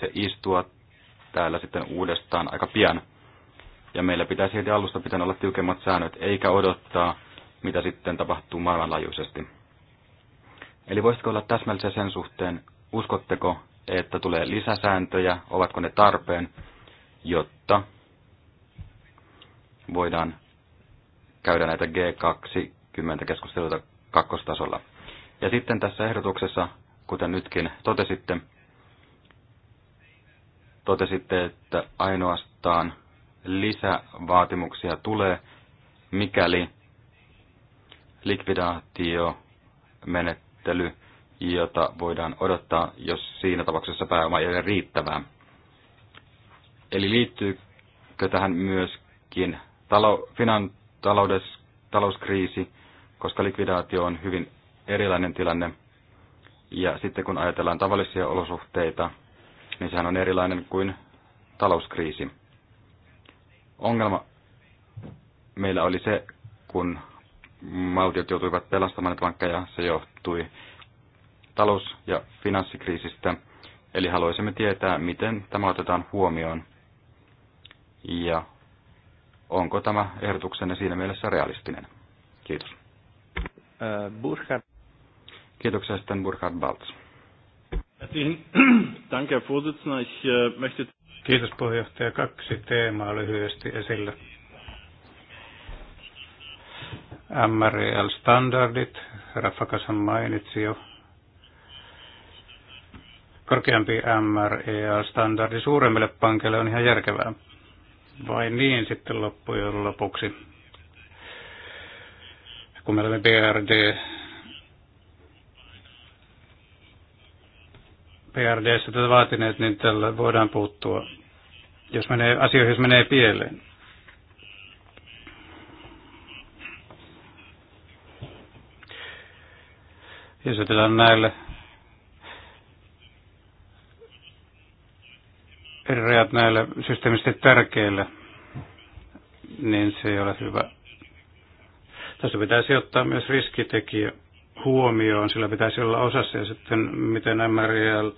se istua täällä sitten uudestaan aika pian. Ja meillä pitäisi heti alusta pitää olla tiukemmat säännöt, eikä odottaa, mitä sitten tapahtuu maailmanlaajuisesti. Eli voisitko olla täsmällisiä sen suhteen, uskotteko, että tulee lisäsääntöjä, ovatko ne tarpeen, jotta voidaan käydä näitä G20-keskusteluita kakkostasolla. Ja sitten tässä ehdotuksessa, kuten nytkin totesitte, Totesitte, että ainoastaan lisävaatimuksia tulee, mikäli likvidaatiomenettely, jota voidaan odottaa, jos siinä tapauksessa pääoma ei ole riittävää. Eli liittyykö tähän myöskin talo, finan, taloudes, talouskriisi, koska likvidaatio on hyvin erilainen tilanne. Ja sitten kun ajatellaan tavallisia olosuhteita, niin sehän on erilainen kuin talouskriisi. Ongelma meillä oli se, kun valtiot joutuivat pelastamaan näitä pankkeja, se johtui talous- ja finanssikriisistä. Eli haluaisimme tietää, miten tämä otetaan huomioon ja onko tämä ehdotuksenne siinä mielessä realistinen. Kiitos. Äh, Burkhard. Kiitoksia sitten Burkhard Baltz. Äh, Kiitos puheenjohtaja. Kaksi teemaa lyhyesti esille. mrl standardit Rafakasan mainitsi jo. Korkeampi mrl e standardi suuremmille pankeille on ihan järkevää. Vai niin sitten loppujen lopuksi? Kun meillä on BRD PRD tätä vaatineet, niin tällä voidaan puuttua, jos menee, asioihin jos menee pieleen. Ja se tilanne näille eri rajat näille systeemisesti tärkeille, niin se ei ole hyvä. Tässä pitäisi ottaa myös riskitekijä huomioon, sillä pitäisi olla osassa ja sitten miten MRL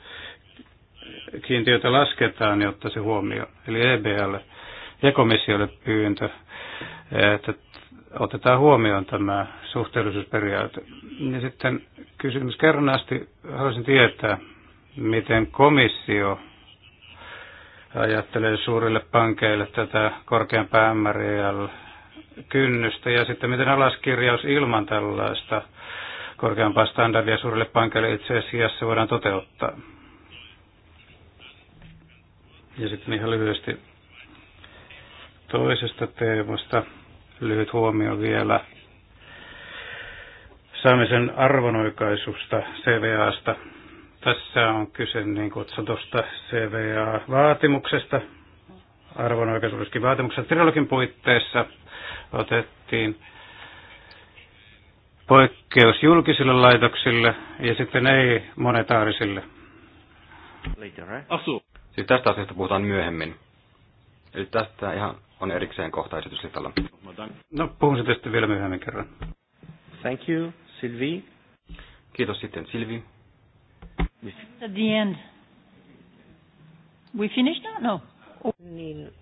kiintiötä lasketaan, jotta se huomio, eli EBL ekomissiolle pyyntö, että otetaan huomioon tämä suhteellisuusperiaate. Ja sitten kysymys kerran asti haluaisin tietää, miten komissio ajattelee suurille pankeille tätä korkeampaa MRL-kynnystä ja sitten miten alaskirjaus ilman tällaista korkeampaa standardia suurille pankeille itse asiassa voidaan toteuttaa. Ja sitten ihan lyhyesti toisesta teemasta lyhyt huomio vielä saamisen arvonoikaisusta CVAsta. Tässä on kyse niin kutsutusta CVA-vaatimuksesta, arvonoikaisuuskin vaatimuksesta. Trilogin puitteissa otettiin poikkeus julkisille laitoksille ja sitten ei monetaarisille. Later, eh? Asu. Siis tästä asiasta puhutaan myöhemmin. Eli tästä ihan on erikseen kohta esityslistalla. No, puhun tästä vielä myöhemmin kerran. Thank you, Silvi. Kiitos sitten, Silvi. At the end. We finished now? No. Niin,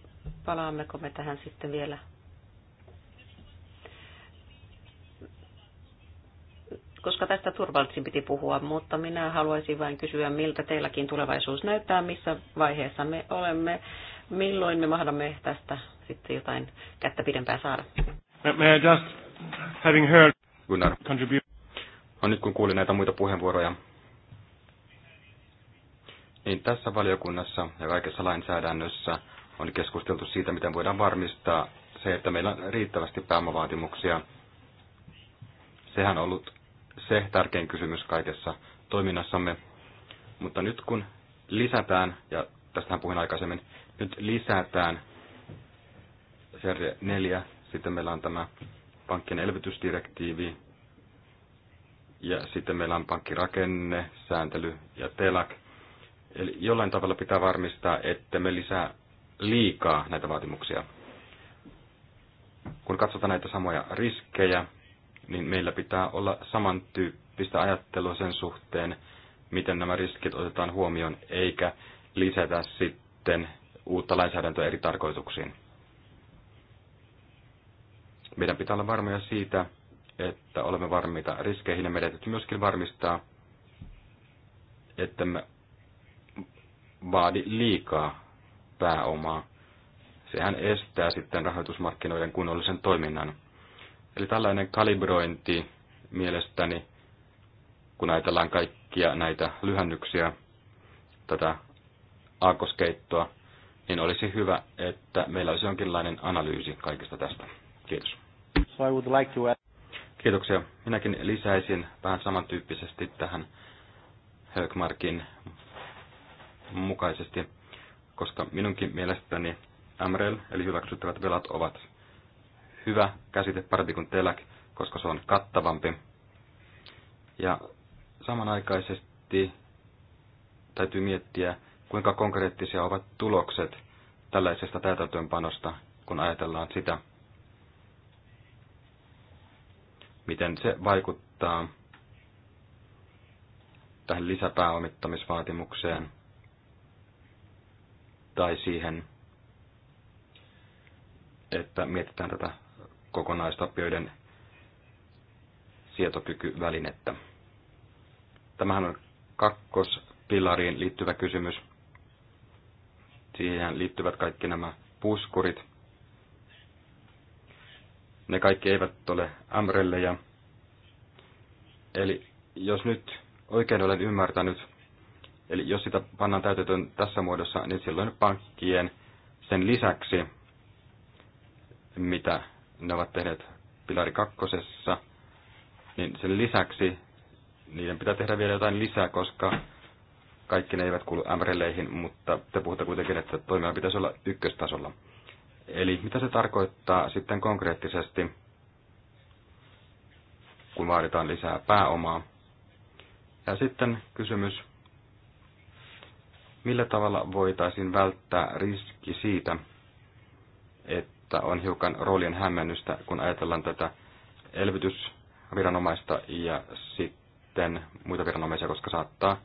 palaammeko me tähän sitten vielä koska tästä turvallisin piti puhua, mutta minä haluaisin vain kysyä, miltä teilläkin tulevaisuus näyttää, missä vaiheessa me olemme, milloin me mahdamme tästä sitten jotain kättä pidempää saada. May I just, having heard Gunnar. Contribute. No nyt kun kuulin näitä muita puheenvuoroja, niin tässä valiokunnassa ja kaikessa lainsäädännössä on keskusteltu siitä, miten voidaan varmistaa se, että meillä on riittävästi pääomavaatimuksia. Sehän on ollut se tärkein kysymys kaikessa toiminnassamme. Mutta nyt kun lisätään, ja tästähän puhuin aikaisemmin, nyt lisätään serie 4, sitten meillä on tämä pankkien elvytysdirektiivi, ja sitten meillä on pankkirakenne, sääntely ja telak. Eli jollain tavalla pitää varmistaa, että me lisää liikaa näitä vaatimuksia. Kun katsotaan näitä samoja riskejä, niin meillä pitää olla samantyyppistä ajattelua sen suhteen, miten nämä riskit otetaan huomioon, eikä lisätä sitten uutta lainsäädäntöä eri tarkoituksiin. Meidän pitää olla varmoja siitä, että olemme varmiita riskeihin ja meidän täytyy myöskin varmistaa, että me vaadi liikaa pääomaa. Sehän estää sitten rahoitusmarkkinoiden kunnollisen toiminnan. Eli tällainen kalibrointi mielestäni, kun ajatellaan kaikkia näitä lyhennyksiä, tätä aakoskeittoa, niin olisi hyvä, että meillä olisi jonkinlainen analyysi kaikesta tästä. Kiitos. So I would like to add... Kiitoksia. Minäkin lisäisin vähän samantyyppisesti tähän Högmarkin mukaisesti, koska minunkin mielestäni MREL, eli hyväksyttävät velat, ovat hyvä käsite, parempi kuin teläk, koska se on kattavampi. Ja samanaikaisesti täytyy miettiä, kuinka konkreettisia ovat tulokset tällaisesta täytäntöönpanosta, kun ajatellaan sitä, miten se vaikuttaa tähän lisäpääomittamisvaatimukseen tai siihen, että mietitään tätä kokonaistappioiden sietokykyvälinettä. Tämähän on kakkospilariin liittyvä kysymys. Siihen liittyvät kaikki nämä puskurit. Ne kaikki eivät ole ja Eli jos nyt oikein olen ymmärtänyt, eli jos sitä pannaan täytetön tässä muodossa, niin silloin pankkien sen lisäksi, mitä ne ovat tehneet pilari kakkosessa, niin sen lisäksi niiden pitää tehdä vielä jotain lisää, koska kaikki ne eivät kuulu MRLeihin, mutta te puhutte kuitenkin, että toimia pitäisi olla ykköstasolla. Eli mitä se tarkoittaa sitten konkreettisesti, kun vaaditaan lisää pääomaa? Ja sitten kysymys, millä tavalla voitaisiin välttää riski siitä, että mutta on hiukan roolien hämmennystä, kun ajatellaan tätä elvytysviranomaista ja sitten muita viranomaisia, koska saattaa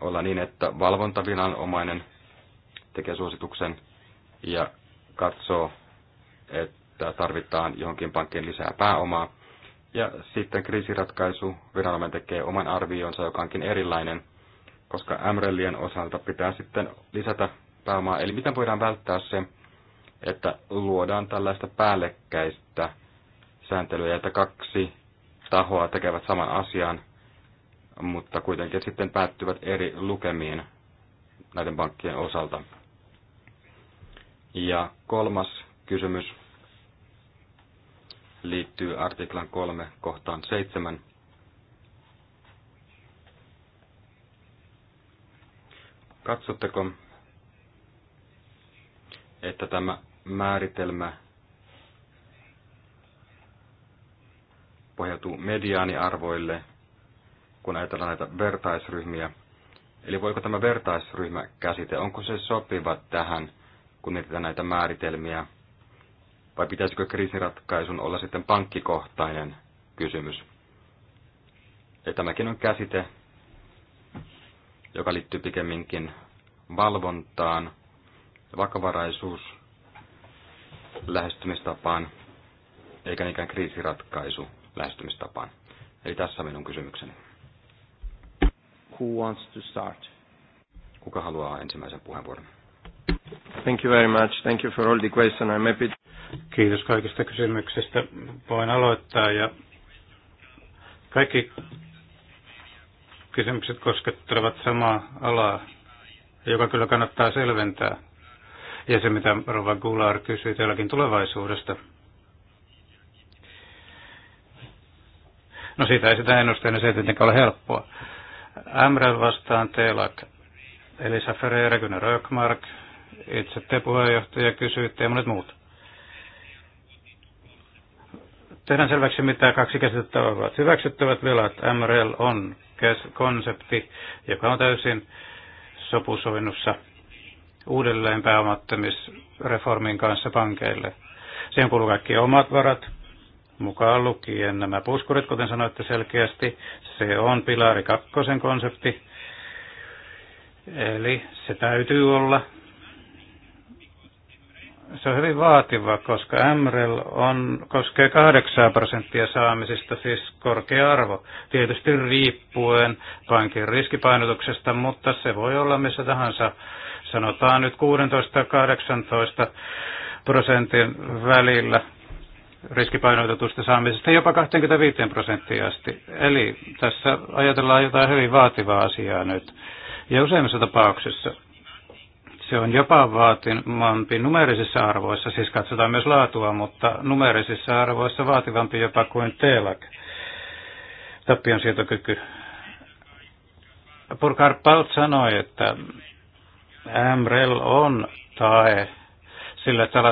olla niin, että valvontaviranomainen tekee suosituksen ja katsoo, että tarvitaan johonkin pankkiin lisää pääomaa. Ja sitten kriisiratkaisu viranomainen tekee oman arvionsa, joka onkin erilainen, koska MRLien osalta pitää sitten lisätä pääomaa. Eli miten voidaan välttää se, että luodaan tällaista päällekkäistä sääntelyä, että kaksi tahoa tekevät saman asian, mutta kuitenkin sitten päättyvät eri lukemiin näiden pankkien osalta. Ja kolmas kysymys liittyy artiklan 3 kohtaan 7. Katsotteko, että tämä määritelmä pohjautuu mediaaniarvoille, kun ajatellaan näitä vertaisryhmiä. Eli voiko tämä vertaisryhmä käsite, onko se sopiva tähän, kun mietitään näitä määritelmiä, vai pitäisikö kriisiratkaisun olla sitten pankkikohtainen kysymys? Ja tämäkin on käsite, joka liittyy pikemminkin valvontaan, vakavaraisuus lähestymistapaan, eikä niinkään kriisiratkaisu lähestymistapaan. Eli tässä minun kysymykseni. Who wants to start? Kuka haluaa ensimmäisen puheenvuoron? Thank you very much. Thank you for all the questions. I'm happy. Kiitos kaikista kysymyksistä. Voin aloittaa ja kaikki kysymykset koskettavat samaa alaa, joka kyllä kannattaa selventää. Ja se, mitä Rova Gular kysyi teilläkin tulevaisuudesta. No siitä ei sitä ennusteena, se ei tietenkään ole helppoa. Amrel vastaan Telak, Elisa Ferreira, Gunnar Röckmark, itse te puheenjohtaja kysyitte ja monet muut. Tehdään selväksi, mitä kaksi käsitettävää ovat. Hyväksyttävät velat, MRL on konsepti, joka on täysin sopusoinnussa uudelleen pääomattamisreformin kanssa pankeille. Siihen kuuluu kaikki omat varat, mukaan lukien nämä puskurit, kuten sanoitte selkeästi. Se on pilari kakkosen konsepti. Eli se täytyy olla. Se on hyvin vaativa, koska MREL on, koskee 8 prosenttia saamisista, siis korkea arvo. Tietysti riippuen pankin riskipainotuksesta, mutta se voi olla missä tahansa sanotaan nyt 16-18 prosentin välillä riskipainotetusta saamisesta jopa 25 prosenttia asti. Eli tässä ajatellaan jotain hyvin vaativaa asiaa nyt. Ja useimmissa tapauksissa se on jopa vaativampi numerisissa arvoissa, siis katsotaan myös laatua, mutta numerisissa arvoissa vaativampi jopa kuin TELAC, tappion sietokyky. Burkhard Palt sanoi, että Amrel on tae sillä, että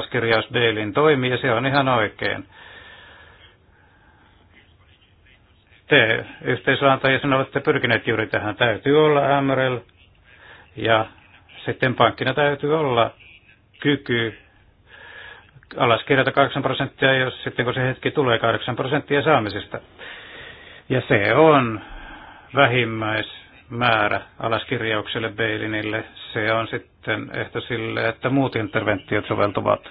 Beilin toimii, ja se on ihan oikein. Te yhteisöantajia olette pyrkineet juuri tähän. Täytyy olla Amrel ja sitten pankkina täytyy olla kyky kirjata 8 prosenttia, jos sitten kun se hetki tulee 8 prosenttia saamisesta. Ja se on vähimmäis määrä alaskirjaukselle Beilinille. Se on sitten ehto sille, että muut interventiot soveltuvat.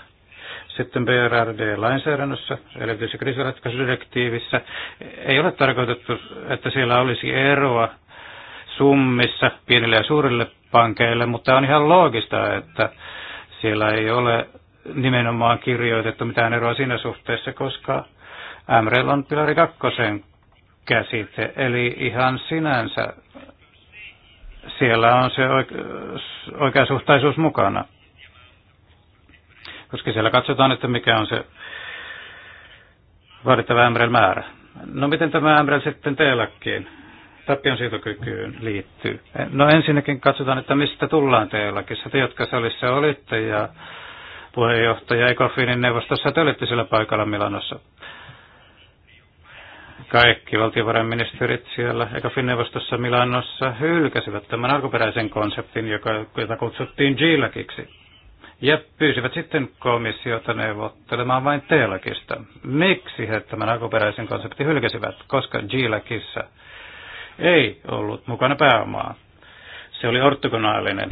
Sitten BRRD-lainsäädännössä, erityisesti kriisiratkaisudirektiivissä, ei ole tarkoitettu, että siellä olisi eroa summissa pienille ja suurille pankeille, mutta on ihan loogista, että siellä ei ole nimenomaan kirjoitettu mitään eroa siinä suhteessa, koska MREL on pilari kakkosen käsite, eli ihan sinänsä siellä on se oikeasuhtaisuus mukana. Koska siellä katsotaan, että mikä on se vaadittava MRL määrä. No miten tämä ämrel sitten teelläkin? tappion sietokykyyn liittyy. No ensinnäkin katsotaan, että mistä tullaan teelakissa. Te, jotka salissa olitte ja puheenjohtaja Ecofinin neuvostossa, te olitte sillä paikalla Milanossa kaikki valtiovarainministerit siellä ECOFIN-neuvostossa Milanossa hylkäsivät tämän alkuperäisen konseptin, joka, jota kutsuttiin G-lakiksi. Ja pyysivät sitten komissiota neuvottelemaan vain t -lakista. Miksi he tämän alkuperäisen konseptin hylkäsivät? Koska g ei ollut mukana pääomaa. Se oli ortogonaalinen.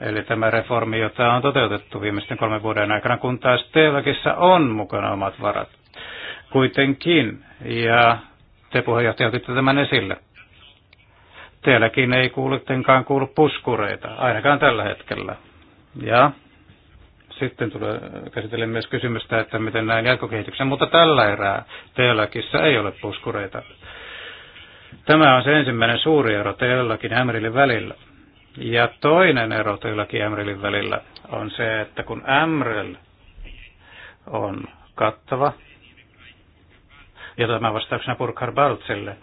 Eli tämä reformi, jota on toteutettu viimeisten kolmen vuoden aikana, kun taas t on mukana omat varat kuitenkin, ja te puheenjohtaja otitte tämän esille. Teilläkin ei kuitenkaan kuulu puskureita, ainakaan tällä hetkellä. Ja sitten tulee, käsitellen myös kysymystä, että miten näin jatkokehityksen, mutta tällä erää teilläkissä ei ole puskureita. Tämä on se ensimmäinen suuri ero teilläkin Ämrilin välillä. Ja toinen ero teilläkin Ämrilin välillä on se, että kun Ämril on kattava ja tämä vastauksena Burkhard Baltzille.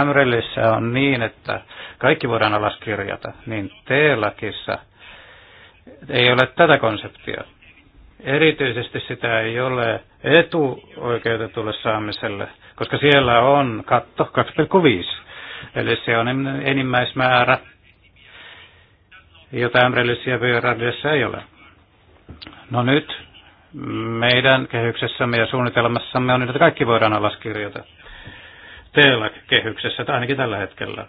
Ämrellissä on niin, että kaikki voidaan alaskirjata, niin T-lakissa ei ole tätä konseptia. Erityisesti sitä ei ole etuoikeutetulle saamiselle, koska siellä on katto 2,5. Eli se on enimmäismäärä, jota Ämrellissä ja ei ole. No nyt meidän kehyksessämme ja suunnitelmassamme on, että kaikki voidaan alaskirjata. teillä kehyksessä tai ainakin tällä hetkellä.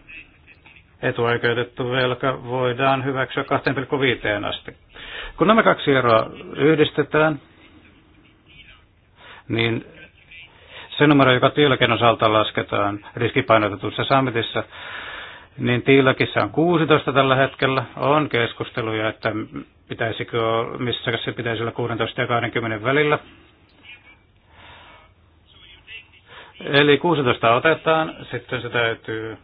Etuoikeutettu velka voidaan hyväksyä 2,5 asti. Kun nämä kaksi eroa yhdistetään, niin se numero, joka Tiilakin osalta lasketaan riskipainotetussa summitissa, niin Tiilakissa on 16 tällä hetkellä. On keskusteluja, että pitäisikö, missä se pitäisi olla 16 ja 20 välillä. Eli 16 otetaan, sitten se täytyy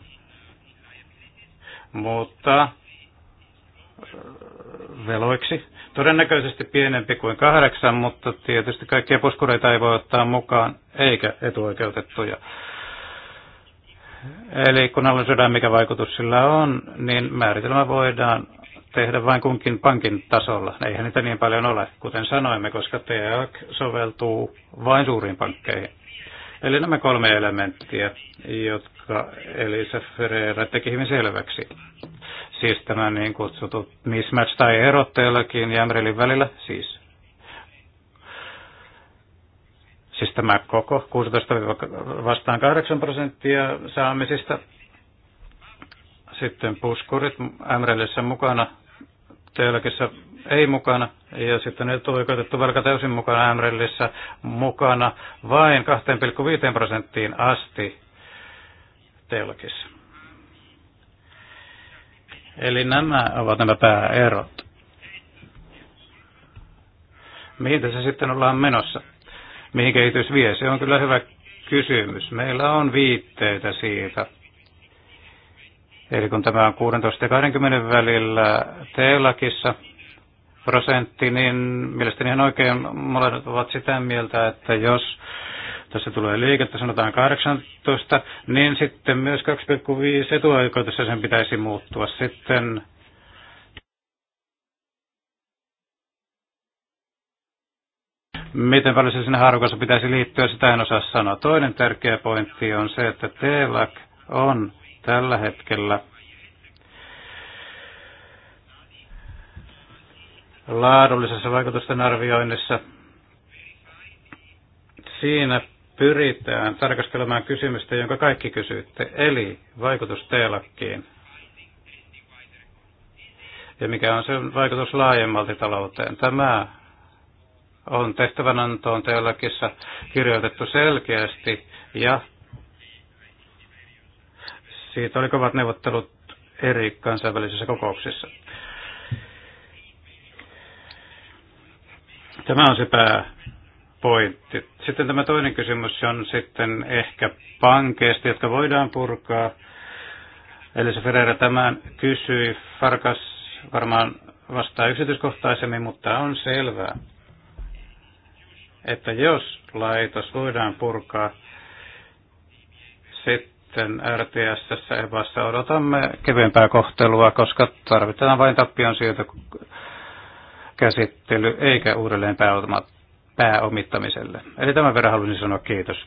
muuttaa äh, veloiksi. Todennäköisesti pienempi kuin kahdeksan, mutta tietysti kaikkia puskureita ei voi ottaa mukaan, eikä etuoikeutettuja. Eli kun analysoidaan, mikä vaikutus sillä on, niin määritelmä voidaan tehdä vain kunkin pankin tasolla. Eihän niitä niin paljon ole, kuten sanoimme, koska TEAC soveltuu vain suuriin pankkeihin. Eli nämä kolme elementtiä, jotka Elisa Ferreira teki hyvin selväksi. Siis tämä niin kutsuttu mismatch tai erotteellakin teilläkin ja Amrelin välillä, siis siis tämä koko 16 vastaan 8 prosenttia saamisista. Sitten puskurit MRLissä mukana Teologissa ei mukana, ja sitten nyt on oikeutettu velka täysin mukana Ämrellissä mukana vain 2,5 prosenttiin asti Teologissa. Eli nämä ovat nämä pääerot. Mihin tässä sitten ollaan menossa? Mihin kehitys vie? Se on kyllä hyvä kysymys. Meillä on viitteitä siitä Eli kun tämä on 16 ja 20 välillä T-lakissa prosentti, niin mielestäni ihan oikein molemmat ovat sitä mieltä, että jos tässä tulee liikettä, sanotaan 18, niin sitten myös 2,5 etuaikoa sen pitäisi muuttua. Sitten Miten paljon se sinne haarukassa pitäisi liittyä, sitä en osaa sanoa. Toinen tärkeä pointti on se, että TELAC on Tällä hetkellä laadullisessa vaikutusten arvioinnissa siinä pyritään tarkastelemaan kysymystä, jonka kaikki kysyitte, eli vaikutus teelakkiin. Ja mikä on sen vaikutus laajemmalti talouteen? Tämä on tehtävänantoon teolakissa kirjoitettu selkeästi ja siitä oli kovat neuvottelut eri kansainvälisissä kokouksissa. Tämä on se pääpointti. Sitten tämä toinen kysymys on sitten ehkä pankeista, jotka voidaan purkaa. eli se Ferreira tämän kysyi. Farkas varmaan vastaa yksityiskohtaisemmin, mutta on selvää, että jos laitos voidaan purkaa, se sitten RTSS EVAssa odotamme kevyempää kohtelua, koska tarvitaan vain tappion sieltä käsittely eikä uudelleen pääomittamiselle. Eli tämän verran haluaisin sanoa kiitos.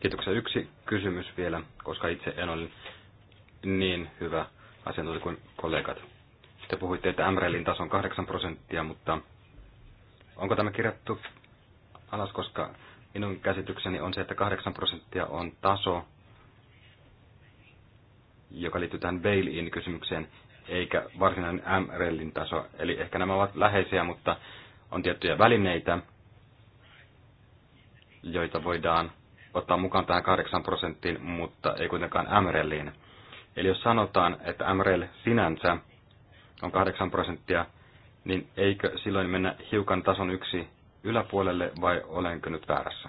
Kiitoksia. Yksi kysymys vielä, koska itse en ole niin hyvä asiantuntija kuin kollegat. Te puhuitte, että MRLin taso on 8 prosenttia, mutta onko tämä kirjattu alas, koska Minun käsitykseni on se, että 8 prosenttia on taso, joka liittyy tähän bail-in kysymykseen, eikä varsinainen MRLin taso. Eli ehkä nämä ovat läheisiä, mutta on tiettyjä välineitä, joita voidaan ottaa mukaan tähän 8 prosenttiin, mutta ei kuitenkaan MRLiin. Eli jos sanotaan, että MRL sinänsä on 8 prosenttia, niin eikö silloin mennä hiukan tason yksi yläpuolelle vai olenko nyt väärässä?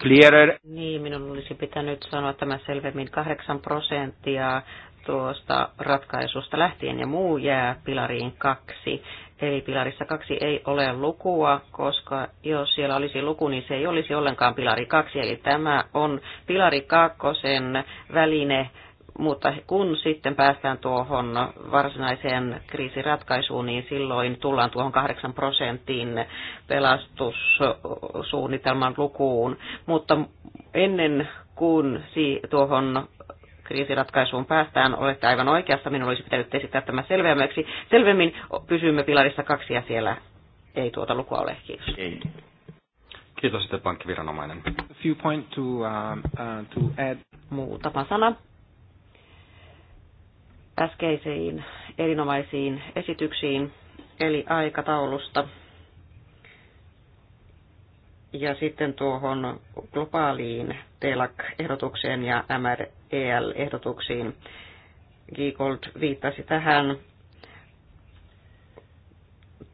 Clearer. Niin, minun olisi pitänyt sanoa tämä selvemmin. 8 prosenttia tuosta ratkaisusta lähtien ja muu jää pilariin kaksi. Eli pilarissa kaksi ei ole lukua, koska jos siellä olisi luku, niin se ei olisi ollenkaan pilari kaksi. Eli tämä on pilari kakkosen väline mutta kun sitten päästään tuohon varsinaiseen kriisiratkaisuun, niin silloin tullaan tuohon 8 prosentin pelastussuunnitelman lukuun. Mutta ennen kuin tuohon kriisiratkaisuun päästään, olette aivan oikeassa, minun olisi pitänyt esittää tämä selvemmäksi. Selvemmin pysymme pilarissa kaksi ja siellä ei tuota lukua ole. Kiitos. Ei. Kiitos sitten pankkiviranomainen. A few point to, uh, uh, to add. Muutama sana äskeisiin erinomaisiin esityksiin, eli aikataulusta. Ja sitten tuohon globaaliin TELAC-ehdotukseen ja MREL-ehdotuksiin. Giegold viittasi tähän.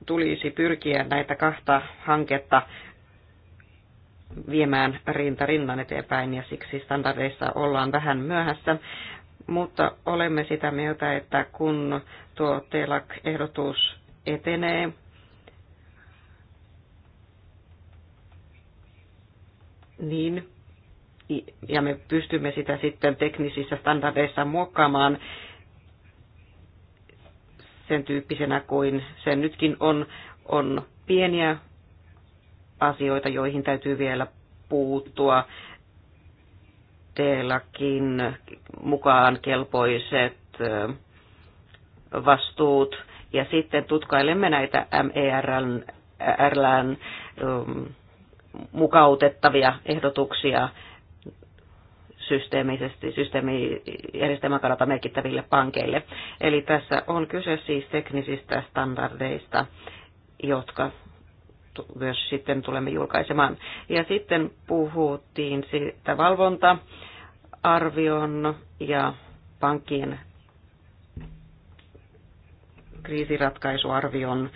Tulisi pyrkiä näitä kahta hanketta viemään rinta rinnan eteenpäin ja siksi standardeissa ollaan vähän myöhässä mutta olemme sitä mieltä, että kun tuo TELAC-ehdotus etenee, niin ja me pystymme sitä sitten teknisissä standardeissa muokkaamaan sen tyyppisenä kuin se nytkin on, on pieniä asioita, joihin täytyy vielä puuttua perusteellakin mukaan kelpoiset vastuut. Ja sitten tutkailemme näitä MERLn mukautettavia ehdotuksia systeemisesti, systeemijärjestelmän kannalta merkittäville pankeille. Eli tässä on kyse siis teknisistä standardeista, jotka myös sitten tulemme julkaisemaan. Ja sitten puhuttiin siitä valvonta-arvion ja pankkien kriisiratkaisuarvion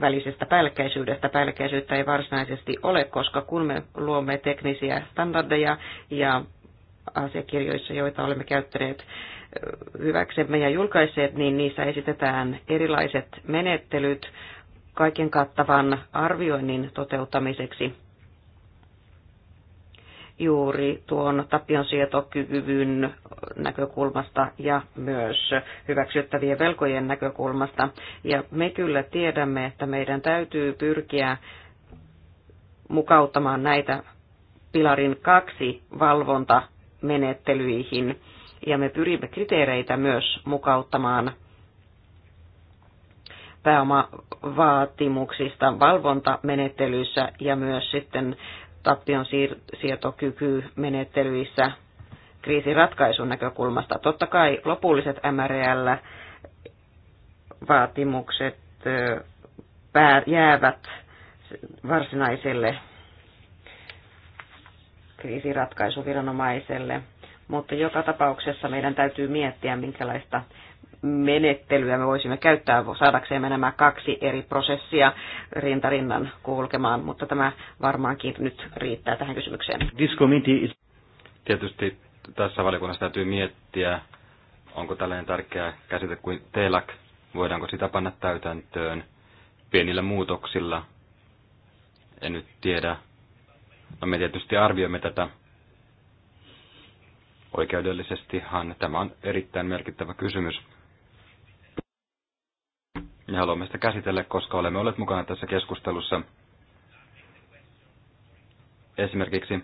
välisestä päällekkäisyydestä. Päällekkäisyyttä ei varsinaisesti ole, koska kun me luomme teknisiä standardeja ja asiakirjoissa, joita olemme käyttäneet hyväksemme ja julkaisseet, niin niissä esitetään erilaiset menettelyt kaiken kattavan arvioinnin toteuttamiseksi juuri tuon sietokyvyn näkökulmasta ja myös hyväksyttävien velkojen näkökulmasta. Ja me kyllä tiedämme, että meidän täytyy pyrkiä mukauttamaan näitä pilarin kaksi valvontamenettelyihin ja me pyrimme kriteereitä myös mukauttamaan pääomavaatimuksista valvontamenettelyissä ja myös sitten tappion sietokykymenettelyissä kriisiratkaisun näkökulmasta. Totta kai lopulliset MRL-vaatimukset jäävät varsinaiselle kriisiratkaisuviranomaiselle, mutta joka tapauksessa meidän täytyy miettiä, minkälaista menettelyä me voisimme käyttää saadakseen nämä kaksi eri prosessia rintarinnan kulkemaan, mutta tämä varmaankin nyt riittää tähän kysymykseen. Tietysti tässä valiokunnassa täytyy miettiä, onko tällainen tärkeä käsite kuin TELAK, voidaanko sitä panna täytäntöön pienillä muutoksilla. En nyt tiedä. No me tietysti arvioimme tätä oikeudellisestihan. Tämä on erittäin merkittävä kysymys. Me haluamme sitä käsitellä, koska olemme olleet mukana tässä keskustelussa. Esimerkiksi,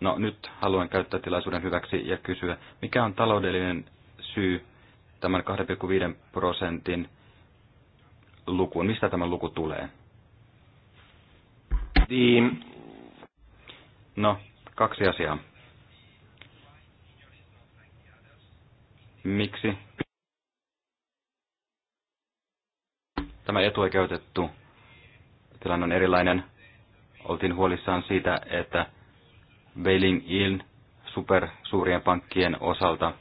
no nyt haluan käyttää tilaisuuden hyväksi ja kysyä, mikä on taloudellinen syy tämän 2,5 prosentin lukuun? Mistä tämä luku tulee? No, kaksi asiaa. Miksi tämä etuoikeutettu tilanne on erilainen. Oltiin huolissaan siitä, että bailing in suurien pankkien osalta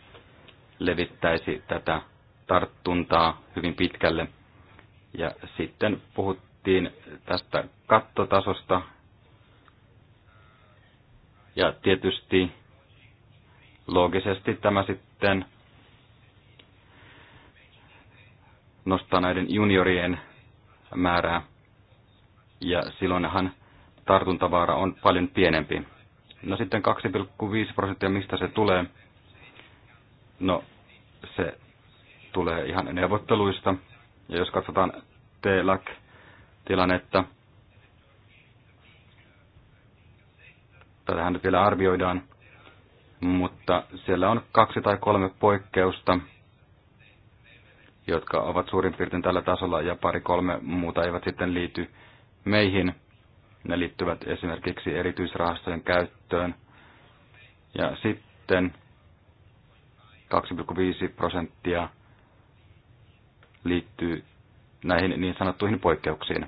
levittäisi tätä tartuntaa hyvin pitkälle. Ja sitten puhuttiin tästä kattotasosta. Ja tietysti loogisesti tämä sitten nostaa näiden juniorien määrää. Ja silloinhan tartuntavaara on paljon pienempi. No sitten 2,5 prosenttia, mistä se tulee? No se tulee ihan neuvotteluista. Ja jos katsotaan t tilannetta tätähän nyt vielä arvioidaan, mutta siellä on kaksi tai kolme poikkeusta, jotka ovat suurin piirtein tällä tasolla ja pari-kolme muuta eivät sitten liity meihin. Ne liittyvät esimerkiksi erityisrahastojen käyttöön. Ja sitten 2,5 prosenttia liittyy näihin niin sanottuihin poikkeuksiin.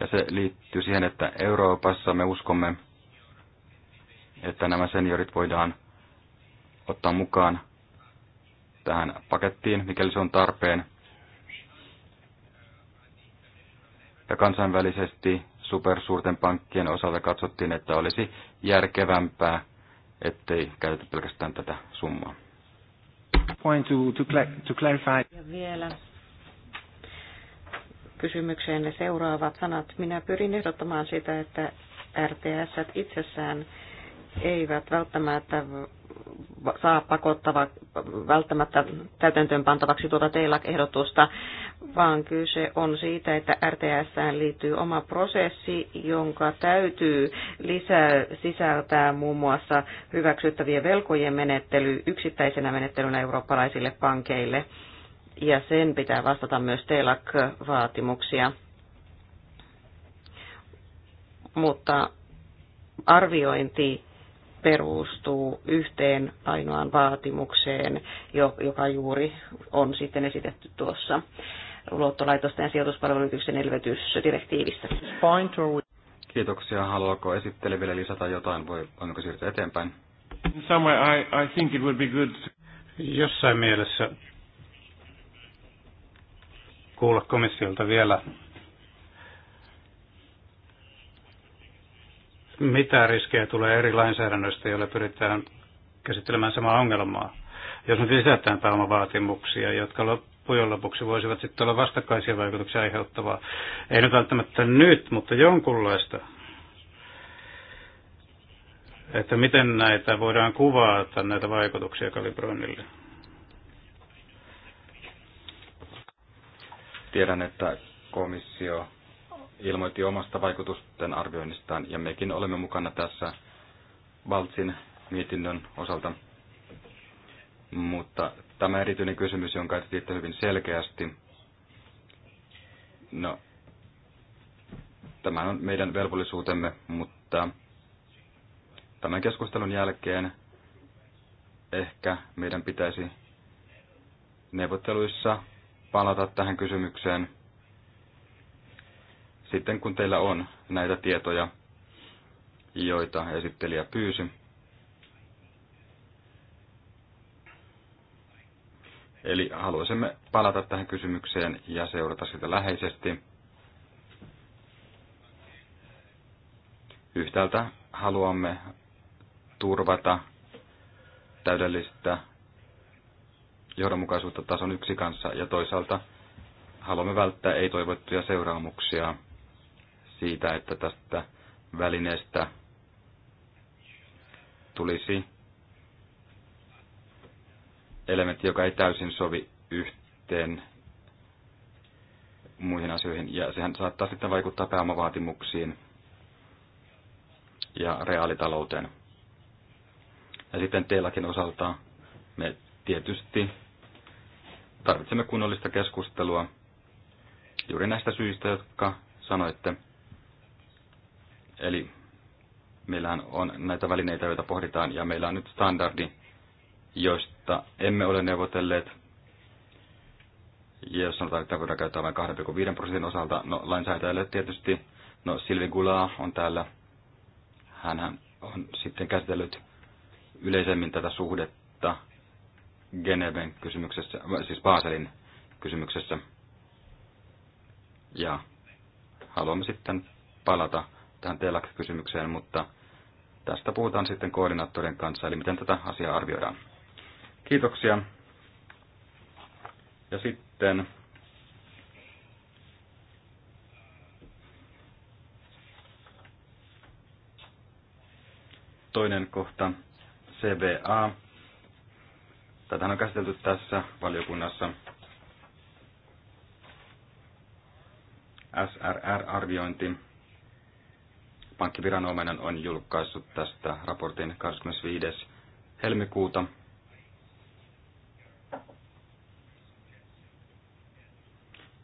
Ja se liittyy siihen, että Euroopassa me uskomme, että nämä seniorit voidaan ottaa mukaan tähän pakettiin, mikäli se on tarpeen. Ja kansainvälisesti supersuurten pankkien osalta katsottiin, että olisi järkevämpää, ettei käytetä pelkästään tätä summaa. Point to, to, to clarify. Ja vielä kysymykseen ne seuraavat sanat. Minä pyrin ehdottamaan sitä, että RTS itsessään eivät välttämättä saa pakottava välttämättä täytäntöön pantavaksi tuota telac ehdotusta vaan kyse on siitä, että RTS liittyy oma prosessi, jonka täytyy lisää, sisältää muun muassa hyväksyttävien velkojen menettely yksittäisenä menettelynä eurooppalaisille pankeille, ja sen pitää vastata myös telac vaatimuksia Mutta arviointi perustuu yhteen ainoaan vaatimukseen, joka juuri on sitten esitetty tuossa luottolaitosten ja sijoituspalveluyrityksen elvytysdirektiivissä. Kiitoksia. Haluaako esittele vielä lisätä jotain? Voi, voinko siirtyä eteenpäin? Jossain mielessä kuulla komissiolta vielä mitä riskejä tulee eri lainsäädännöistä, joilla pyritään käsittelemään samaa ongelmaa. Jos nyt lisätään pääomavaatimuksia, jotka loppujen lopuksi voisivat sitten olla vastakkaisia vaikutuksia aiheuttavaa. Ei nyt välttämättä nyt, mutta jonkunlaista. Että miten näitä voidaan kuvata, näitä vaikutuksia kalibroinnille. Tiedän, että komissio ilmoitti omasta vaikutusten arvioinnistaan ja mekin olemme mukana tässä Valtsin mietinnön osalta. Mutta tämä erityinen kysymys, jonka esititte hyvin selkeästi, no, tämä on meidän velvollisuutemme, mutta tämän keskustelun jälkeen ehkä meidän pitäisi neuvotteluissa palata tähän kysymykseen – sitten kun teillä on näitä tietoja, joita esittelijä pyysi. Eli haluaisimme palata tähän kysymykseen ja seurata sitä läheisesti. Yhtäältä haluamme turvata täydellistä johdonmukaisuutta tason yksi kanssa ja toisaalta haluamme välttää ei-toivottuja seuraamuksia – siitä, että tästä välineestä tulisi elementti, joka ei täysin sovi yhteen muihin asioihin, ja sehän saattaa sitten vaikuttaa pääomavaatimuksiin ja reaalitalouteen. Ja sitten teilläkin osalta me tietysti tarvitsemme kunnollista keskustelua juuri näistä syistä, jotka sanoitte. Eli meillähän on näitä välineitä, joita pohditaan, ja meillä on nyt standardi, joista emme ole neuvotelleet. Ja jos sanotaan, että voidaan käyttää vain 2,5 prosentin osalta, no lainsäätäjälle tietysti, no Silvi Gula on täällä, hän on sitten käsitellyt yleisemmin tätä suhdetta Geneven kysymyksessä, äh, siis Baselin kysymyksessä. Ja haluamme sitten palata tähän TELAC-kysymykseen, mutta tästä puhutaan sitten koordinaattorien kanssa, eli miten tätä asiaa arvioidaan. Kiitoksia. Ja sitten toinen kohta, CBA. Tätä on käsitelty tässä valiokunnassa. SRR-arviointi pankkiviranomainen on julkaissut tästä raportin 25. helmikuuta.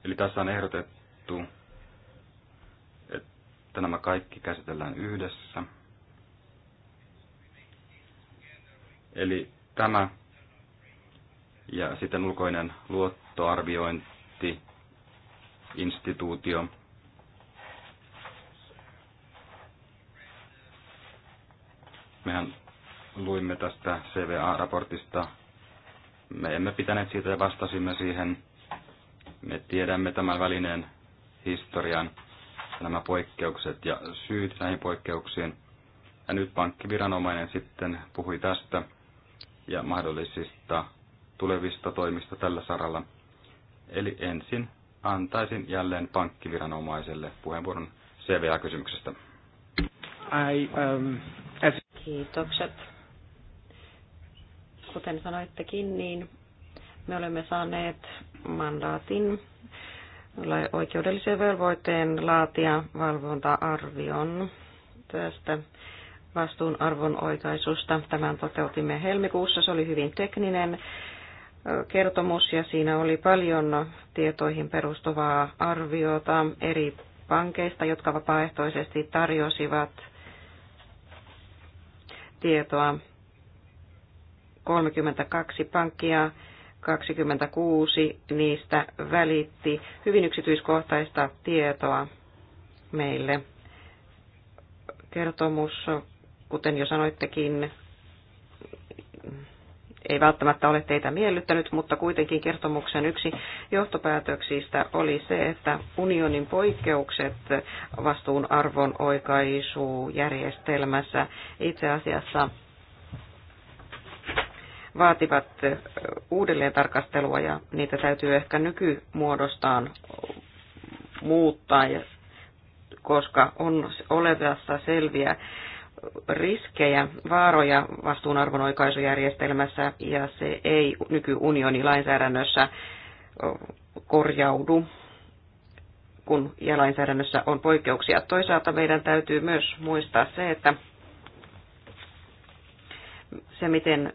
Eli tässä on ehdotettu, että nämä kaikki käsitellään yhdessä. Eli tämä ja sitten ulkoinen luottoarviointi, instituutio, Mehän luimme tästä CVA-raportista. Me emme pitäneet siitä ja vastasimme siihen. Me tiedämme tämän välineen historian ja nämä poikkeukset ja syyt näihin poikkeuksiin. Ja nyt pankkiviranomainen sitten puhui tästä ja mahdollisista tulevista toimista tällä saralla. Eli ensin antaisin jälleen pankkiviranomaiselle puheenvuoron CVA-kysymyksestä. I, um, as... Kiitokset. Kuten sanoittekin, niin me olemme saaneet mandaatin oikeudellisen velvoitteen laatia valvonta-arvion tästä vastuun arvon oikaisusta. Tämän toteutimme helmikuussa. Se oli hyvin tekninen kertomus ja siinä oli paljon tietoihin perustuvaa arviota eri pankeista, jotka vapaaehtoisesti tarjosivat tietoa. 32 pankkia, 26 niistä välitti hyvin yksityiskohtaista tietoa meille. Kertomus, kuten jo sanoittekin, ei välttämättä ole teitä miellyttänyt, mutta kuitenkin kertomuksen yksi johtopäätöksistä oli se, että unionin poikkeukset vastuun arvon oikaisujärjestelmässä itse asiassa vaativat uudelleen tarkastelua ja niitä täytyy ehkä nykymuodostaan muuttaa, koska on olevassa selviä riskejä, vaaroja oikaisujärjestelmässä ja se ei nykyunionin lainsäädännössä korjaudu kun ja lainsäädännössä on poikkeuksia. Toisaalta meidän täytyy myös muistaa se, että se miten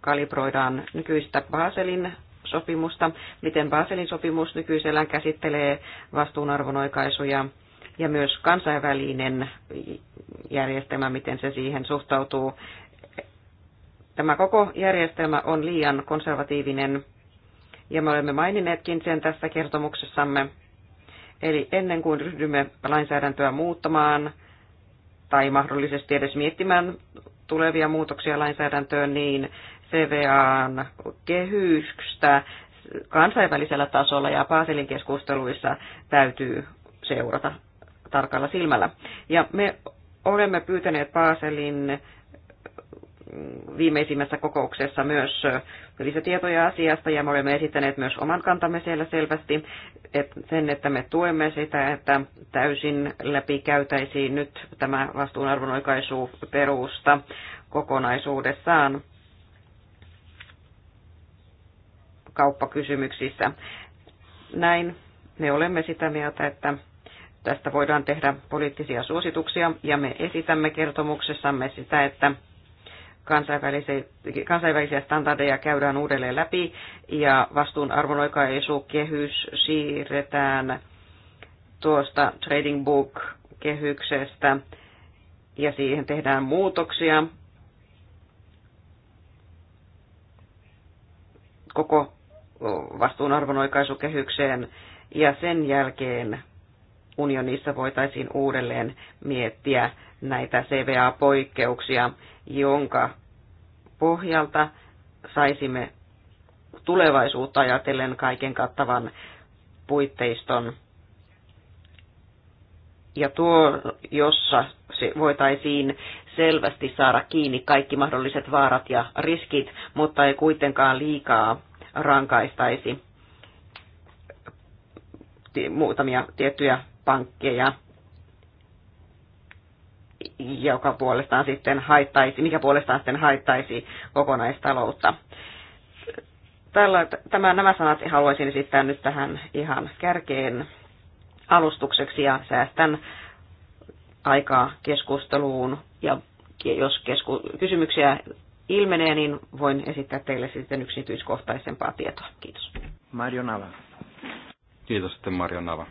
kalibroidaan nykyistä Baselin sopimusta, miten Baselin sopimus nykyisellään käsittelee vastuunarvonoikaisuja ja myös kansainvälinen järjestelmä, miten se siihen suhtautuu. Tämä koko järjestelmä on liian konservatiivinen ja me olemme maininneetkin sen tässä kertomuksessamme. Eli ennen kuin ryhdymme lainsäädäntöä muuttamaan tai mahdollisesti edes miettimään tulevia muutoksia lainsäädäntöön, niin CVAn kehystä kansainvälisellä tasolla ja Paasilin keskusteluissa täytyy seurata tarkalla silmällä. Ja me olemme pyytäneet Paaselin mm, viimeisimmässä kokouksessa myös lisätietoja asiasta ja me olemme esittäneet myös oman kantamme siellä selvästi että sen, että me tuemme sitä, että täysin läpi käytäisiin nyt tämä vastuunarvon perusta kokonaisuudessaan kauppakysymyksissä. Näin me olemme sitä mieltä, että Tästä voidaan tehdä poliittisia suosituksia ja me esitämme kertomuksessamme sitä, että kansainvälisiä standardeja käydään uudelleen läpi ja vastuun kehys siirretään tuosta Trading Book-kehyksestä ja siihen tehdään muutoksia koko vastuun arvonoikaisukehykseen ja sen jälkeen unionissa voitaisiin uudelleen miettiä näitä CVA-poikkeuksia, jonka pohjalta saisimme tulevaisuutta ajatellen kaiken kattavan puitteiston. Ja tuo, jossa se voitaisiin selvästi saada kiinni kaikki mahdolliset vaarat ja riskit, mutta ei kuitenkaan liikaa rankaistaisi muutamia tiettyjä pankkeja, joka puolestaan sitten haittaisi, mikä puolestaan sitten haittaisi kokonaistaloutta. Tällä, tämä, nämä sanat haluaisin esittää nyt tähän ihan kärkeen alustukseksi ja säästän aikaa keskusteluun ja jos kesku, kysymyksiä ilmenee, niin voin esittää teille sitten yksityiskohtaisempaa tietoa. Kiitos. Mario Nala. Kiitos sitten Marjo Nava.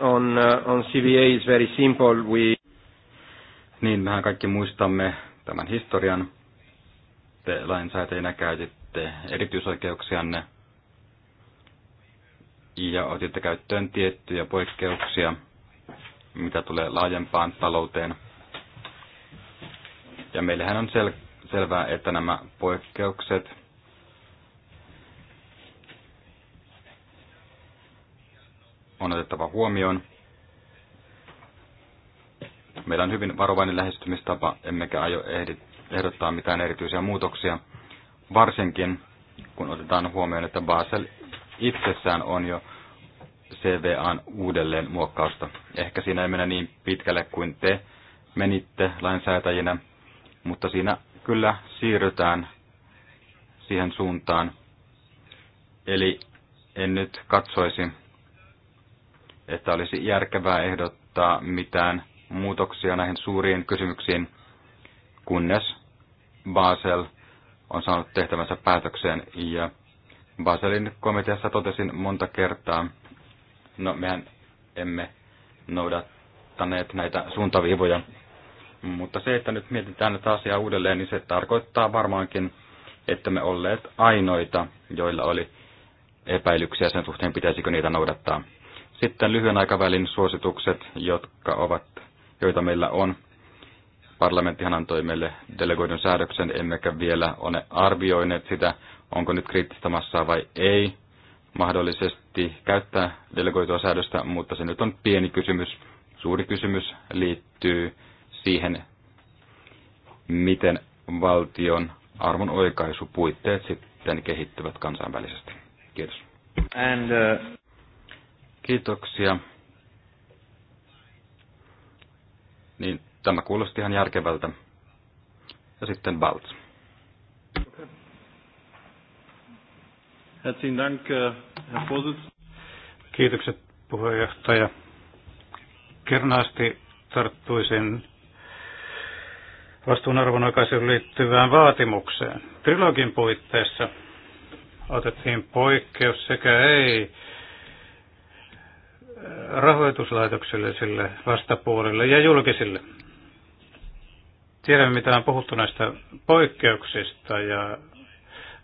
On, on uh, CVA is very simple. We... Niin, mehän kaikki muistamme tämän historian. Te lainsäätäjinä käytitte erityisoikeuksianne ja otitte käyttöön tiettyjä poikkeuksia, mitä tulee laajempaan talouteen. Ja meillähän on sel- selvää, että nämä poikkeukset – on otettava huomioon. Meillä on hyvin varovainen lähestymistapa, emmekä aio ehdottaa mitään erityisiä muutoksia, varsinkin kun otetaan huomioon, että Basel itsessään on jo CVAn uudelleen muokkausta. Ehkä siinä ei mennä niin pitkälle kuin te menitte lainsäätäjinä, mutta siinä kyllä siirrytään siihen suuntaan. Eli en nyt katsoisi, että olisi järkevää ehdottaa mitään muutoksia näihin suuriin kysymyksiin, kunnes Basel on saanut tehtävänsä päätökseen. Ja Baselin komiteassa totesin monta kertaa, no mehän emme noudattaneet näitä suuntaviivoja, mutta se, että nyt mietitään tätä asiaa uudelleen, niin se tarkoittaa varmaankin, että me olleet ainoita, joilla oli epäilyksiä sen suhteen, pitäisikö niitä noudattaa. Sitten lyhyen aikavälin suositukset, jotka ovat, joita meillä on. Parlamenttihan antoi meille delegoidun säädöksen, emmekä vielä ole arvioineet sitä, onko nyt kriittistä massaa vai ei mahdollisesti käyttää delegoitua säädöstä, mutta se nyt on pieni kysymys. Suuri kysymys liittyy siihen, miten valtion arvon oikaisupuitteet sitten kehittyvät kansainvälisesti. Kiitos. And, uh... Kiitoksia. Niin, tämä kuulosti ihan järkevältä. Ja sitten Balts. Äh, Kiitokset, puheenjohtaja. Kernaasti tarttuisin vastuunarvon oikaisuun liittyvään vaatimukseen. Trilogin puitteissa otettiin poikkeus sekä ei rahoituslaitoksille, sille vastapuolelle ja julkisille. Tiedämme, mitä on puhuttu näistä poikkeuksista ja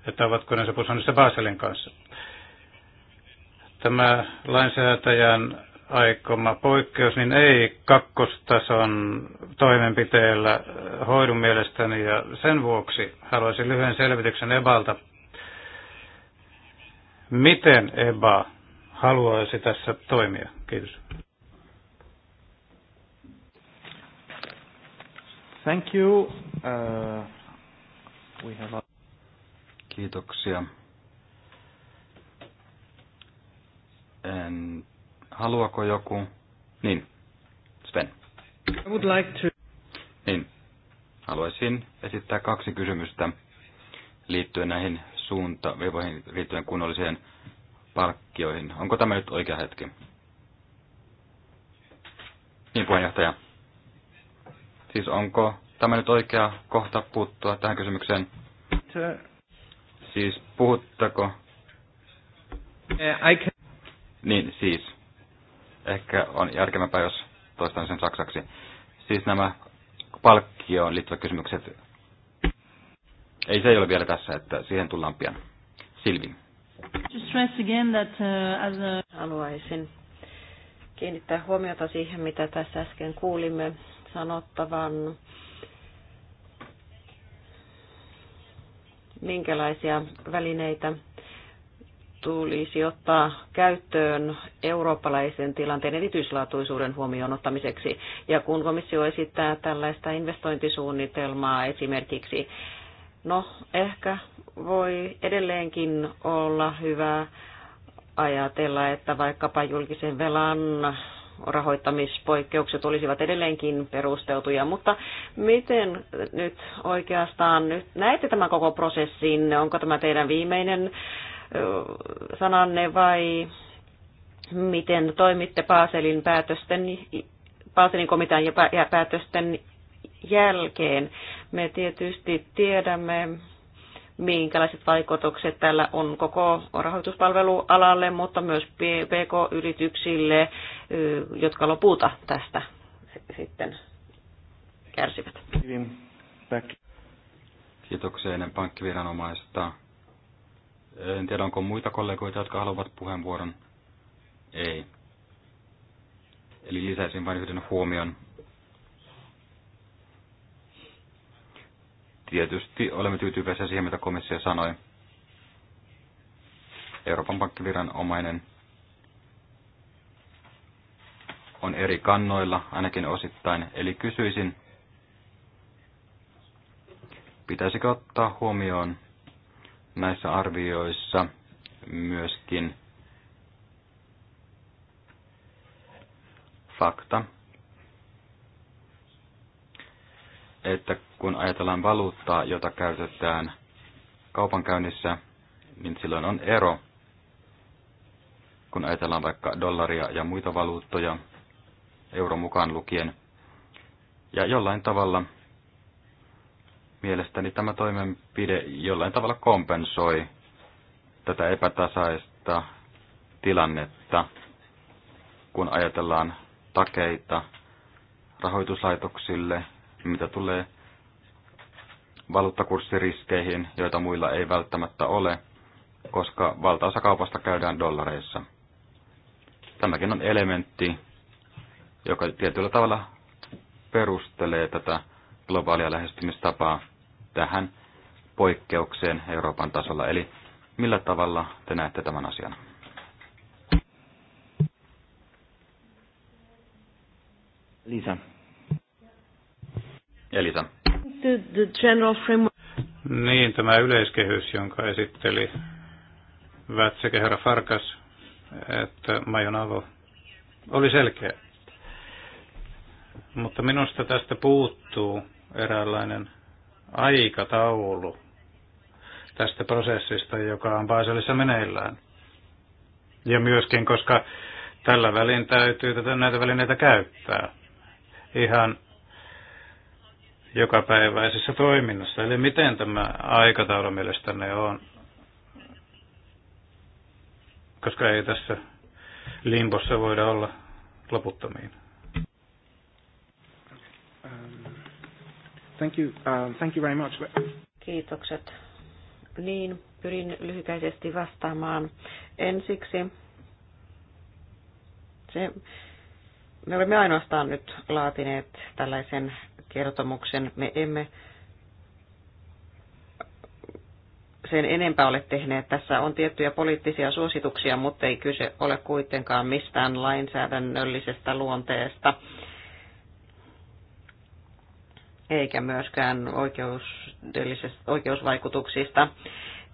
että ovatko ne sopusuunnissa Baselin kanssa. Tämä lainsäätäjän aikoma poikkeus, niin ei kakkostason toimenpiteellä hoidu mielestäni ja sen vuoksi haluaisin lyhyen selvityksen EBAlta. Miten EBA haluaisi tässä toimia. Kiitos. Thank you. Uh, we have a... Kiitoksia. En... Haluako joku? Niin. Sven. I would like to... Niin. Haluaisin esittää kaksi kysymystä liittyen näihin suunta, liittyen kunnolliseen palkkioihin. Onko tämä nyt oikea hetki? Niin, puheenjohtaja. Siis onko tämä nyt oikea kohta puuttua tähän kysymykseen? Siis puhuttako? Eh, niin, siis. Ehkä on järkevämpää, jos toistan sen saksaksi. Siis nämä palkkioon liittyvät kysymykset. Ei se ei ole vielä tässä, että siihen tullaan pian. Silvin. Uh, Haluaisin kiinnittää huomiota siihen, mitä tässä äsken kuulimme sanottavan. Minkälaisia välineitä tulisi ottaa käyttöön eurooppalaisen tilanteen erityislaatuisuuden huomioon ottamiseksi. Ja kun komissio esittää tällaista investointisuunnitelmaa esimerkiksi No, ehkä voi edelleenkin olla hyvä ajatella, että vaikkapa julkisen velan rahoittamispoikkeukset olisivat edelleenkin perusteltuja, mutta miten nyt oikeastaan nyt näette tämän koko prosessin? Onko tämä teidän viimeinen sananne vai miten toimitte Paaselin päätösten Paaselin komitean ja päätösten jälkeen. Me tietysti tiedämme, minkälaiset vaikutukset tällä on koko rahoituspalvelualalle, mutta myös PK-yrityksille, jotka lopulta tästä sitten kärsivät. Kiitoksia ennen pankkiviranomaista. En tiedä, onko muita kollegoita, jotka haluavat puheenvuoron? Ei. Eli lisäisin vain yhden huomion tietysti olemme tyytyväisiä siihen, mitä komissio sanoi. Euroopan pankkiviranomainen on eri kannoilla, ainakin osittain. Eli kysyisin, pitäisikö ottaa huomioon näissä arvioissa myöskin fakta, että kun ajatellaan valuuttaa, jota käytetään kaupankäynnissä, niin silloin on ero, kun ajatellaan vaikka dollaria ja muita valuuttoja, euro mukaan lukien. Ja jollain tavalla mielestäni tämä toimenpide jollain tavalla kompensoi tätä epätasaista tilannetta, kun ajatellaan takeita rahoituslaitoksille mitä tulee valuuttakurssiriskeihin, joita muilla ei välttämättä ole, koska valtaosa kaupasta käydään dollareissa. Tämäkin on elementti, joka tietyllä tavalla perustelee tätä globaalia lähestymistapaa tähän poikkeukseen Euroopan tasolla. Eli millä tavalla te näette tämän asian? Lisa. Elisa. The general framework. Niin, tämä yleiskehys, jonka esitteli Vätsäke herra Farkas että avo oli selkeä. Mutta minusta tästä puuttuu eräänlainen aikataulu tästä prosessista, joka on Baselissa meneillään. Ja myöskin, koska tällä välin täytyy tätä, näitä välineitä käyttää. Ihan jokapäiväisessä toiminnassa. Eli miten tämä aikataulu mielestäni on? Koska ei tässä limbossa voida olla loputtomiin. Thank you. Uh, thank you very much. Kiitokset. Niin, pyrin lyhykäisesti vastaamaan. Ensiksi se, me olemme ainoastaan nyt laatineet tällaisen kertomuksen. Me emme sen enempää ole tehneet. Tässä on tiettyjä poliittisia suosituksia, mutta ei kyse ole kuitenkaan mistään lainsäädännöllisestä luonteesta eikä myöskään oikeusvaikutuksista.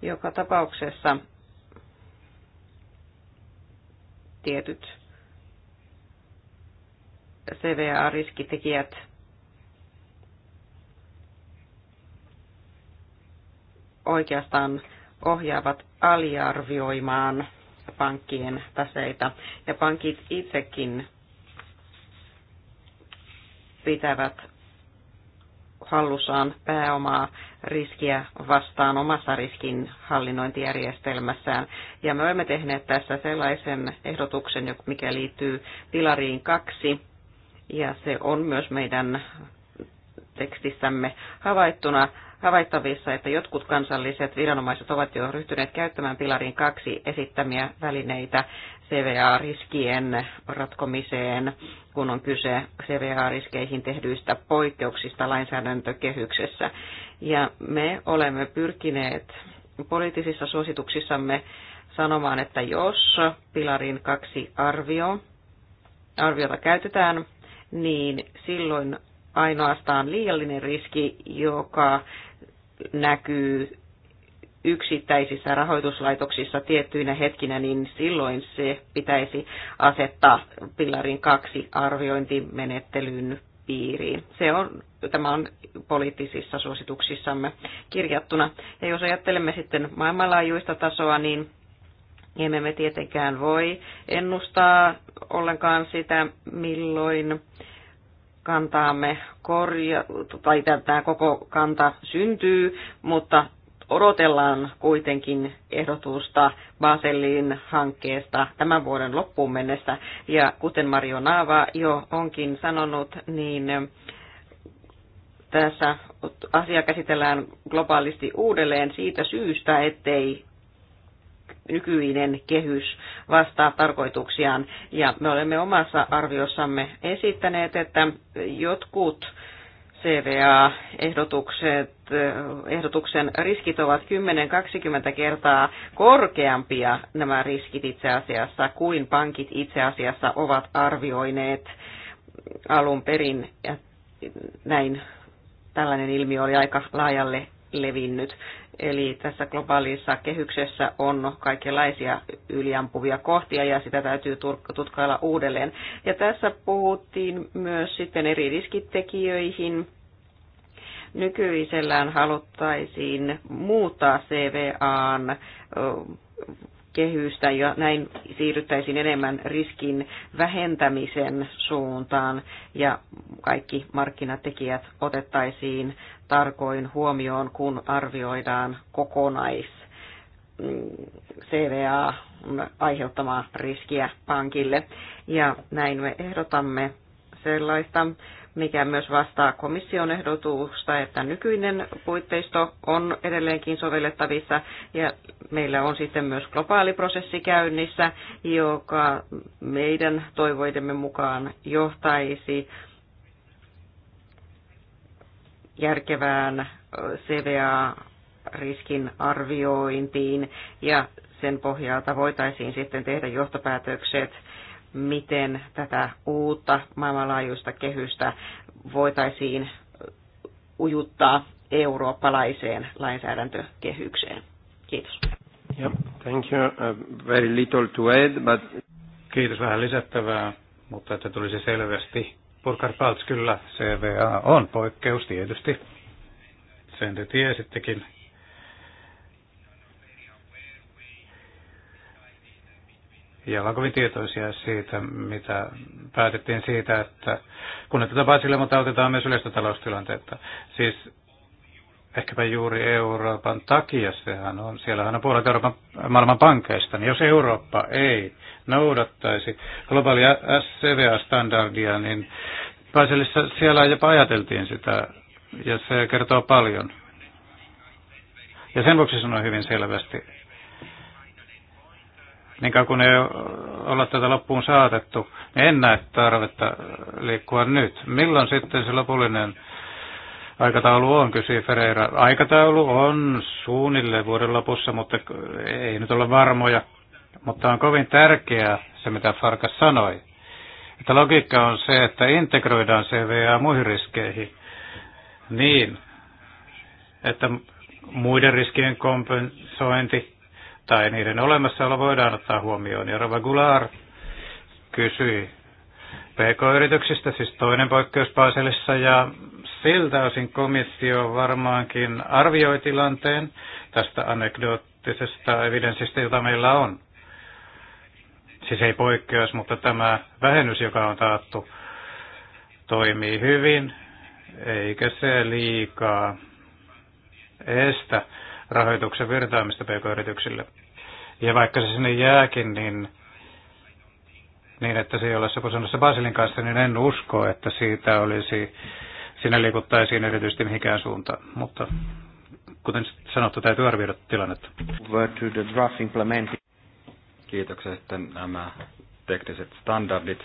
Joka tapauksessa tietyt CVA-riskitekijät oikeastaan ohjaavat aliarvioimaan pankkien taseita. Ja pankit itsekin pitävät hallussaan pääomaa riskiä vastaan omassa riskin hallinnointijärjestelmässään. Ja me olemme tehneet tässä sellaisen ehdotuksen, mikä liittyy pilariin kaksi, ja se on myös meidän tekstissämme havaittuna havaittavissa, että jotkut kansalliset viranomaiset ovat jo ryhtyneet käyttämään pilarin kaksi esittämiä välineitä CVA-riskien ratkomiseen, kun on kyse CVA-riskeihin tehdyistä poikkeuksista lainsäädäntökehyksessä. Ja me olemme pyrkineet poliittisissa suosituksissamme sanomaan, että jos pilarin kaksi arvio, arviota käytetään, niin silloin ainoastaan liiallinen riski, joka näkyy yksittäisissä rahoituslaitoksissa tiettyinä hetkinä, niin silloin se pitäisi asettaa pilarin kaksi arviointimenettelyn piiriin. Se on, tämä on poliittisissa suosituksissamme kirjattuna. Ja jos ajattelemme sitten maailmanlaajuista tasoa, niin emme me tietenkään voi ennustaa ollenkaan sitä, milloin kantaamme korja, tai tämä koko kanta syntyy, mutta odotellaan kuitenkin ehdotusta Baselin hankkeesta tämän vuoden loppuun mennessä. Ja kuten Mario Naava jo onkin sanonut, niin tässä asia käsitellään globaalisti uudelleen siitä syystä, ettei nykyinen kehys vastaa tarkoituksiaan. Ja me olemme omassa arviossamme esittäneet, että jotkut CVA-ehdotukset, ehdotuksen riskit ovat 10-20 kertaa korkeampia nämä riskit itse asiassa kuin pankit itse asiassa ovat arvioineet alun perin. Ja näin tällainen ilmiö oli aika laajalle levinnyt. Eli tässä globaalissa kehyksessä on kaikenlaisia yliampuvia kohtia ja sitä täytyy tutkailla uudelleen. Ja tässä puhuttiin myös sitten eri riskitekijöihin. Nykyisellään haluttaisiin muuttaa CVAn kehystä ja näin siirryttäisiin enemmän riskin vähentämisen suuntaan ja kaikki markkinatekijät otettaisiin tarkoin huomioon, kun arvioidaan kokonais mm, CVA aiheuttamaa riskiä pankille. Ja näin me ehdotamme sellaista, mikä myös vastaa komission ehdotusta, että nykyinen puitteisto on edelleenkin sovellettavissa ja meillä on sitten myös globaali prosessi käynnissä, joka meidän toivoidemme mukaan johtaisi järkevään CVA-riskin arviointiin ja sen pohjalta voitaisiin sitten tehdä johtopäätökset, miten tätä uutta maailmanlaajuista kehystä voitaisiin ujuttaa eurooppalaiseen lainsäädäntökehykseen. Kiitos. Yeah, thank you. Uh, very little to add, but... Kiitos vähän lisättävää, mutta että tulisi selvästi Burkhard Paltz, kyllä CVA on poikkeus tietysti. Sen te tiesittekin. Ja ollaan kovin tietoisia siitä, mitä päätettiin siitä, että ne tapaa sille, mutta otetaan myös yleistä taloustilanteetta. Siis ehkäpä juuri Euroopan takia sehän on. Siellähän on puolet Euroopan maailman pankeista. Niin jos Eurooppa ei noudattaisi globaalia SCVA-standardia, niin Pääsellissa siellä jopa ajateltiin sitä, ja se kertoo paljon. Ja sen vuoksi sanoin hyvin selvästi, niin kauan kun ei olla tätä loppuun saatettu, niin en näe tarvetta liikkua nyt. Milloin sitten se lopullinen aikataulu on, kysyi Ferreira. Aikataulu on suunnilleen vuoden lopussa, mutta ei nyt olla varmoja. Mutta on kovin tärkeää se, mitä Farkas sanoi, että logiikka on se, että integroidaan CVA muihin riskeihin niin, että muiden riskien kompensointi tai niiden olemassaolo voidaan ottaa huomioon. Ja Rova Gular kysyi PK-yrityksistä, siis toinen poikkeus Baselissa, ja siltä osin komissio varmaankin arvioi tilanteen tästä anekdoottisesta evidenssistä, jota meillä on. Siis ei poikkeus, mutta tämä vähennys, joka on taattu, toimii hyvin, eikä se liikaa estä rahoituksen virtaamista pk-yrityksille. Ja vaikka se sinne jääkin, niin, niin että se ei ole sopusunnossa Basilin kanssa, niin en usko, että siitä olisi, sinne liikuttaisiin erityisesti mihinkään suuntaan. Mutta kuten sanottu, täytyy arvioida tilannetta. Kiitoksia sitten nämä tekniset standardit,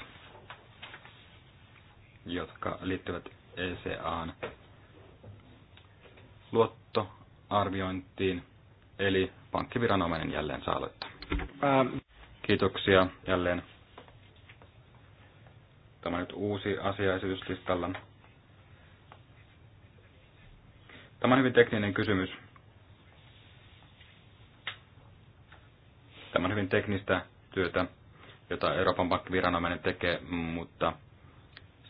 jotka liittyvät ECAan luottoarviointiin, eli pankkiviranomainen jälleen saa aloittaa. Ähm. Kiitoksia jälleen. Tämä nyt uusi asia esityslistalla. Tämä on hyvin tekninen kysymys, Tämä hyvin teknistä työtä, jota Euroopan pankkiviranomainen tekee, mutta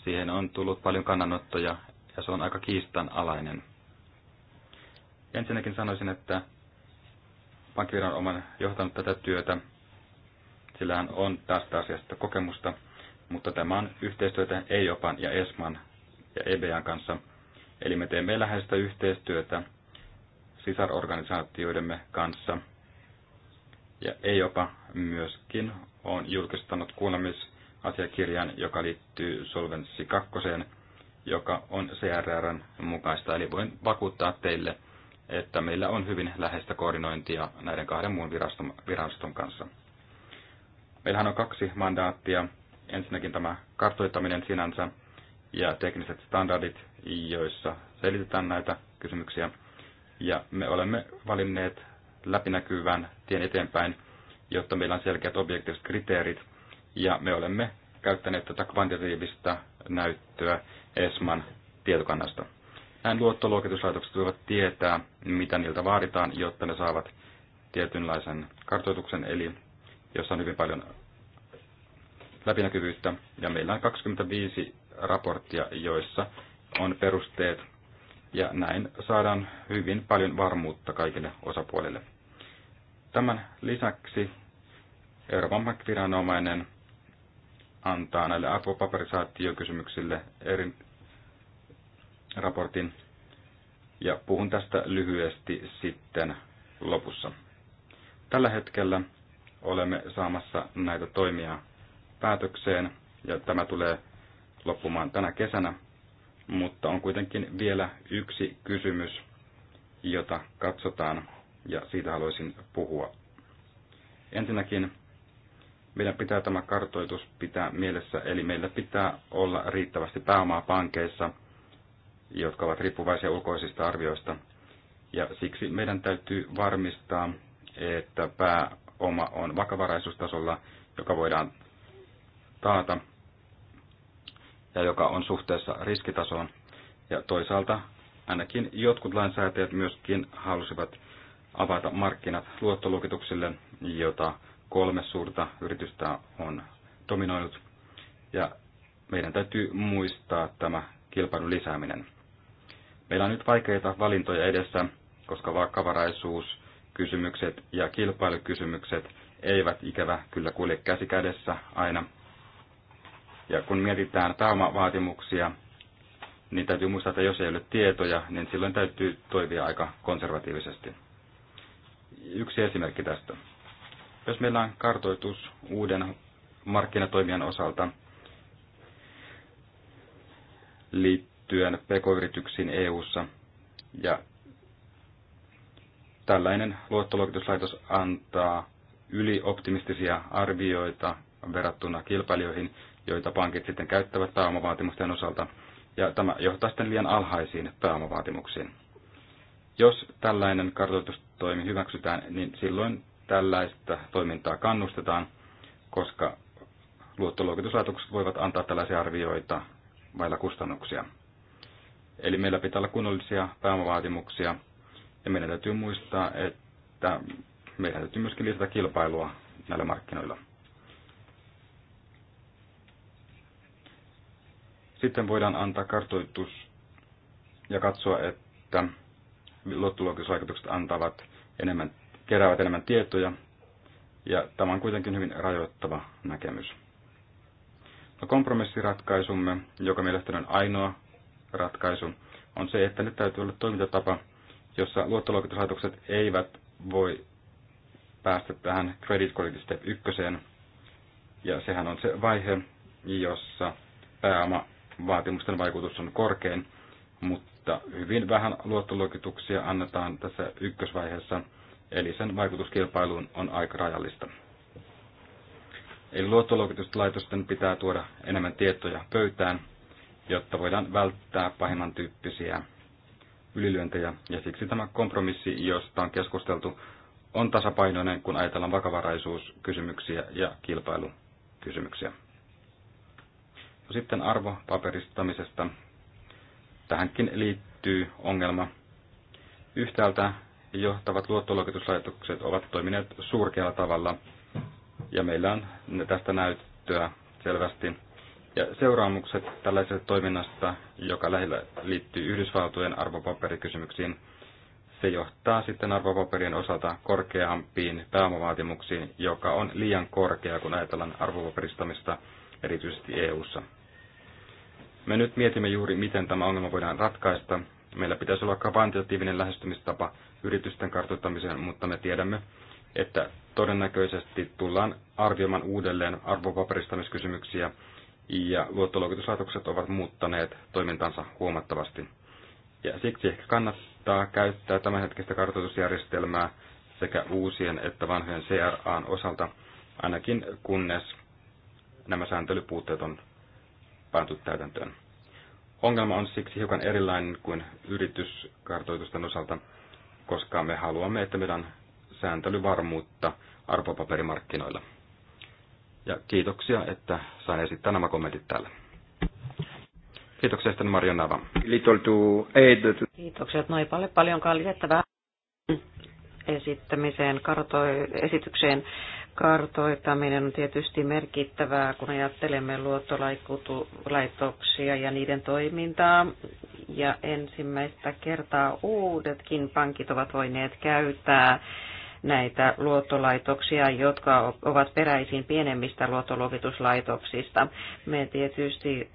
siihen on tullut paljon kannanottoja ja se on aika kiistanalainen. Ensinnäkin sanoisin, että pankkiviranomainen on johtanut tätä työtä. Sillä hän on tästä asiasta kokemusta, mutta tämä on yhteistyötä EIOPAN ja ESMAN ja EBAn kanssa. Eli me teemme läheistä yhteistyötä sisarorganisaatioidemme kanssa – ja EIOPA myöskin on julkistanut kuulemisasiakirjan, joka liittyy Solvenssi 2, joka on CRRn mukaista. Eli voin vakuuttaa teille, että meillä on hyvin läheistä koordinointia näiden kahden muun viraston, viraston kanssa. Meillähän on kaksi mandaattia. Ensinnäkin tämä kartoittaminen sinänsä ja tekniset standardit, joissa selitetään näitä kysymyksiä. Ja me olemme valinneet läpinäkyvän tien eteenpäin, jotta meillä on selkeät objektiiviset kriteerit. Ja me olemme käyttäneet tätä kvantitatiivista näyttöä ESMAn tietokannasta. Näin luottoluokituslaitokset voivat tietää, mitä niiltä vaaditaan, jotta ne saavat tietynlaisen kartoituksen, eli jossa on hyvin paljon läpinäkyvyyttä. Ja meillä on 25 raporttia, joissa on perusteet ja näin saadaan hyvin paljon varmuutta kaikille osapuolille. Tämän lisäksi Euroopan viranomainen antaa näille apupaperisaatiokysymyksille eri raportin ja puhun tästä lyhyesti sitten lopussa. Tällä hetkellä olemme saamassa näitä toimia päätökseen ja tämä tulee loppumaan tänä kesänä mutta on kuitenkin vielä yksi kysymys, jota katsotaan ja siitä haluaisin puhua. Ensinnäkin meidän pitää tämä kartoitus pitää mielessä, eli meillä pitää olla riittävästi pääomaa pankeissa, jotka ovat riippuvaisia ulkoisista arvioista. Ja siksi meidän täytyy varmistaa, että pääoma on vakavaraisuustasolla, joka voidaan taata ja joka on suhteessa riskitasoon. Ja toisaalta ainakin jotkut lainsäätäjät myöskin halusivat avata markkinat luottoluokituksille, jota kolme suurta yritystä on dominoinut. Ja meidän täytyy muistaa tämä kilpailun lisääminen. Meillä on nyt vaikeita valintoja edessä, koska vakavaraisuus, kysymykset ja kilpailukysymykset eivät ikävä kyllä kulje käsi kädessä aina. Ja kun mietitään pääomavaatimuksia, niin täytyy muistaa, että jos ei ole tietoja, niin silloin täytyy toimia aika konservatiivisesti. Yksi esimerkki tästä. Jos meillä on kartoitus uuden markkinatoimijan osalta liittyen pk-yrityksiin EU-ssa, ja tällainen luottoluokituslaitos antaa ylioptimistisia arvioita verrattuna kilpailijoihin, joita pankit sitten käyttävät pääomavaatimusten osalta, ja tämä johtaa sitten liian alhaisiin pääomavaatimuksiin. Jos tällainen kartoitustoimi hyväksytään, niin silloin tällaista toimintaa kannustetaan, koska luottoluokituslaitokset voivat antaa tällaisia arvioita vailla kustannuksia. Eli meillä pitää olla kunnollisia pääomavaatimuksia, ja meidän täytyy muistaa, että meidän täytyy myöskin lisätä kilpailua näillä markkinoilla. Sitten voidaan antaa kartoitus ja katsoa, että luottoluokitusvaikutukset antavat enemmän, keräävät enemmän tietoja. Ja tämä on kuitenkin hyvin rajoittava näkemys. No kompromissiratkaisumme, joka mielestäni on ainoa ratkaisu, on se, että nyt täytyy olla toimintatapa, jossa luottoluokituslaitokset eivät voi päästä tähän Credit Quality Step 1. Ja sehän on se vaihe, jossa pääoma vaatimusten vaikutus on korkein, mutta hyvin vähän luottoluokituksia annetaan tässä ykkösvaiheessa, eli sen vaikutuskilpailuun on aika rajallista. Eli luottoluokituslaitosten pitää tuoda enemmän tietoja pöytään, jotta voidaan välttää pahimman tyyppisiä ylilyöntejä, ja siksi tämä kompromissi, josta on keskusteltu, on tasapainoinen, kun ajatellaan vakavaraisuuskysymyksiä ja kilpailukysymyksiä. Sitten arvopaperistamisesta. Tähänkin liittyy ongelma. Yhtäältä johtavat luottoluokituslaitokset ovat toimineet surkealla tavalla, ja meillä on tästä näyttöä selvästi. Ja seuraamukset tällaisesta toiminnasta, joka lähellä liittyy Yhdysvaltojen arvopaperikysymyksiin, se johtaa sitten arvopaperien osalta korkeampiin pääomavaatimuksiin, joka on liian korkea, kun ajatellaan arvopaperistamista erityisesti EU:ssa. Me nyt mietimme juuri, miten tämä ongelma voidaan ratkaista. Meillä pitäisi olla kvantitatiivinen lähestymistapa yritysten kartoittamiseen, mutta me tiedämme, että todennäköisesti tullaan arvioimaan uudelleen arvopaperistamiskysymyksiä ja luottoluokituslaitokset ovat muuttaneet toimintansa huomattavasti. Ja siksi ehkä kannattaa käyttää tämänhetkistä kartoitusjärjestelmää sekä uusien että vanhojen CRAn osalta, ainakin kunnes nämä sääntelypuutteet on pantu täytäntöön. Ongelma on siksi hiukan erilainen kuin yrityskartoitusten osalta, koska me haluamme, että meillä on sääntelyvarmuutta arvopaperimarkkinoilla. Ja kiitoksia, että sain esittää nämä kommentit täällä. Kiitoksia sitten Marjo Nava. Kiitokset, no ei paljon, paljonkaan lisättävää esittämiseen, kartoi, esitykseen kartoittaminen on tietysti merkittävää, kun ajattelemme luottolaitoksia ja niiden toimintaa. Ja ensimmäistä kertaa uudetkin pankit ovat voineet käyttää näitä luottolaitoksia, jotka ovat peräisin pienemmistä luottoluokituslaitoksista. Me tietysti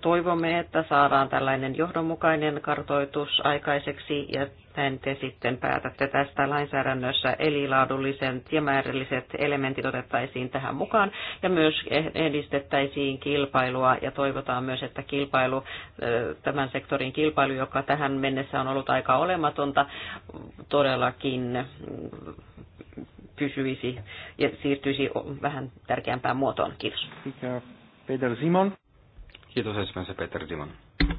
toivomme, että saadaan tällainen johdonmukainen kartoitus aikaiseksi ja näin te sitten päätätte tästä lainsäädännössä, eli laadulliset ja määrälliset elementit otettaisiin tähän mukaan ja myös edistettäisiin kilpailua ja toivotaan myös, että kilpailu, tämän sektorin kilpailu, joka tähän mennessä on ollut aika olematonta, todellakin pysyisi ja siirtyisi vähän tärkeämpään muotoon. Kiitos. Peter Simon. Kiitos ensimmäisenä Peter Dimon.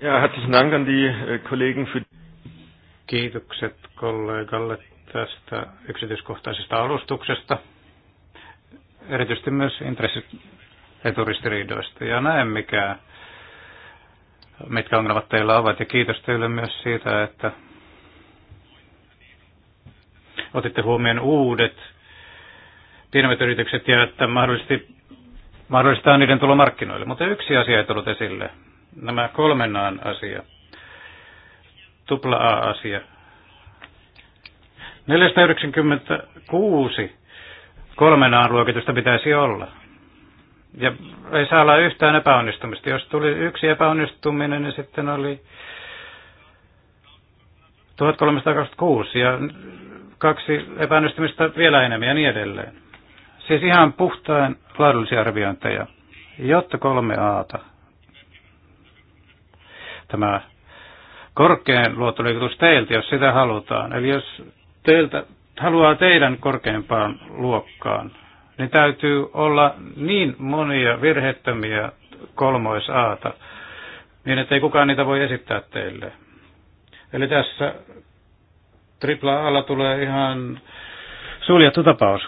Ja herzlichen Dank an die äh, Kollegen für... Kiitokset kollegalle tästä yksityiskohtaisesta alustuksesta. Erityisesti myös intressit eturistiriidoista. Ja näen, mikä, mitkä ongelmat teillä ovat. Ja kiitos teille myös siitä, että otitte huomioon uudet pienemmät yritykset ja että mahdollisesti mahdollistaa niiden tulo markkinoille. Mutta yksi asia ei tullut esille. Nämä kolmenaan asia. Tupla A-asia. 496 kolmenaan luokitusta pitäisi olla. Ja ei saa olla yhtään epäonnistumista. Jos tuli yksi epäonnistuminen, niin sitten oli 1326 ja kaksi epäonnistumista vielä enemmän ja niin edelleen. Siis ihan puhtain laadullisia arviointeja, jotta kolme aata. Tämä korkein luottoliikutus teiltä, jos sitä halutaan. Eli jos teiltä haluaa teidän korkeimpaan luokkaan, niin täytyy olla niin monia virhettömiä kolmoisaata, niin ettei kukaan niitä voi esittää teille. Eli tässä tripla alla tulee ihan suljettu tapaus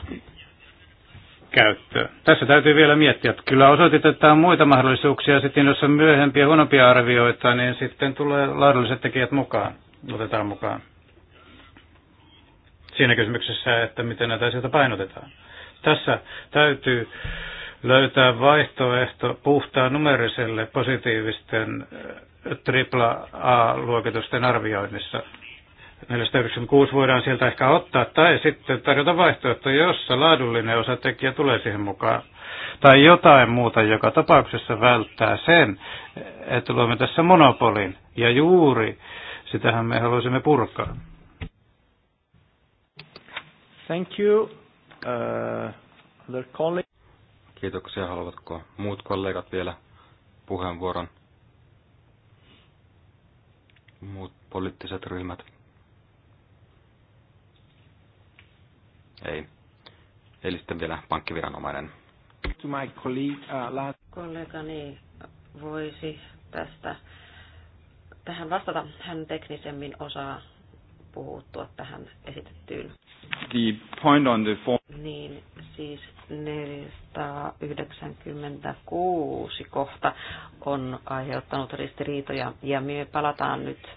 käyttöön. Tässä täytyy vielä miettiä, että kyllä osoitit, että on muita mahdollisuuksia, sitten jos on myöhempiä huonompia arvioita, niin sitten tulee laadulliset tekijät mukaan, otetaan mukaan. Siinä kysymyksessä, että miten näitä asioita painotetaan. Tässä täytyy löytää vaihtoehto puhtaan numeriselle positiivisten AAA-luokitusten eh, arvioinnissa 496 voidaan sieltä ehkä ottaa, tai sitten tarjota vaihtoehto, jossa laadullinen osatekijä tulee siihen mukaan. Tai jotain muuta, joka tapauksessa välttää sen, että luomme tässä monopolin. Ja juuri sitähän me haluaisimme purkaa. Thank you. Uh, other Kiitoksia. Haluatko muut kollegat vielä puheenvuoron? Muut poliittiset ryhmät. Ei. Eli sitten vielä pankkiviranomainen. To my colleague, uh, last... Kollegani voisi tästä tähän vastata. Hän teknisemmin osaa puhuttua tähän esitettyyn. The point on the form. Niin, siis 496 kohta on aiheuttanut ristiriitoja ja me palataan nyt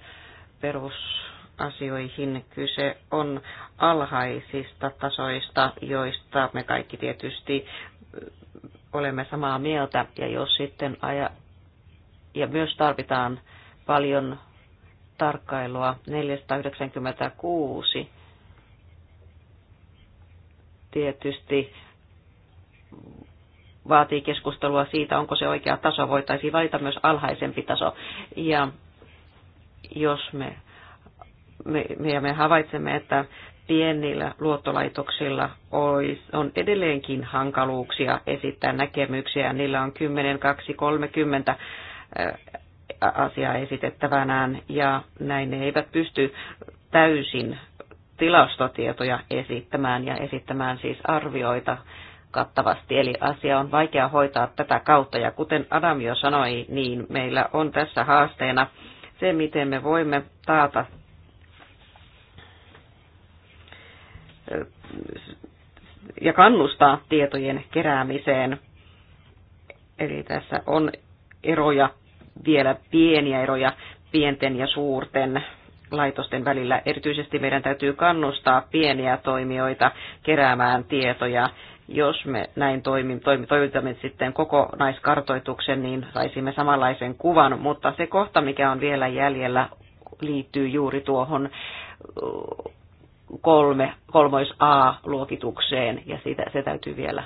perus asioihin. Kyse on alhaisista tasoista, joista me kaikki tietysti olemme samaa mieltä. Ja jos sitten aja, ja myös tarvitaan paljon tarkkailua 496 tietysti vaatii keskustelua siitä, onko se oikea taso. Voitaisiin valita myös alhaisempi taso. Ja jos me me, me, me havaitsemme, että pienillä luottolaitoksilla on edelleenkin hankaluuksia esittää näkemyksiä. Niillä on 10, 2, 30 asiaa esitettävänään ja näin ne eivät pysty täysin tilastotietoja esittämään ja esittämään siis arvioita kattavasti. Eli asia on vaikea hoitaa tätä kautta ja kuten Adam jo sanoi, niin meillä on tässä haasteena se, miten me voimme taata ja kannustaa tietojen keräämiseen. Eli tässä on eroja, vielä pieniä eroja pienten ja suurten laitosten välillä. Erityisesti meidän täytyy kannustaa pieniä toimijoita keräämään tietoja. Jos me näin toimimme, toimitamme sitten kokonaiskartoituksen, niin saisimme samanlaisen kuvan, mutta se kohta, mikä on vielä jäljellä, liittyy juuri tuohon kolme, kolmois A-luokitukseen ja siitä, se täytyy vielä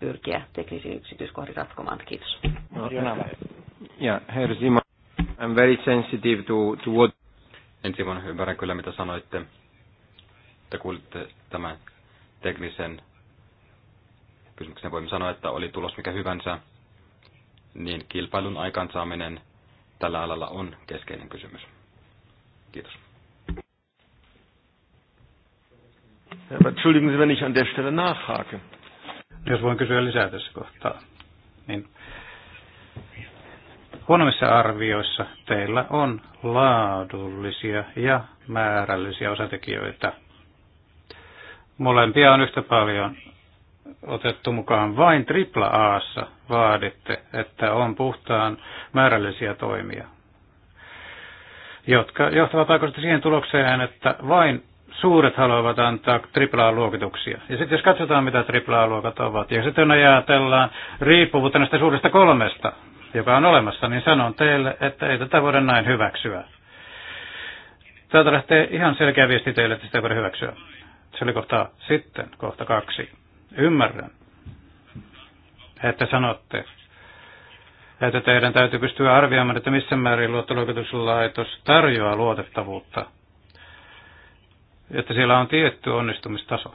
pyrkiä teknisiin yksityiskohdin ratkomaan. Kiitos. No, yeah, I'm very sensitive to, to what... En Simon, ymmärrän kyllä mitä sanoitte. että kuulitte tämän teknisen kysymyksen. Voimme sanoa, että oli tulos mikä hyvänsä, niin kilpailun aikaansaaminen tällä alalla on keskeinen kysymys. Kiitos. entschuldigen Sie, wenn ich an der Stelle nachhake. Jos voin kysyä lisää tässä kohtaa. Niin. Huonommissa arvioissa teillä on laadullisia ja määrällisiä osatekijöitä. Molempia on yhtä paljon otettu mukaan vain tripla Aassa vaaditte, että on puhtaan määrällisiä toimia, jotka johtavat aikaisesti siihen tulokseen, että vain suuret haluavat antaa AAA-luokituksia. Ja sitten jos katsotaan, mitä AAA-luokat ovat, ja sitten ajatellaan riippuvuutta näistä suurista kolmesta, joka on olemassa, niin sanon teille, että ei tätä voida näin hyväksyä. Täältä lähtee ihan selkeä viesti teille, että sitä ei voida hyväksyä. Se oli kohta sitten, kohta kaksi. Ymmärrän, että sanotte, että teidän täytyy pystyä arvioimaan, että missä määrin luottoluokituslaitos tarjoaa luotettavuutta – että siellä on tietty onnistumistaso.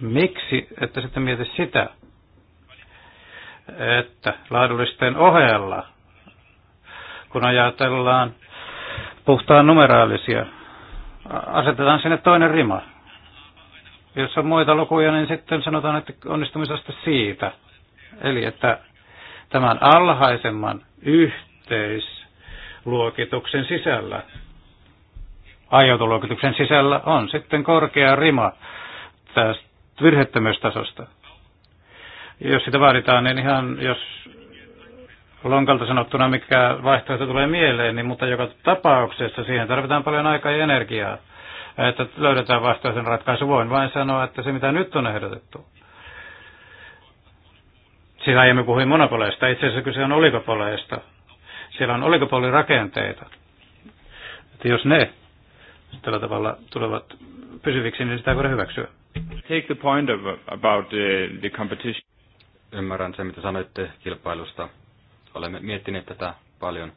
Miksi, että sitten mieti sitä, että laadullisten ohella, kun ajatellaan puhtaan numeraalisia, asetetaan sinne toinen rima. Jos on muita lukuja, niin sitten sanotaan, että onnistumisesta siitä. Eli että tämän alhaisemman yhteisluokituksen sisällä aiotuluokituksen sisällä on sitten korkea rima tästä virhettömyystasosta. Jos sitä vaaditaan, niin ihan jos lonkalta sanottuna, mikä vaihtoehto tulee mieleen, niin mutta joka tapauksessa siihen tarvitaan paljon aikaa ja energiaa, että löydetään vaihtoehtoinen ratkaisu. Voin vain sanoa, että se mitä nyt on ehdotettu, Siinä aiemmin puhuin monopoleista, itse asiassa kyse on oligopoleista. Siellä on oligopolirakenteita. Että jos ne tällä tavalla tulevat pysyviksi, niin sitä ei voida hyväksyä. Take the point of, about the, the competition. Ymmärrän se, mitä sanoitte kilpailusta. Olemme miettineet tätä paljon.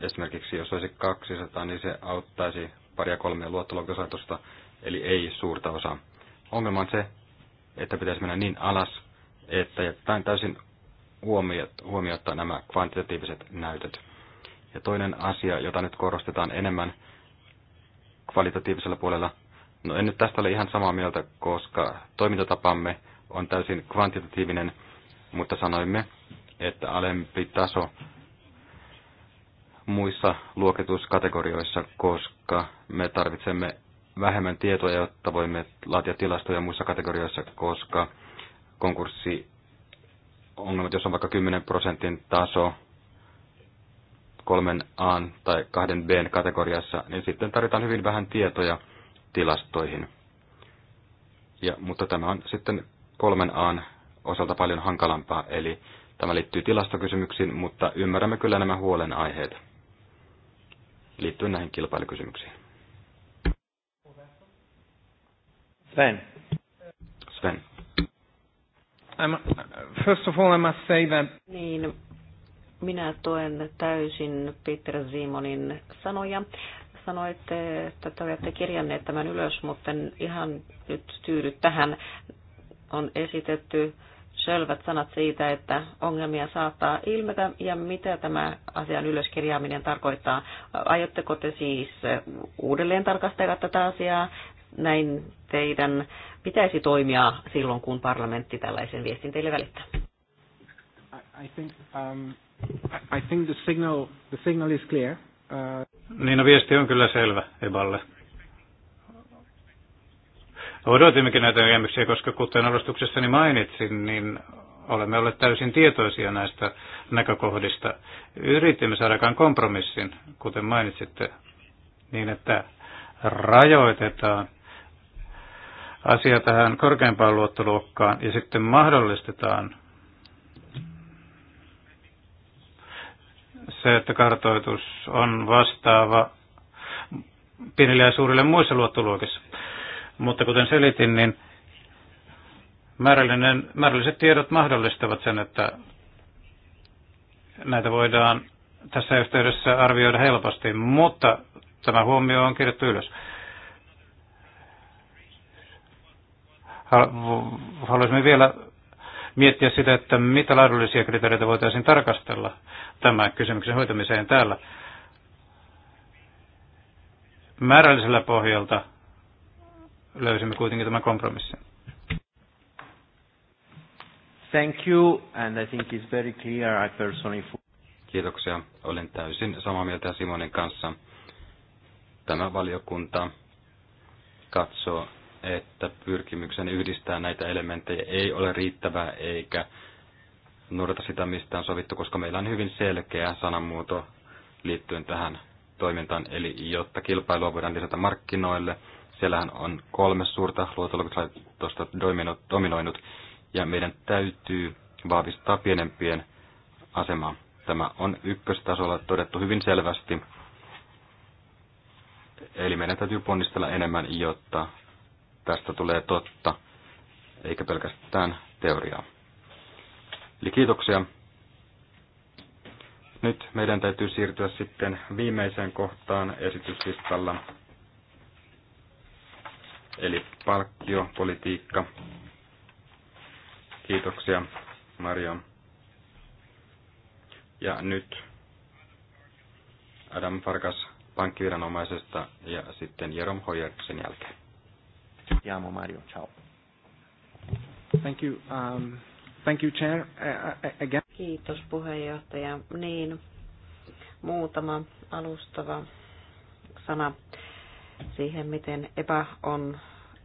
Esimerkiksi jos olisi 200, niin se auttaisi paria kolmea luottoluokituslaitosta, eli ei suurta osaa. Ongelma on se, että pitäisi mennä niin alas, että jätetään täysin huomiota nämä kvantitatiiviset näytöt. Ja toinen asia, jota nyt korostetaan enemmän, kvalitatiivisella puolella. No en nyt tästä ole ihan samaa mieltä, koska toimintatapamme on täysin kvantitatiivinen, mutta sanoimme, että alempi taso muissa luokituskategorioissa, koska me tarvitsemme vähemmän tietoa, jotta voimme laatia tilastoja muissa kategorioissa, koska konkurssi ongelmat, jos on vaikka 10 prosentin taso, kolmen A tai kahden B kategoriassa, niin sitten tarvitaan hyvin vähän tietoja tilastoihin. Ja, mutta tämä on sitten kolmen A osalta paljon hankalampaa, eli tämä liittyy tilastokysymyksiin, mutta ymmärrämme kyllä nämä huolenaiheet liittyen näihin kilpailukysymyksiin. Sven. Sven. I'm, uh, first of all, I must say that... Niin, minä tuen täysin Peter Simonin sanoja. Sanoitte, että te olette kirjanneet tämän ylös, mutta en ihan nyt tyydy tähän. On esitetty selvät sanat siitä, että ongelmia saattaa ilmetä ja mitä tämä asian ylöskirjaaminen tarkoittaa. Aiotteko te siis uudelleen tarkastella tätä asiaa? Näin teidän pitäisi toimia silloin, kun parlamentti tällaisen viestin teille välittää. I think, um, I think the signal, the signal is clear. Uh... Niin, no viesti on kyllä selvä Eballe. Odotimmekin näitä näkemyksiä, koska kuten alustuksessani mainitsin, niin olemme olleet täysin tietoisia näistä näkökohdista. Yritimme saadakaan kompromissin, kuten mainitsitte, niin että rajoitetaan asia tähän korkeimpaan luottoluokkaan ja sitten mahdollistetaan se, että kartoitus on vastaava pienille ja suurille muissa luottoluokissa. Mutta kuten selitin, niin määrällinen, määrälliset tiedot mahdollistavat sen, että näitä voidaan tässä yhteydessä arvioida helposti, mutta tämä huomio on kirjattu ylös. Haluaisimme vielä miettiä sitä, että mitä laadullisia kriteereitä voitaisiin tarkastella tämän kysymyksen hoitamiseen täällä. Määrällisellä pohjalta löysimme kuitenkin tämän kompromissin. Thank you, and I think it's very clear I personally... Kiitoksia. Olen täysin samaa mieltä Simonin kanssa. Tämä valiokunta katsoo, että pyrkimyksen yhdistää näitä elementtejä ei ole riittävää eikä noudata sitä, mistä on sovittu, koska meillä on hyvin selkeä sanamuoto liittyen tähän toimintaan, eli jotta kilpailua voidaan lisätä markkinoille. Siellähän on kolme suurta luottoluokituslaitosta dominoinut, ja meidän täytyy vahvistaa pienempien asemaa. Tämä on ykköstasolla todettu hyvin selvästi. Eli meidän täytyy ponnistella enemmän, jotta tästä tulee totta, eikä pelkästään teoriaa. Eli kiitoksia. Nyt meidän täytyy siirtyä sitten viimeiseen kohtaan esityslistalla, eli palkkiopolitiikka. Kiitoksia, Maria. Ja nyt Adam Farkas pankkiviranomaisesta ja sitten Jerome Hoyer sen jälkeen amo Mario, ciao. Thank you. Um, thank you, Chair. Uh, uh, again. Kiitos puheenjohtaja. Niin, muutama alustava sana siihen, miten EPA on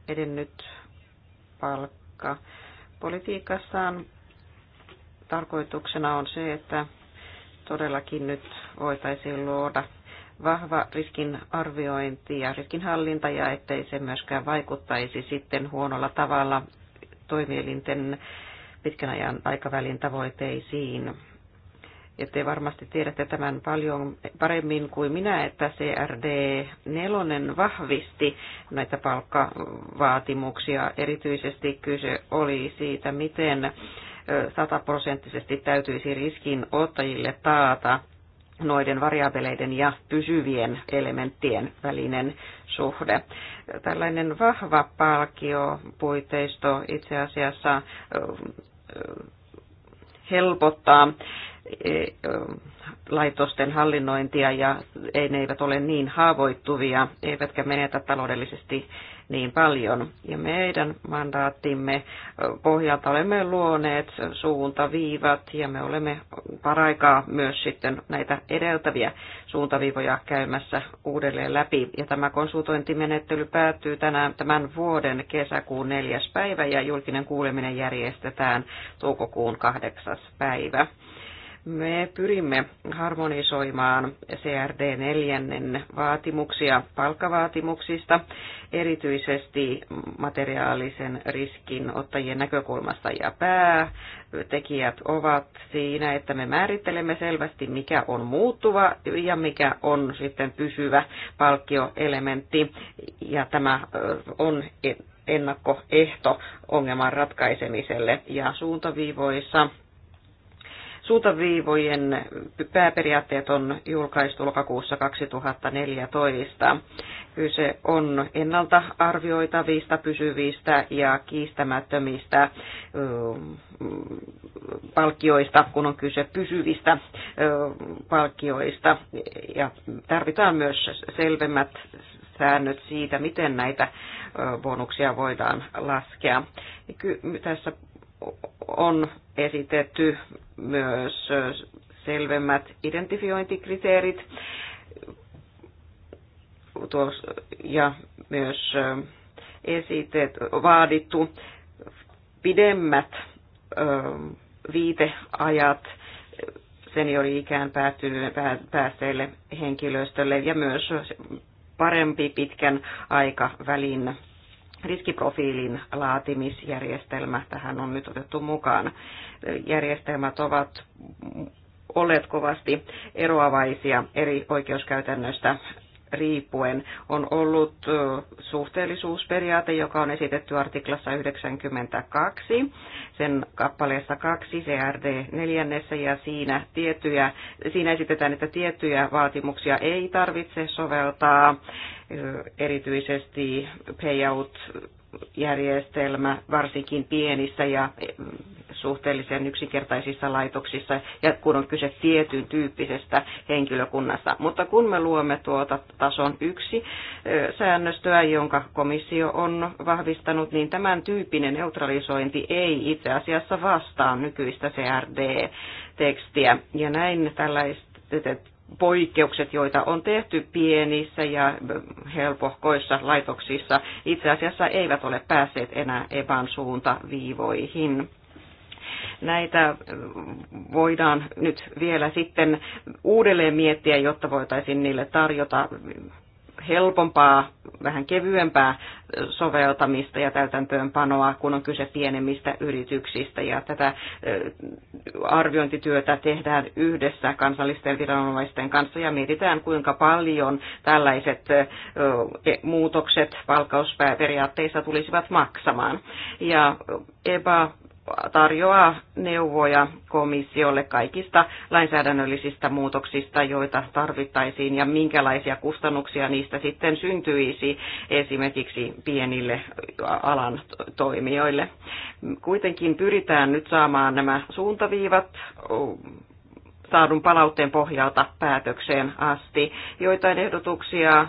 edennyt palkka. Politiikassaan tarkoituksena on se, että todellakin nyt voitaisiin luoda vahva riskin arviointi ja riskinhallinta ja ettei se myöskään vaikuttaisi sitten huonolla tavalla toimielinten pitkän ajan aikavälin tavoitteisiin. Ja te varmasti tiedätte tämän paljon paremmin kuin minä, että CRD4 vahvisti näitä palkkavaatimuksia. Erityisesti kyse oli siitä, miten sataprosenttisesti täytyisi riskin ottajille taata noiden variabeleiden ja pysyvien elementtien välinen suhde. Tällainen vahva palkiopuiteisto itse asiassa helpottaa laitosten hallinnointia ja ei, ne eivät ole niin haavoittuvia, eivätkä menetä taloudellisesti niin paljon. Ja meidän mandaattimme pohjalta olemme luoneet suuntaviivat ja me olemme paraikaa myös sitten näitä edeltäviä suuntaviivoja käymässä uudelleen läpi. Ja tämä konsultointimenettely päättyy tänään tämän vuoden kesäkuun neljäs päivä ja julkinen kuuleminen järjestetään toukokuun kahdeksas päivä. Me pyrimme harmonisoimaan CRD neljännen vaatimuksia palkkavaatimuksista, erityisesti materiaalisen riskin ottajien näkökulmasta ja päätekijät ovat siinä, että me määrittelemme selvästi, mikä on muuttuva ja mikä on sitten pysyvä palkkioelementti ja tämä on ennakkoehto ongelman ratkaisemiselle ja suuntaviivoissa Suuntaviivojen pääperiaatteet on julkaistu lokakuussa 2014. Kyse on ennalta arvioitavista, pysyvistä ja kiistämättömistä palkkioista, kun on kyse pysyvistä palkkioista. Ja tarvitaan myös selvemmät säännöt siitä, miten näitä bonuksia voidaan laskea. Tässä on esitetty myös selvemmät identifiointikriteerit ja myös esitet, vaadittu pidemmät viiteajat seniori-ikään päässeille henkilöstölle ja myös parempi pitkän aikavälin riskiprofiilin laatimisjärjestelmä tähän on nyt otettu mukaan. Järjestelmät ovat olleet kovasti eroavaisia eri oikeuskäytännöistä riippuen on ollut suhteellisuusperiaate, joka on esitetty artiklassa 92, sen kappaleessa 2 CRD 4 ja siinä, tiettyjä, siinä esitetään, että tiettyjä vaatimuksia ei tarvitse soveltaa, erityisesti payout järjestelmä varsinkin pienissä ja suhteellisen yksinkertaisissa laitoksissa ja kun on kyse tietyn tyyppisestä henkilökunnasta. Mutta kun me luomme tuota tason yksi säännöstöä, jonka komissio on vahvistanut, niin tämän tyyppinen neutralisointi ei itse asiassa vastaa nykyistä CRD-tekstiä. Ja näin tällaiset poikkeukset, joita on tehty pienissä ja helpohkoissa laitoksissa, itse asiassa eivät ole päässeet enää EBAN suuntaviivoihin. Näitä voidaan nyt vielä sitten uudelleen miettiä, jotta voitaisiin niille tarjota helpompaa, vähän kevyempää soveltamista ja täytäntöönpanoa, kun on kyse pienemmistä yrityksistä. Ja tätä arviointityötä tehdään yhdessä kansallisten viranomaisten kanssa ja mietitään, kuinka paljon tällaiset e, muutokset palkkausperiaatteissa tulisivat maksamaan. Ja EBA tarjoaa neuvoja komissiolle kaikista lainsäädännöllisistä muutoksista, joita tarvittaisiin ja minkälaisia kustannuksia niistä sitten syntyisi esimerkiksi pienille alan toimijoille. Kuitenkin pyritään nyt saamaan nämä suuntaviivat saadun palautteen pohjalta päätökseen asti. Joitain ehdotuksia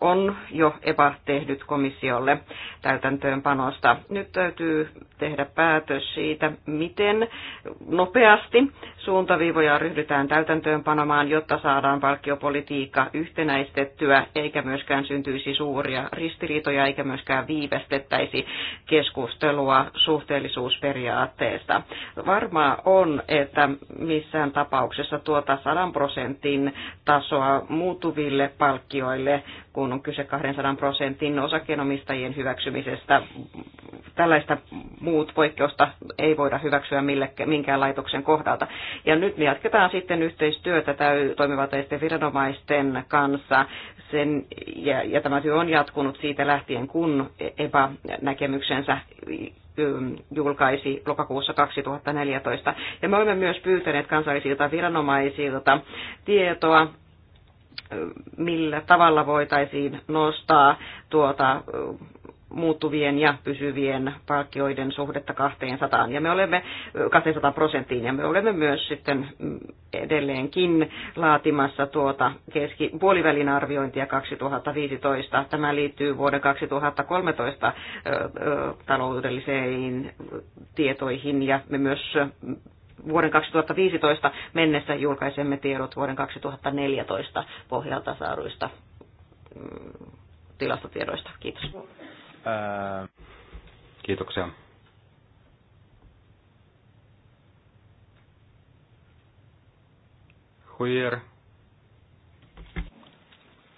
on jo EPA tehnyt komissiolle täytäntöönpanosta. Nyt täytyy tehdä päätös siitä, miten nopeasti suuntaviivoja ryhdytään täytäntöönpanomaan, jotta saadaan palkkiopolitiikka yhtenäistettyä, eikä myöskään syntyisi suuria ristiriitoja, eikä myöskään viivästettäisi keskustelua suhteellisuusperiaatteesta. Varmaa on, että missään tapauksessa tuota 100 prosentin tasoa muutuville palkkiopolitiikkaan valtioille, kun on kyse 200 prosentin osakkeenomistajien hyväksymisestä. Tällaista muut poikkeusta ei voida hyväksyä millekään, minkään laitoksen kohdalta. Ja nyt me jatketaan sitten yhteistyötä täy, toimivaltaisten viranomaisten kanssa. Sen, ja, ja tämä työ on jatkunut siitä lähtien, kun EPA näkemyksensä julkaisi lokakuussa 2014. Ja me olemme myös pyytäneet kansallisilta viranomaisilta tietoa millä tavalla voitaisiin nostaa tuota muuttuvien ja pysyvien palkkioiden suhdetta 200, ja me olemme 200 prosenttiin, ja me olemme myös sitten mm, edelleenkin laatimassa tuota keski, puolivälin arviointia 2015. Tämä liittyy vuoden 2013 taloudelliseen tietoihin, ja me myös mm, vuoden 2015 mennessä julkaisemme tiedot vuoden 2014 pohjalta saaduista mm, tilastotiedoista. Kiitos. Ää, kiitoksia. Huijer.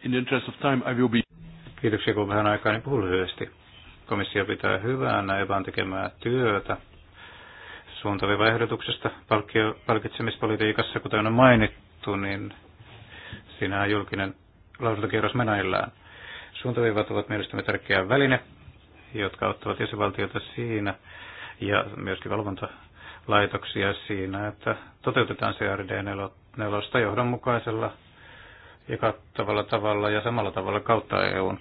In the interest of time, I will be... Kiitoksia, kun vähän aikaa niin puhun lyhyesti. Komissio pitää hyvänä Evan tekemää työtä suuntaviivaehdotuksesta palkkio, palkitsemispolitiikassa, kuten on mainittu, niin siinä on julkinen lausuntokierros menaillaan. Suuntaviivat ovat mielestäni tärkeä väline, jotka ottavat jäsenvaltiota siinä ja myöskin valvontalaitoksia siinä, että toteutetaan CRD-nelosta johdonmukaisella ja kattavalla tavalla ja samalla tavalla kautta EUn.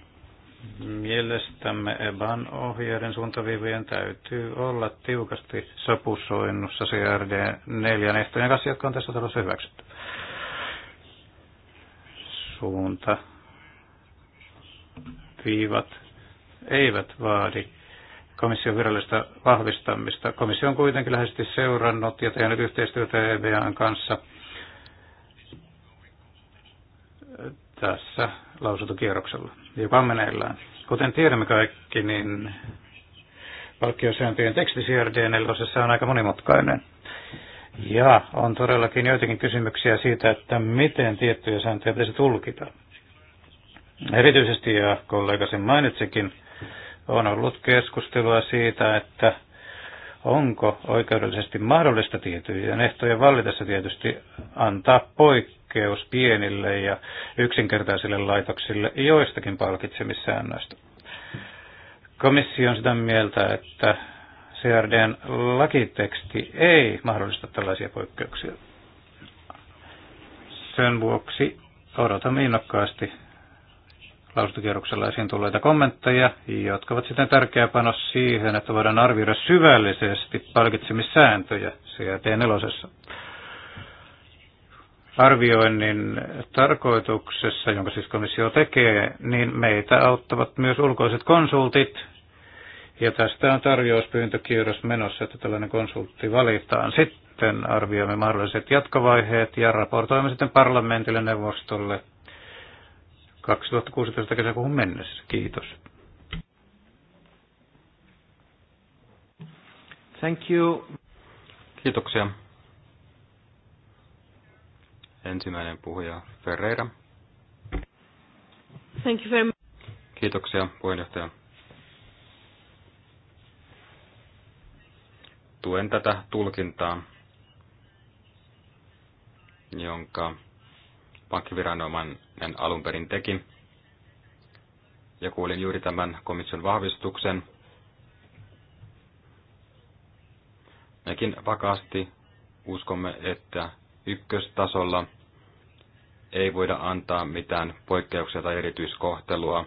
Mielestämme EBAN ohjeiden suuntaviivojen täytyy olla tiukasti sopusoinnussa CRD 4 ehtojen kanssa, jotka on tässä talossa hyväksytty. Suunta viivat eivät vaadi komission virallista vahvistamista. Komissio on kuitenkin läheisesti seurannut ja tehnyt yhteistyötä EBAn kanssa – tässä lausuntokierroksella, joka on meneillään. Kuten tiedämme kaikki, niin palkkiosääntöjen teksti CRD4 on aika monimutkainen. Ja on todellakin joitakin kysymyksiä siitä, että miten tiettyjä sääntöjä pitäisi tulkita. Erityisesti, ja kollegasin mainitsikin, on ollut keskustelua siitä, että onko oikeudellisesti mahdollista tietyjen ehtojen vallitessa tietysti antaa poikkeus pienille ja yksinkertaisille laitoksille joistakin palkitsemissäännöistä. Komissio on sitä mieltä, että CRDn lakiteksti ei mahdollista tällaisia poikkeuksia. Sen vuoksi odotamme innokkaasti lausuntokierroksella esiin tulleita kommentteja, jotka ovat sitten tärkeä panos siihen, että voidaan arvioida syvällisesti palkitsemissääntöjä ct 4 Arvioinnin tarkoituksessa, jonka siis komissio tekee, niin meitä auttavat myös ulkoiset konsultit, ja tästä on tarjouspyyntökierros menossa, että tällainen konsultti valitaan. Sitten arvioimme mahdolliset jatkovaiheet ja raportoimme sitten parlamentille, neuvostolle 2016 kesäkuuhun mennessä. Kiitos. Thank you. Kiitoksia. Ensimmäinen puhuja Ferreira. Thank you very much. Kiitoksia puheenjohtaja. Tuen tätä tulkintaa, jonka pankkiviranomainen alun perin teki. Ja kuulin juuri tämän komission vahvistuksen. Mekin vakaasti uskomme, että ykköstasolla ei voida antaa mitään poikkeuksia tai erityiskohtelua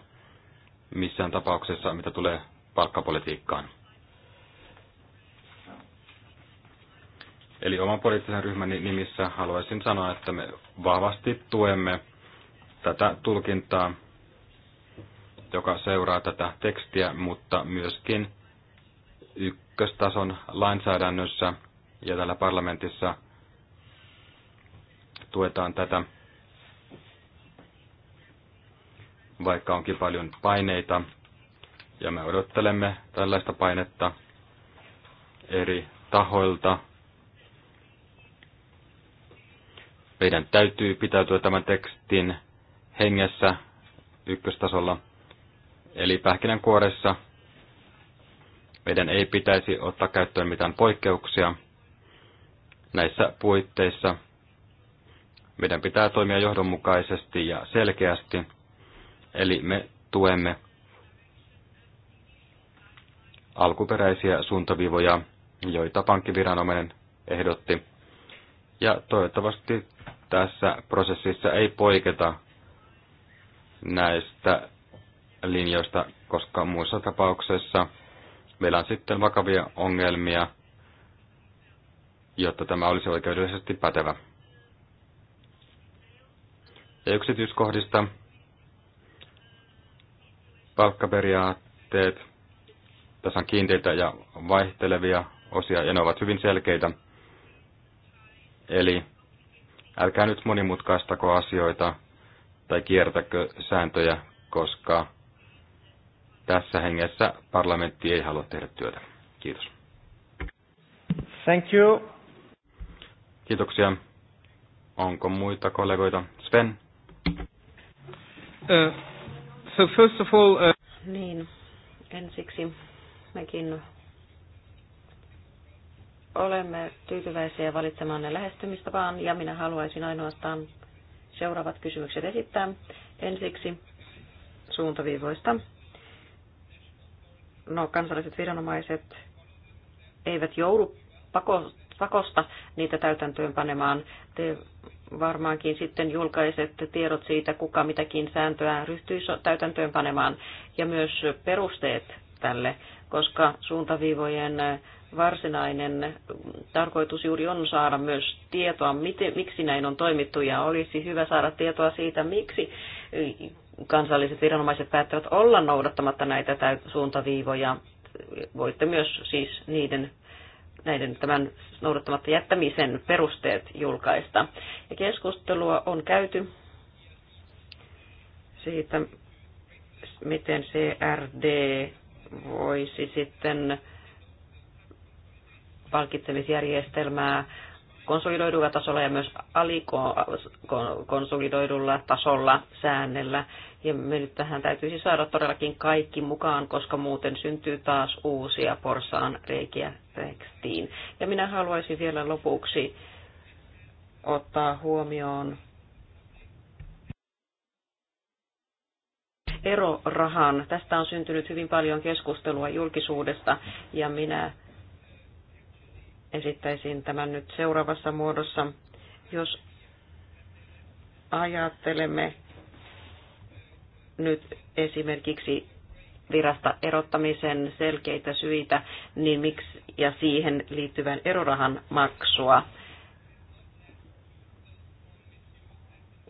missään tapauksessa, mitä tulee palkkapolitiikkaan. Eli oman poliittisen ryhmäni nimissä haluaisin sanoa, että me vahvasti tuemme tätä tulkintaa, joka seuraa tätä tekstiä, mutta myöskin ykköstason lainsäädännössä ja täällä parlamentissa tuetaan tätä, vaikka onkin paljon paineita. Ja me odottelemme tällaista painetta eri tahoilta, Meidän täytyy pitäytyä tämän tekstin hengessä ykköstasolla, eli pähkinänkuoressa. Meidän ei pitäisi ottaa käyttöön mitään poikkeuksia. Näissä puitteissa meidän pitää toimia johdonmukaisesti ja selkeästi, eli me tuemme alkuperäisiä suuntaviivoja, joita pankkiviranomainen ehdotti ja toivottavasti tässä prosessissa ei poiketa näistä linjoista, koska muissa tapauksissa meillä on sitten vakavia ongelmia, jotta tämä olisi oikeudellisesti pätevä. Ja yksityiskohdista palkkaperiaatteet. Tässä on kiinteitä ja vaihtelevia osia, ja ne ovat hyvin selkeitä – Eli älkää nyt monimutkaistako asioita tai kiertäkö sääntöjä, koska tässä hengessä parlamentti ei halua tehdä työtä. Kiitos. Thank you. Kiitoksia. Onko muita kollegoita? Sven? Uh, so first of all... Uh... Niin, ensiksi mekin olemme tyytyväisiä valitsemanne lähestymistapaan ja minä haluaisin ainoastaan seuraavat kysymykset esittää. Ensiksi suuntaviivoista. No, kansalliset viranomaiset eivät joudu pakosta niitä täytäntöön panemaan. Te varmaankin sitten julkaisette tiedot siitä, kuka mitäkin sääntöä ryhtyy täytäntöön panemaan ja myös perusteet tälle, koska suuntaviivojen varsinainen tarkoitus juuri on saada myös tietoa, miten, miksi näin on toimittu ja olisi hyvä saada tietoa siitä, miksi kansalliset viranomaiset päättävät olla noudattamatta näitä suuntaviivoja. Voitte myös siis niiden näiden tämän noudattamatta jättämisen perusteet julkaista. Ja keskustelua on käyty siitä, miten CRD voisi sitten palkitsemisjärjestelmää konsolidoidulla tasolla ja myös alikonsolidoidulla tasolla säännellä. Ja me nyt tähän täytyisi saada todellakin kaikki mukaan, koska muuten syntyy taas uusia porsaan reikiä tekstiin. Ja minä haluaisin vielä lopuksi ottaa huomioon erorahan. Tästä on syntynyt hyvin paljon keskustelua julkisuudesta ja minä esittäisin tämän nyt seuraavassa muodossa. Jos ajattelemme nyt esimerkiksi virasta erottamisen selkeitä syitä niin miksi, ja siihen liittyvän erorahan maksua.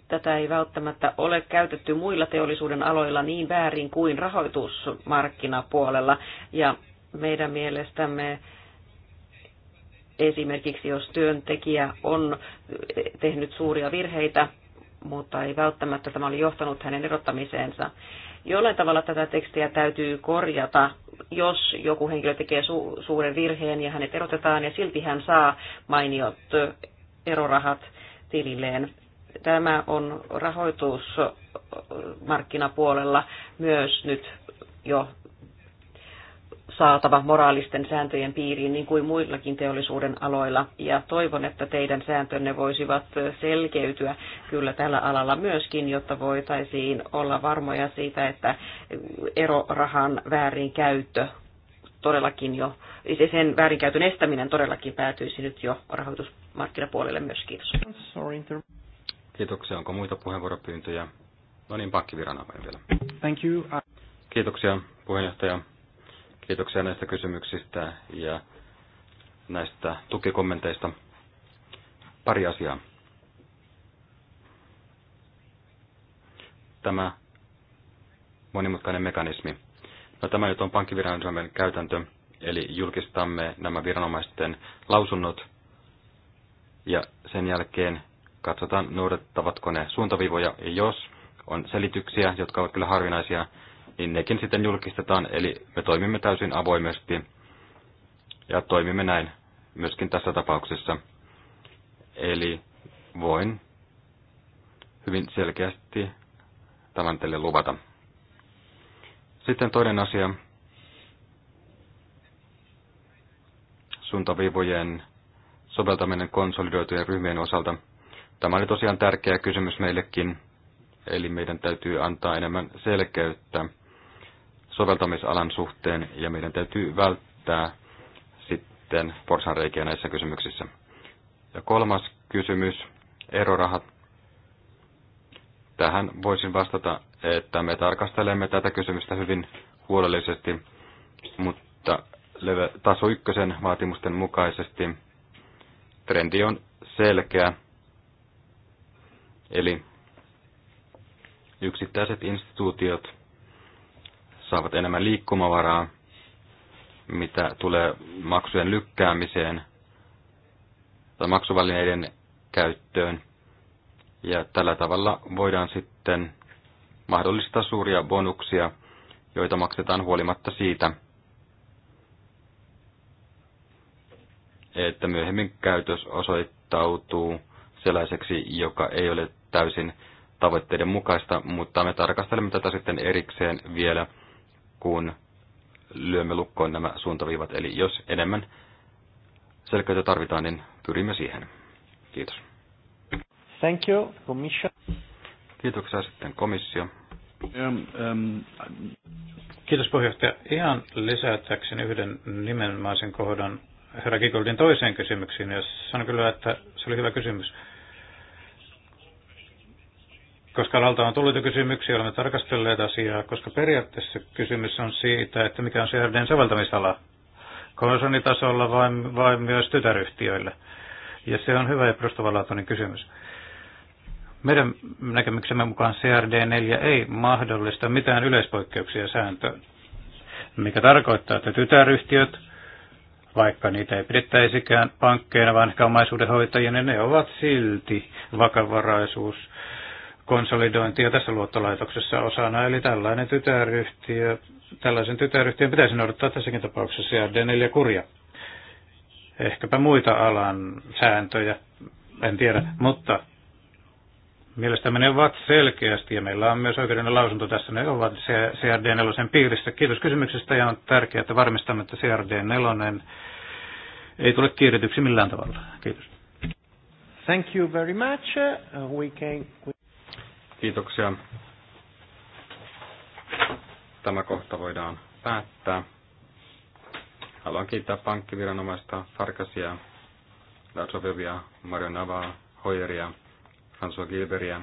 Tätä ei välttämättä ole käytetty muilla teollisuuden aloilla niin väärin kuin rahoitusmarkkinapuolella ja meidän mielestämme Esimerkiksi jos työntekijä on tehnyt suuria virheitä, mutta ei välttämättä tämä oli johtanut hänen erottamiseensa. Jollain tavalla tätä tekstiä täytyy korjata, jos joku henkilö tekee su- suuren virheen ja hänet erotetaan ja silti hän saa mainiot erorahat tililleen. Tämä on rahoitusmarkkinapuolella myös nyt jo saatava moraalisten sääntöjen piiriin niin kuin muillakin teollisuuden aloilla. Ja toivon, että teidän sääntönne voisivat selkeytyä kyllä tällä alalla myöskin, jotta voitaisiin olla varmoja siitä, että erorahan käyttö, todellakin jo, siis sen väärinkäytön estäminen todellakin päätyisi nyt jo rahoitusmarkkinapuolelle myös. Kiitos. Kiitoksia. Onko muita puheenvuoropyyntöjä? No niin, pankkiviranomainen vielä. Thank you. Kiitoksia puheenjohtaja. Kiitoksia näistä kysymyksistä ja näistä tukikommenteista. Pari asiaa. Tämä monimutkainen mekanismi. No, tämä nyt on pankkiviranomainen käytäntö, eli julkistamme nämä viranomaisten lausunnot ja sen jälkeen katsotaan, noudattavatko ne suuntaviivoja. Ja jos on selityksiä, jotka ovat kyllä harvinaisia, niin nekin sitten julkistetaan, eli me toimimme täysin avoimesti ja toimimme näin myöskin tässä tapauksessa. Eli voin hyvin selkeästi tämän teille luvata. Sitten toinen asia. Suuntaviivojen soveltaminen konsolidoitujen ryhmien osalta. Tämä oli tosiaan tärkeä kysymys meillekin, eli meidän täytyy antaa enemmän selkeyttä soveltamisalan suhteen ja meidän täytyy välttää sitten porsanreikiä näissä kysymyksissä. Ja kolmas kysymys, erorahat. Tähän voisin vastata, että me tarkastelemme tätä kysymystä hyvin huolellisesti, mutta taso ykkösen vaatimusten mukaisesti trendi on selkeä. Eli yksittäiset instituutiot saavat enemmän liikkumavaraa, mitä tulee maksujen lykkäämiseen tai maksuvälineiden käyttöön. Ja tällä tavalla voidaan sitten mahdollistaa suuria bonuksia, joita maksetaan huolimatta siitä, että myöhemmin käytös osoittautuu sellaiseksi, joka ei ole täysin tavoitteiden mukaista, mutta me tarkastelemme tätä sitten erikseen vielä kun lyömme lukkoon nämä suuntaviivat. Eli jos enemmän selkeyttä tarvitaan, niin pyrimme siihen. Kiitos. Thank you, commission. Kiitoksia sitten komissio. Um, um, Kiitos puheenjohtaja. Ihan lisätäkseni yhden nimenomaisen kohdan herra Kikoldin toiseen kysymyksiin. Ja sanon kyllä, että se oli hyvä kysymys koska alalta on tullut jo kysymyksiä, olemme tarkastelleet asiaa, koska periaatteessa kysymys on siitä, että mikä on CRDn soveltamisala konsernitasolla vai, vai myös tytäryhtiöille. Ja se on hyvä ja perustavanlaatuinen kysymys. Meidän näkemyksemme mukaan CRD4 ei mahdollista mitään yleispoikkeuksia sääntöön, mikä tarkoittaa, että tytäryhtiöt, vaikka niitä ei pidettäisikään pankkeina, vaan ehkä omaisuudenhoitajina, ne ovat silti vakavaraisuus konsolidointia tässä luottolaitoksessa osana, eli tällainen tytäryhtiö, tällaisen tytäryhtiön pitäisi noudattaa tässäkin tapauksessa ja D4 kurja. Ehkäpä muita alan sääntöjä, en tiedä, mutta mielestäni ne ovat selkeästi, ja meillä on myös oikeuden lausunto tässä, ne ovat CRD4 piirissä. Kiitos kysymyksestä, ja on tärkeää, että varmistamme, että CRD4 ei tule kiirityksi millään tavalla. Kiitos. Thank you very much. Uh, we can... Kiitoksia. Tämä kohta voidaan päättää. Haluan kiittää pankkiviranomaista Farkasia, Latsovevia, Mario Navaa, Hoyeria, François Gilberia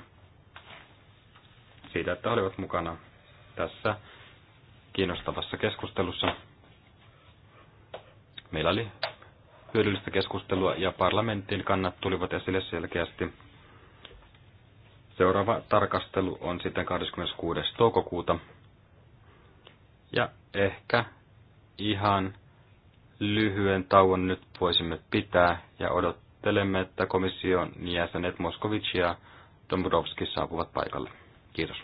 siitä, että olivat mukana tässä kiinnostavassa keskustelussa. Meillä oli hyödyllistä keskustelua ja parlamentin kannat tulivat esille selkeästi. Seuraava tarkastelu on sitten 26. toukokuuta. Ja ehkä ihan lyhyen tauon nyt voisimme pitää ja odottelemme, että komission jäsenet Moskovic ja Dombrovski saapuvat paikalle. Kiitos.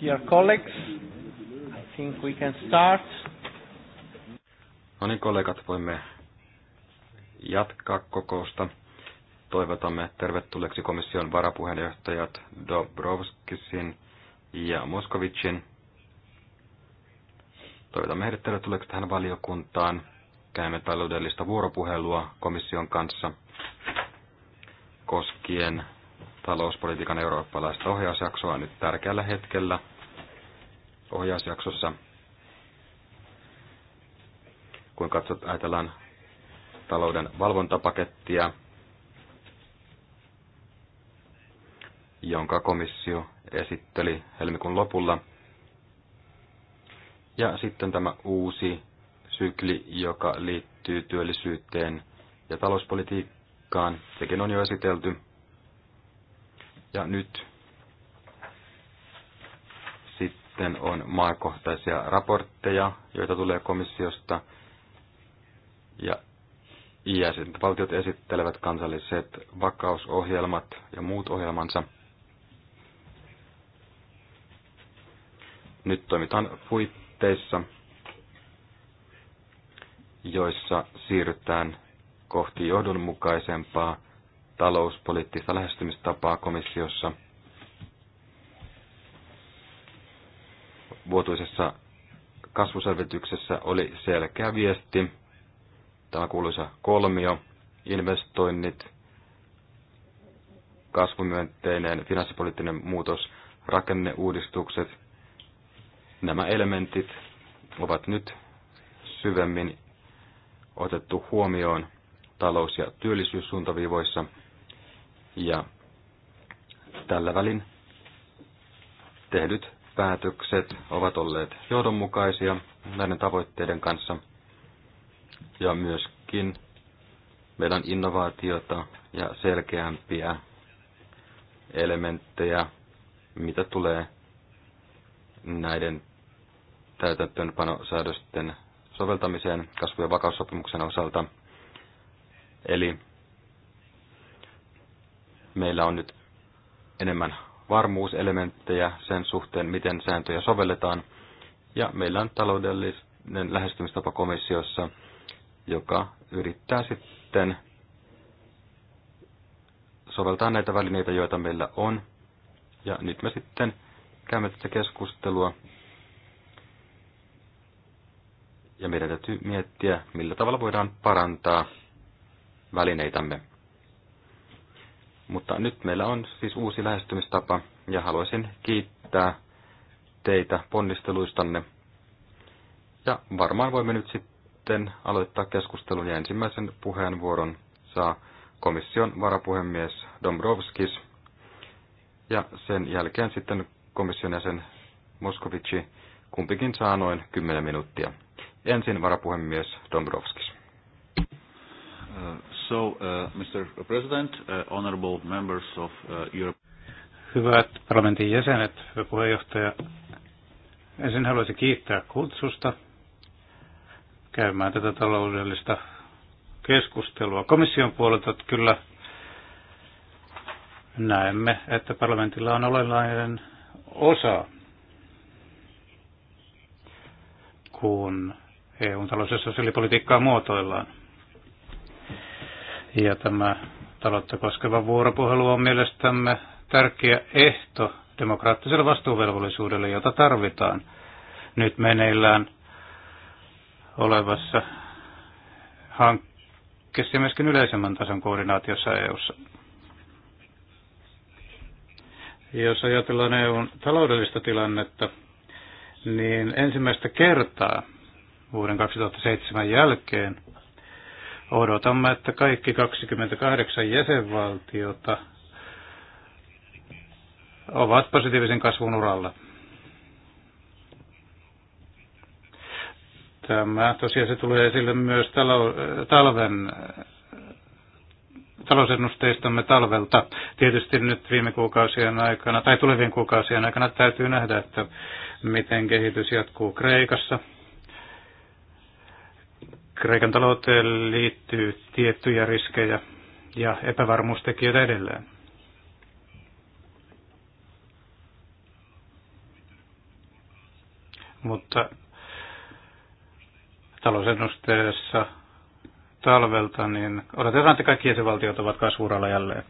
Dear colleagues, I think we can start. No niin, kollegat, voimme jatkaa kokousta. Toivotamme tervetulleeksi komission varapuheenjohtajat Dobrovskisin ja Moskovicin. Toivotamme heidät tervetulleeksi tähän valiokuntaan. Käymme taloudellista vuoropuhelua komission kanssa koskien talouspolitiikan eurooppalaista ohjausjaksoa nyt tärkeällä hetkellä ohjausjaksossa, kun katsot, ajatellaan talouden valvontapakettia, jonka komissio esitteli helmikuun lopulla. Ja sitten tämä uusi sykli, joka liittyy työllisyyteen ja talouspolitiikkaan, sekin on jo esitelty. Ja nyt sitten on maakohtaisia raportteja, joita tulee komissiosta. Ja jäsenvaltiot esittelevät kansalliset vakausohjelmat ja muut ohjelmansa. Nyt toimitaan puitteissa, joissa siirrytään kohti johdonmukaisempaa talouspoliittista lähestymistapaa komissiossa. Vuotuisessa kasvuselvityksessä oli selkeä viesti, tämä kuuluisa kolmio, investoinnit, kasvumyönteinen finanssipoliittinen muutos, rakenneuudistukset. Nämä elementit ovat nyt syvemmin otettu huomioon talous- ja työllisyyssuuntaviivoissa – ja tällä välin tehdyt päätökset ovat olleet johdonmukaisia näiden tavoitteiden kanssa. Ja myöskin meidän innovaatiota ja selkeämpiä elementtejä, mitä tulee näiden täytäntöönpanosäädösten soveltamiseen kasvu- ja vakaussopimuksen osalta. Eli Meillä on nyt enemmän varmuuselementtejä sen suhteen, miten sääntöjä sovelletaan. Ja meillä on taloudellinen lähestymistapa komissiossa, joka yrittää sitten soveltaa näitä välineitä, joita meillä on. Ja nyt me sitten käymme tätä keskustelua. Ja meidän täytyy miettiä, millä tavalla voidaan parantaa välineitämme. Mutta nyt meillä on siis uusi lähestymistapa ja haluaisin kiittää teitä ponnisteluistanne. Ja varmaan voimme nyt sitten aloittaa keskustelun ja ensimmäisen puheenvuoron saa komission varapuhemies Dombrovskis ja sen jälkeen sitten komission jäsen Moskovici kumpikin saa noin 10 minuuttia. Ensin varapuhemies Dombrovskis. Uh, Mr. President, uh, honorable members of uh, Europe. Hyvät parlamentin jäsenet, hyvä puheenjohtaja. Ensin haluaisin kiittää kutsusta käymään tätä taloudellista keskustelua. Komission puolelta kyllä näemme, että parlamentilla on olennainen osa, kun eu talous- ja sosiaalipolitiikkaa muotoillaan. Ja tämä taloutta koskeva vuoropuhelu on mielestämme tärkeä ehto demokraattiselle vastuuvelvollisuudelle, jota tarvitaan nyt meneillään olevassa hankkeessa ja myöskin yleisemmän tason koordinaatiossa EU:ssa. Jos ajatellaan EUn taloudellista tilannetta, niin ensimmäistä kertaa vuoden 2007 jälkeen Odotamme, että kaikki 28 jäsenvaltiota ovat positiivisen kasvun uralla. Tämä tosiaan se tulee esille myös talven talousennusteistamme talvelta. Tietysti nyt viime kuukausien aikana tai tulevien kuukausien aikana täytyy nähdä, että miten kehitys jatkuu Kreikassa – Kreikan talouteen liittyy tiettyjä riskejä ja epävarmuustekijöitä edelleen. Mutta talousennusteessa talvelta, niin odotetaan, että kaikki jäsenvaltiot ovat kasvuralla jälleen.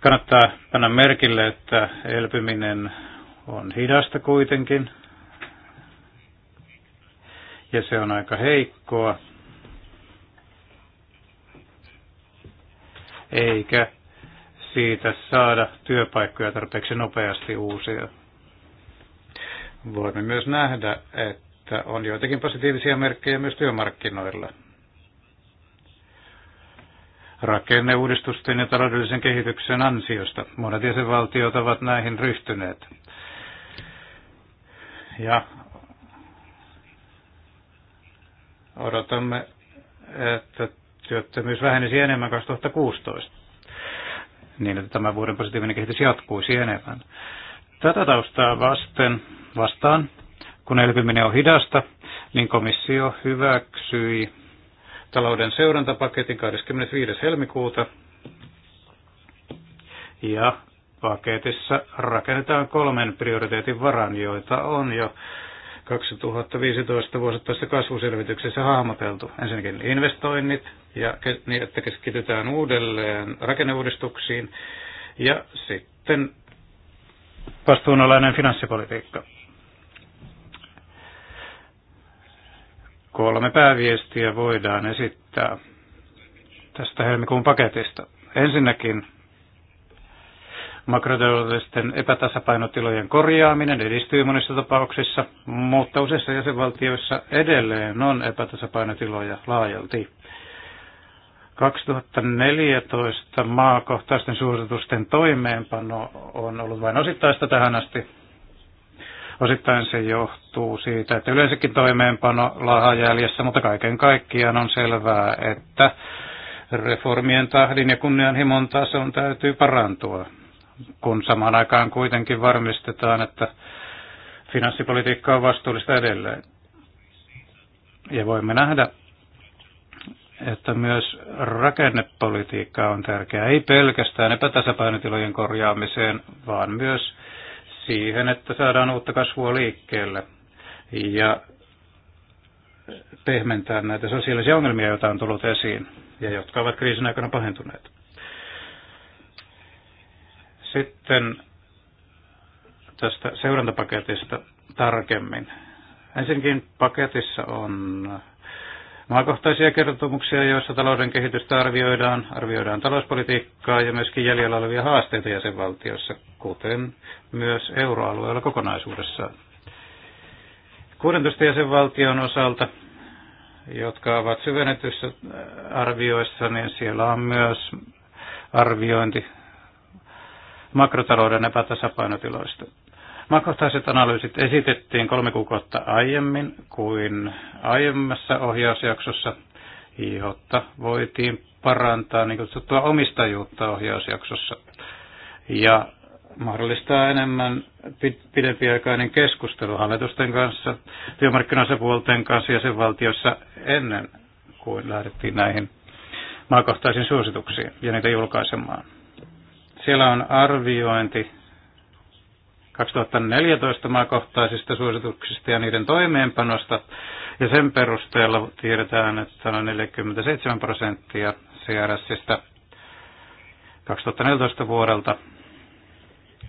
Kannattaa panna merkille, että elpyminen on hidasta kuitenkin – ja se on aika heikkoa. Eikä siitä saada työpaikkoja tarpeeksi nopeasti uusia. Voimme myös nähdä, että on joitakin positiivisia merkkejä myös työmarkkinoilla. Rakenneuudistusten ja taloudellisen kehityksen ansiosta monet jäsenvaltiot ovat näihin ryhtyneet. Ja Odotamme, että työttömyys vähenisi enemmän 2016, niin että tämä vuoden positiivinen kehitys jatkuisi enemmän. Tätä taustaa vasten, vastaan, kun elpyminen on hidasta, niin komissio hyväksyi talouden seurantapaketin 25. helmikuuta. Ja paketissa rakennetaan kolmen prioriteetin varan, joita on jo 2015 vuosittaisessa kasvuselvityksessä hahmoteltu. Ensinnäkin investoinnit, ja niin että keskitytään uudelleen rakenneuudistuksiin, ja sitten vastuunalainen finanssipolitiikka. Kolme pääviestiä voidaan esittää tästä helmikuun paketista. Ensinnäkin Makrotaloudellisten epätasapainotilojen korjaaminen edistyy monissa tapauksissa, mutta useissa jäsenvaltioissa edelleen on epätasapainotiloja laajalti. 2014 maakohtaisten suositusten toimeenpano on ollut vain osittaista tähän asti. Osittain se johtuu siitä, että yleensäkin toimeenpano laahaa jäljessä, mutta kaiken kaikkiaan on selvää, että reformien tahdin ja kunnianhimon tason täytyy parantua kun samaan aikaan kuitenkin varmistetaan, että finanssipolitiikka on vastuullista edelleen. Ja voimme nähdä, että myös rakennepolitiikka on tärkeää, ei pelkästään epätasapainotilojen korjaamiseen, vaan myös siihen, että saadaan uutta kasvua liikkeelle ja pehmentää näitä sosiaalisia ongelmia, joita on tullut esiin ja jotka ovat kriisin aikana pahentuneet. Sitten tästä seurantapaketista tarkemmin. Ensinnäkin paketissa on maakohtaisia kertomuksia, joissa talouden kehitystä arvioidaan, arvioidaan talouspolitiikkaa ja myöskin jäljellä olevia haasteita jäsenvaltioissa, kuten myös euroalueella kokonaisuudessaan. 16 jäsenvaltion osalta, jotka ovat syvennetyssä arvioissa, niin siellä on myös arviointi makrotalouden epätasapainotiloista. Makrotaiset analyysit esitettiin kolme kuukautta aiemmin kuin aiemmassa ohjausjaksossa, jotta voitiin parantaa niin kutsuttua omistajuutta ohjausjaksossa ja mahdollistaa enemmän pidempiaikainen keskustelu hallitusten kanssa, työmarkkinaosapuolten kanssa ja sen valtiossa ennen kuin lähdettiin näihin maakohtaisiin suosituksiin ja niitä julkaisemaan. Siellä on arviointi 2014 maakohtaisista suosituksista ja niiden toimeenpanosta. Ja sen perusteella tiedetään, että noin 47 prosenttia CRSistä 2014 vuodelta,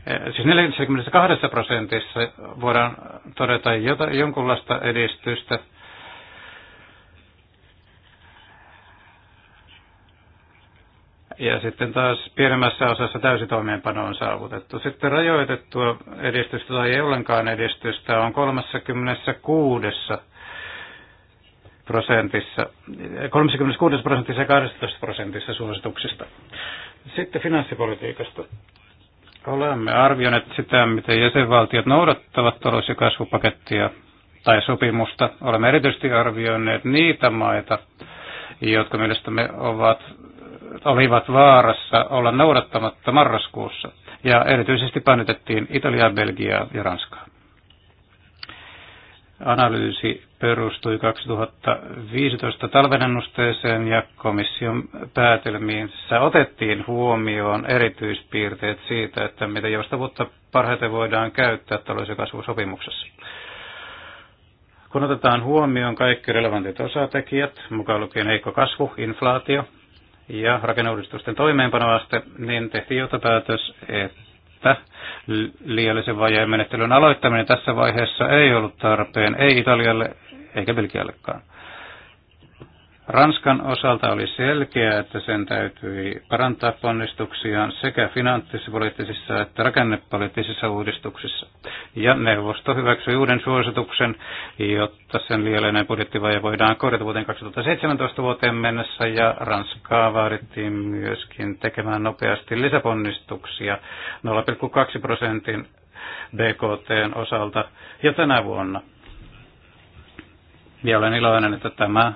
eh, siis 42 prosentissa voidaan todeta jota, jonkunlaista edistystä Ja sitten taas pienemmässä osassa täysi toimeenpano on saavutettu. Sitten rajoitettua edistystä tai ei ollenkaan edistystä on 36 prosentissa, 36 prosentissa ja 12 prosentissa suosituksista. Sitten finanssipolitiikasta. Olemme arvioineet sitä, miten jäsenvaltiot noudattavat talous- ja kasvupakettia tai sopimusta. Olemme erityisesti arvioineet niitä maita, jotka mielestämme ovat olivat vaarassa olla noudattamatta marraskuussa, ja erityisesti painotettiin Italiaa, Belgiaa ja Ranskaa. Analyysi perustui 2015 talvenennusteeseen ja komission päätelmiinsä otettiin huomioon erityispiirteet siitä, että mitä joustavuutta parhaiten voidaan käyttää talous- ja kasvusopimuksessa. Kun otetaan huomioon kaikki relevantit osatekijät, mukaan lukien heikko kasvu, inflaatio, ja rakenneuudistusten toimeenpanoaste, niin tehtiin johtopäätös, että liiallisen vajeen menettelyn aloittaminen tässä vaiheessa ei ollut tarpeen, ei Italialle eikä Belgiallekaan. Ranskan osalta oli selkeää, että sen täytyi parantaa ponnistuksiaan sekä finanssipoliittisissa että rakennepoliittisissa uudistuksissa. Ja neuvosto hyväksyi uuden suosituksen, jotta sen liiallinen budjettivaje voidaan korjata vuoteen 2017 vuoteen mennessä, ja Ranskaa vaadittiin myöskin tekemään nopeasti lisäponnistuksia 0,2 prosentin BKTn osalta jo tänä vuonna. Ja olen iloinen, että tämä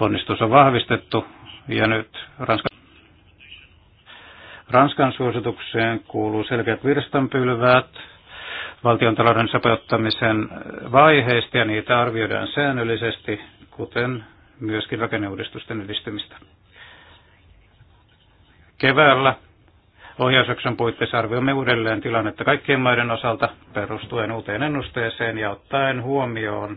ponnistus on vahvistettu ja nyt Ranskan, Ranskan suositukseen kuuluu selkeät virstanpylväät valtiontalouden sopeuttamisen vaiheista ja niitä arvioidaan säännöllisesti, kuten myöskin rakenneuudistusten edistymistä. Keväällä ohjausjakson puitteissa arvioimme uudelleen tilannetta kaikkien maiden osalta perustuen uuteen ennusteeseen ja ottaen huomioon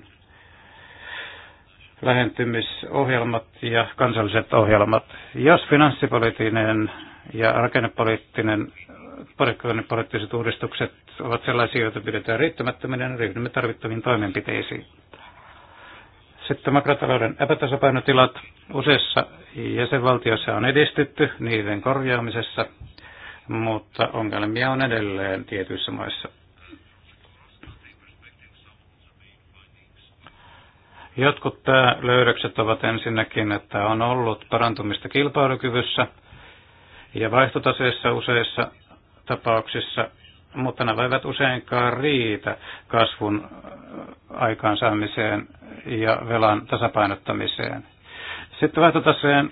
lähentymisohjelmat ja kansalliset ohjelmat. Jos finanssipoliittinen ja rakennepoliittinen poliittiset uudistukset ovat sellaisia, joita pidetään riittämättöminä, niin ryhdymme tarvittaviin toimenpiteisiin. Sitten makrotalouden epätasapainotilat. Useissa jäsenvaltioissa on edistytty niiden korjaamisessa, mutta ongelmia on edelleen tietyissä maissa. Jotkut päälöydökset äh, ovat ensinnäkin, että on ollut parantumista kilpailukyvyssä ja vaihtotaseissa useissa tapauksissa, mutta nämä eivät useinkaan riitä kasvun äh, aikaansaamiseen ja velan tasapainottamiseen. Sitten vaihtotaseen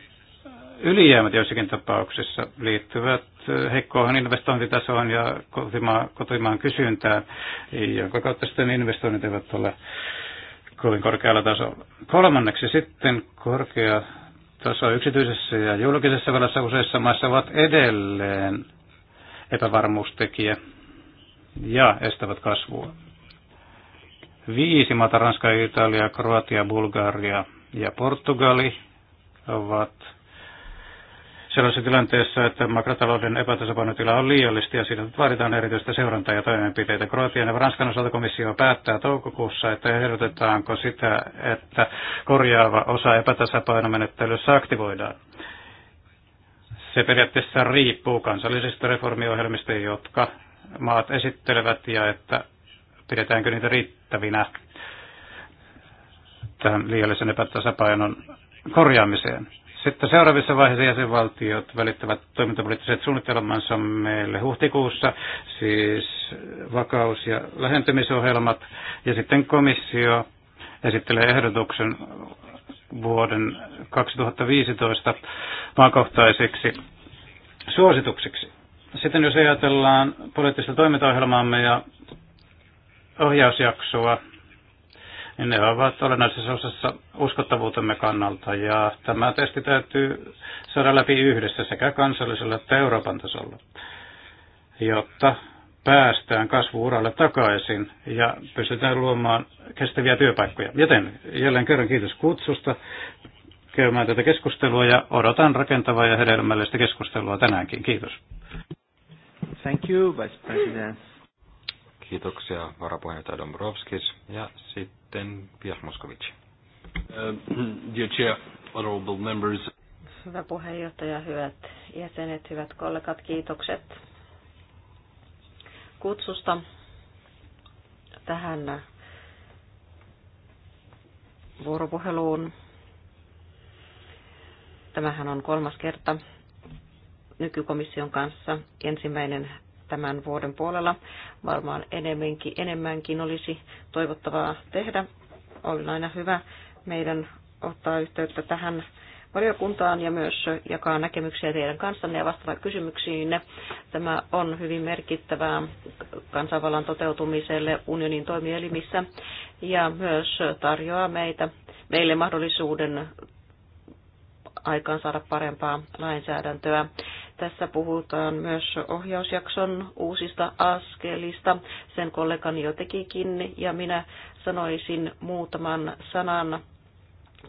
ylijäämät joissakin tapauksissa liittyvät äh, heikkoon investointitasoon ja kotimaan, kotimaan kysyntään, jonka kautta sitten investoinnit eivät ole kovin korkealla tasolla. Kolmanneksi sitten korkea taso yksityisessä ja julkisessa velassa useissa maissa ovat edelleen epävarmuustekijä ja estävät kasvua. Viisi maata, Ranska, Italia, Kroatia, Bulgaria ja Portugali ovat sellaisessa tilanteessa, että makrotalouden epätasapainotila on liiallista ja siinä vaaditaan erityistä seurantaa ja toimenpiteitä. Kroatian ja Ranskan osalta komissio päättää toukokuussa, että ehdotetaanko sitä, että korjaava osa epätasapainomenettelyssä aktivoidaan. Se periaatteessa riippuu kansallisista reformiohjelmista, jotka maat esittelevät ja että pidetäänkö niitä riittävinä tähän liiallisen epätasapainon korjaamiseen. Sitten seuraavissa vaiheissa jäsenvaltiot välittävät toimintapoliittiset suunnitelmansa meille huhtikuussa, siis vakaus- ja lähentymisohjelmat, ja sitten komissio esittelee ehdotuksen vuoden 2015 maakohtaiseksi suosituksiksi. Sitten jos ajatellaan poliittista toimintaohjelmaamme ja ohjausjaksoa, ne ovat olennaisessa osassa uskottavuutemme kannalta ja tämä testi täytyy saada läpi yhdessä sekä kansallisella että Euroopan tasolla, jotta päästään kasvuuralle takaisin ja pystytään luomaan kestäviä työpaikkoja. Joten jälleen kerran kiitos kutsusta käymään tätä keskustelua ja odotan rakentavaa ja hedelmällistä keskustelua tänäänkin. Kiitos. Thank you, Vice President Kiitoksia varapuheenjohtaja Dombrovskis ja sitten Pias Moskovic. Uh, dear chair, honorable members. Hyvä puheenjohtaja, hyvät jäsenet, hyvät kollegat, kiitokset kutsusta tähän vuoropuheluun. Tämähän on kolmas kerta nykykomission kanssa. Ensimmäinen tämän vuoden puolella. Varmaan enemmänkin, enemmänkin olisi toivottavaa tehdä. On aina hyvä meidän ottaa yhteyttä tähän valiokuntaan ja myös jakaa näkemyksiä teidän kanssanne ja vastata kysymyksiinne. Tämä on hyvin merkittävää kansanvallan toteutumiselle unionin toimielimissä ja myös tarjoaa meitä, meille mahdollisuuden aikaan saada parempaa lainsäädäntöä tässä puhutaan myös ohjausjakson uusista askelista. Sen kollegani jo tekikin ja minä sanoisin muutaman sanan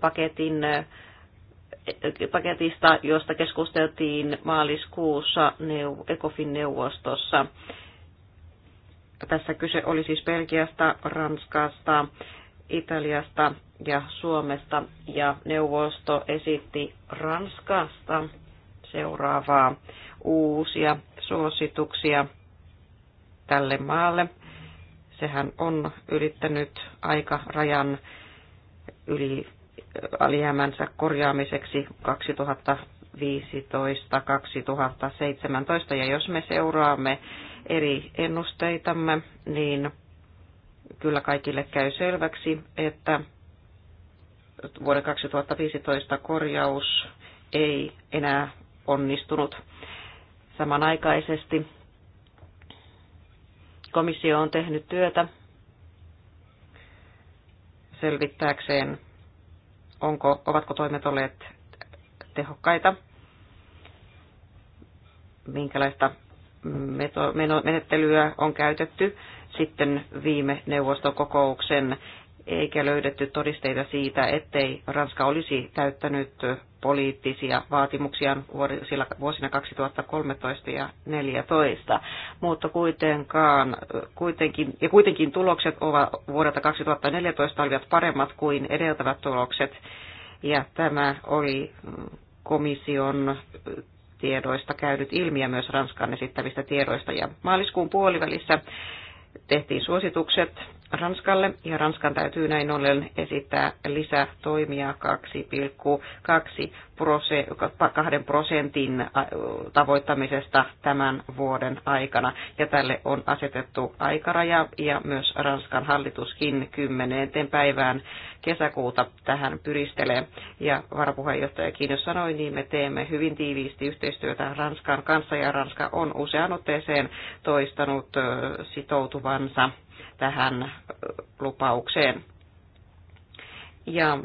paketin paketista, josta keskusteltiin maaliskuussa ECOFIN-neuvostossa. Tässä kyse oli siis Belgiasta, Ranskasta, Italiasta ja Suomesta, ja neuvosto esitti Ranskasta seuraavaa uusia suosituksia tälle maalle. Sehän on ylittänyt aika rajan yli äh, alijäämänsä korjaamiseksi 2015-2017. Ja jos me seuraamme eri ennusteitamme, niin kyllä kaikille käy selväksi, että vuoden 2015 korjaus ei enää onnistunut. Samanaikaisesti komissio on tehnyt työtä selvittääkseen, onko, ovatko toimet olleet tehokkaita, minkälaista menettelyä on käytetty sitten viime neuvostokokouksen eikä löydetty todisteita siitä, ettei Ranska olisi täyttänyt poliittisia vaatimuksia vuosina 2013 ja 2014, mutta kuitenkaan, kuitenkin, ja kuitenkin tulokset ovat vuodelta 2014 olivat paremmat kuin edeltävät tulokset, ja tämä oli komission tiedoista käynyt ilmi ja myös Ranskan esittävistä tiedoista. Ja maaliskuun puolivälissä tehtiin suositukset Ranskalle, ja Ranskan täytyy näin ollen esittää lisätoimia 2,2 prosentin tavoittamisesta tämän vuoden aikana. Ja tälle on asetettu aikaraja, ja myös Ranskan hallituskin 10. päivään kesäkuuta tähän pyristelee. Ja varapuheenjohtajakin jo sanoi, niin me teemme hyvin tiiviisti yhteistyötä Ranskan kanssa, ja Ranska on usean otteeseen toistanut sitoutuvansa tähän lupaukseen. Ja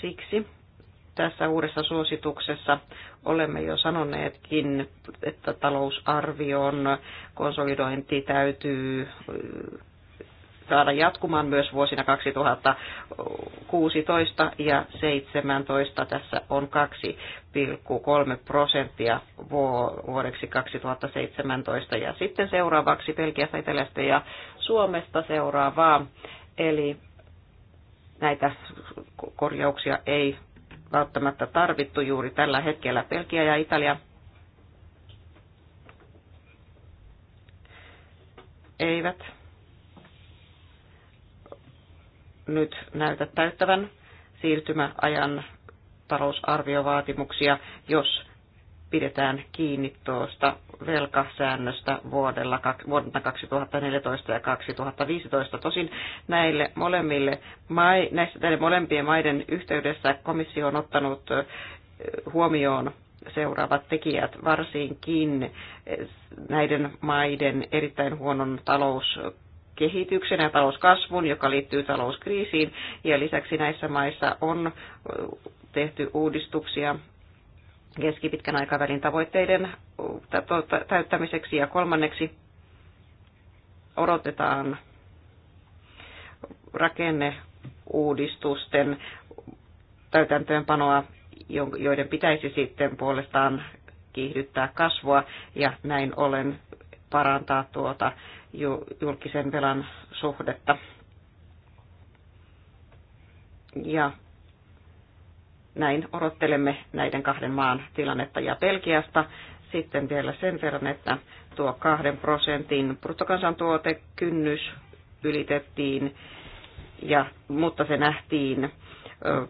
siksi tässä uudessa suosituksessa olemme jo sanoneetkin, että talousarvion konsolidointi täytyy saada jatkumaan myös vuosina 2016 ja 2017. Tässä on 2,3 prosenttia vuodeksi 2017. Ja sitten seuraavaksi Pelkiästä, Etelästä ja Suomesta seuraavaa. Eli näitä korjauksia ei välttämättä tarvittu juuri tällä hetkellä. Pelkiä ja Italia eivät nyt näytä täyttävän siirtymäajan talousarviovaatimuksia, jos pidetään kiinni tuosta velkasäännöstä vuodella, vuonna 2014 ja 2015. Tosin näille molemmille, näistä näille molempien maiden yhteydessä komissio on ottanut huomioon seuraavat tekijät, varsinkin näiden maiden erittäin huonon talous kehityksen ja talouskasvun, joka liittyy talouskriisiin, ja lisäksi näissä maissa on tehty uudistuksia keskipitkän aikavälin tavoitteiden tota, täyttämiseksi, ja kolmanneksi odotetaan rakenneuudistusten täytäntöönpanoa, joiden pitäisi sitten puolestaan kiihdyttää kasvua ja näin ollen parantaa tuota julkisen velan suhdetta. Ja näin odottelemme näiden kahden maan tilannetta ja Belgiasta sitten vielä sen verran, että tuo kahden prosentin bruttokansantuotekynnys ylitettiin, ja, mutta se nähtiin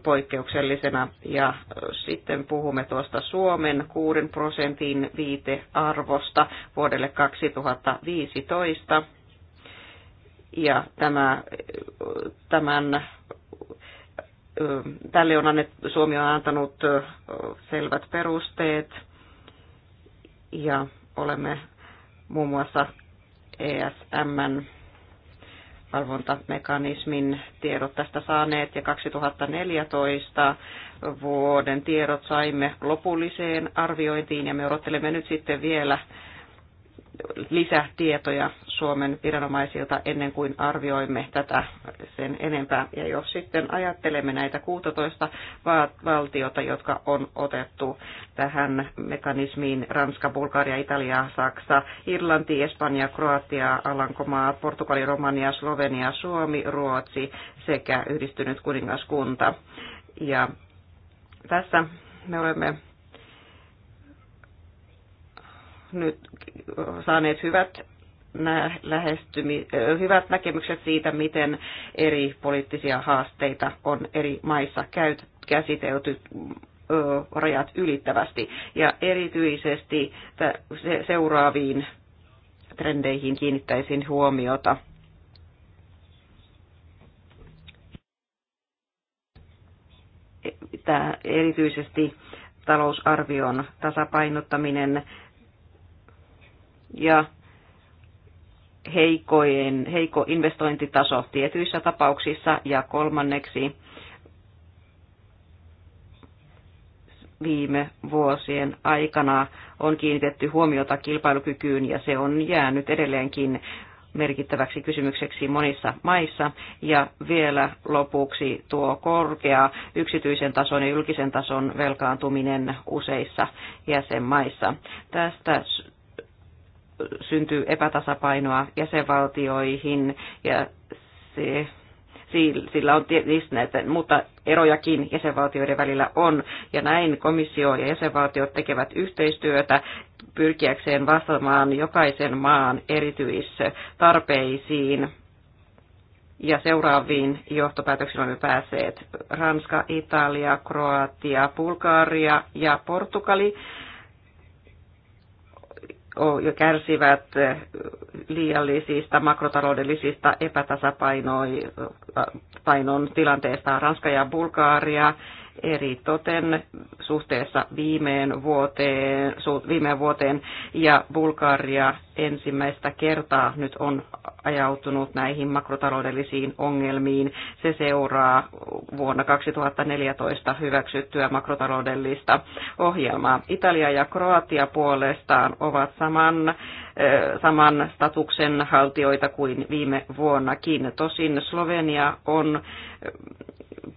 poikkeuksellisena. Ja sitten puhumme tuosta Suomen 6 prosentin viitearvosta vuodelle 2015. Ja tämä, tämän tälle on annettu, Suomi on antanut selvät perusteet ja olemme muun muassa ESMn valvontamekanismin tiedot tästä saaneet ja 2014 vuoden tiedot saimme lopulliseen arviointiin ja me odottelemme nyt sitten vielä lisätietoja Suomen viranomaisilta ennen kuin arvioimme tätä sen enempää. Ja jos sitten ajattelemme näitä 16 valtiota, jotka on otettu tähän mekanismiin, Ranska, Bulgaria, Italia, Saksa, Irlanti, Espanja, Kroatia, Alankomaat, Portugali, Romania, Slovenia, Suomi, Ruotsi sekä yhdistynyt kuningaskunta. Ja tässä me olemme nyt saaneet hyvät lähestymi, hyvät näkemykset siitä, miten eri poliittisia haasteita on eri maissa käyt, käsitelty rajat ylittävästi ja erityisesti seuraaviin trendeihin kiinnittäisin huomiota. Tämä erityisesti talousarvion tasapainottaminen ja heikoin, heikko investointitaso tietyissä tapauksissa ja kolmanneksi viime vuosien aikana on kiinnitetty huomiota kilpailukykyyn ja se on jäänyt edelleenkin merkittäväksi kysymykseksi monissa maissa. Ja vielä lopuksi tuo korkea yksityisen tason ja julkisen tason velkaantuminen useissa jäsenmaissa. Tästä syntyy epätasapainoa jäsenvaltioihin ja se sillä on tietysti siis näitä, mutta erojakin jäsenvaltioiden välillä on. Ja näin komissio ja jäsenvaltiot tekevät yhteistyötä pyrkiäkseen vastaamaan jokaisen maan erityistarpeisiin ja seuraaviin johtopäätöksiin olemme päässeet Ranska, Italia, Kroatia, Bulgaria ja Portugali jo kärsivät liiallisista makrotaloudellisista epätasapainon tilanteesta Ranska ja Bulgaaria eri toten suhteessa viimeen vuoteen, su, viimeen vuoteen ja Bulgaria ensimmäistä kertaa nyt on ajautunut näihin makrotaloudellisiin ongelmiin. Se seuraa vuonna 2014 hyväksyttyä makrotaloudellista ohjelmaa. Italia ja Kroatia puolestaan ovat saman, saman statuksen haltioita kuin viime vuonnakin. Tosin Slovenia on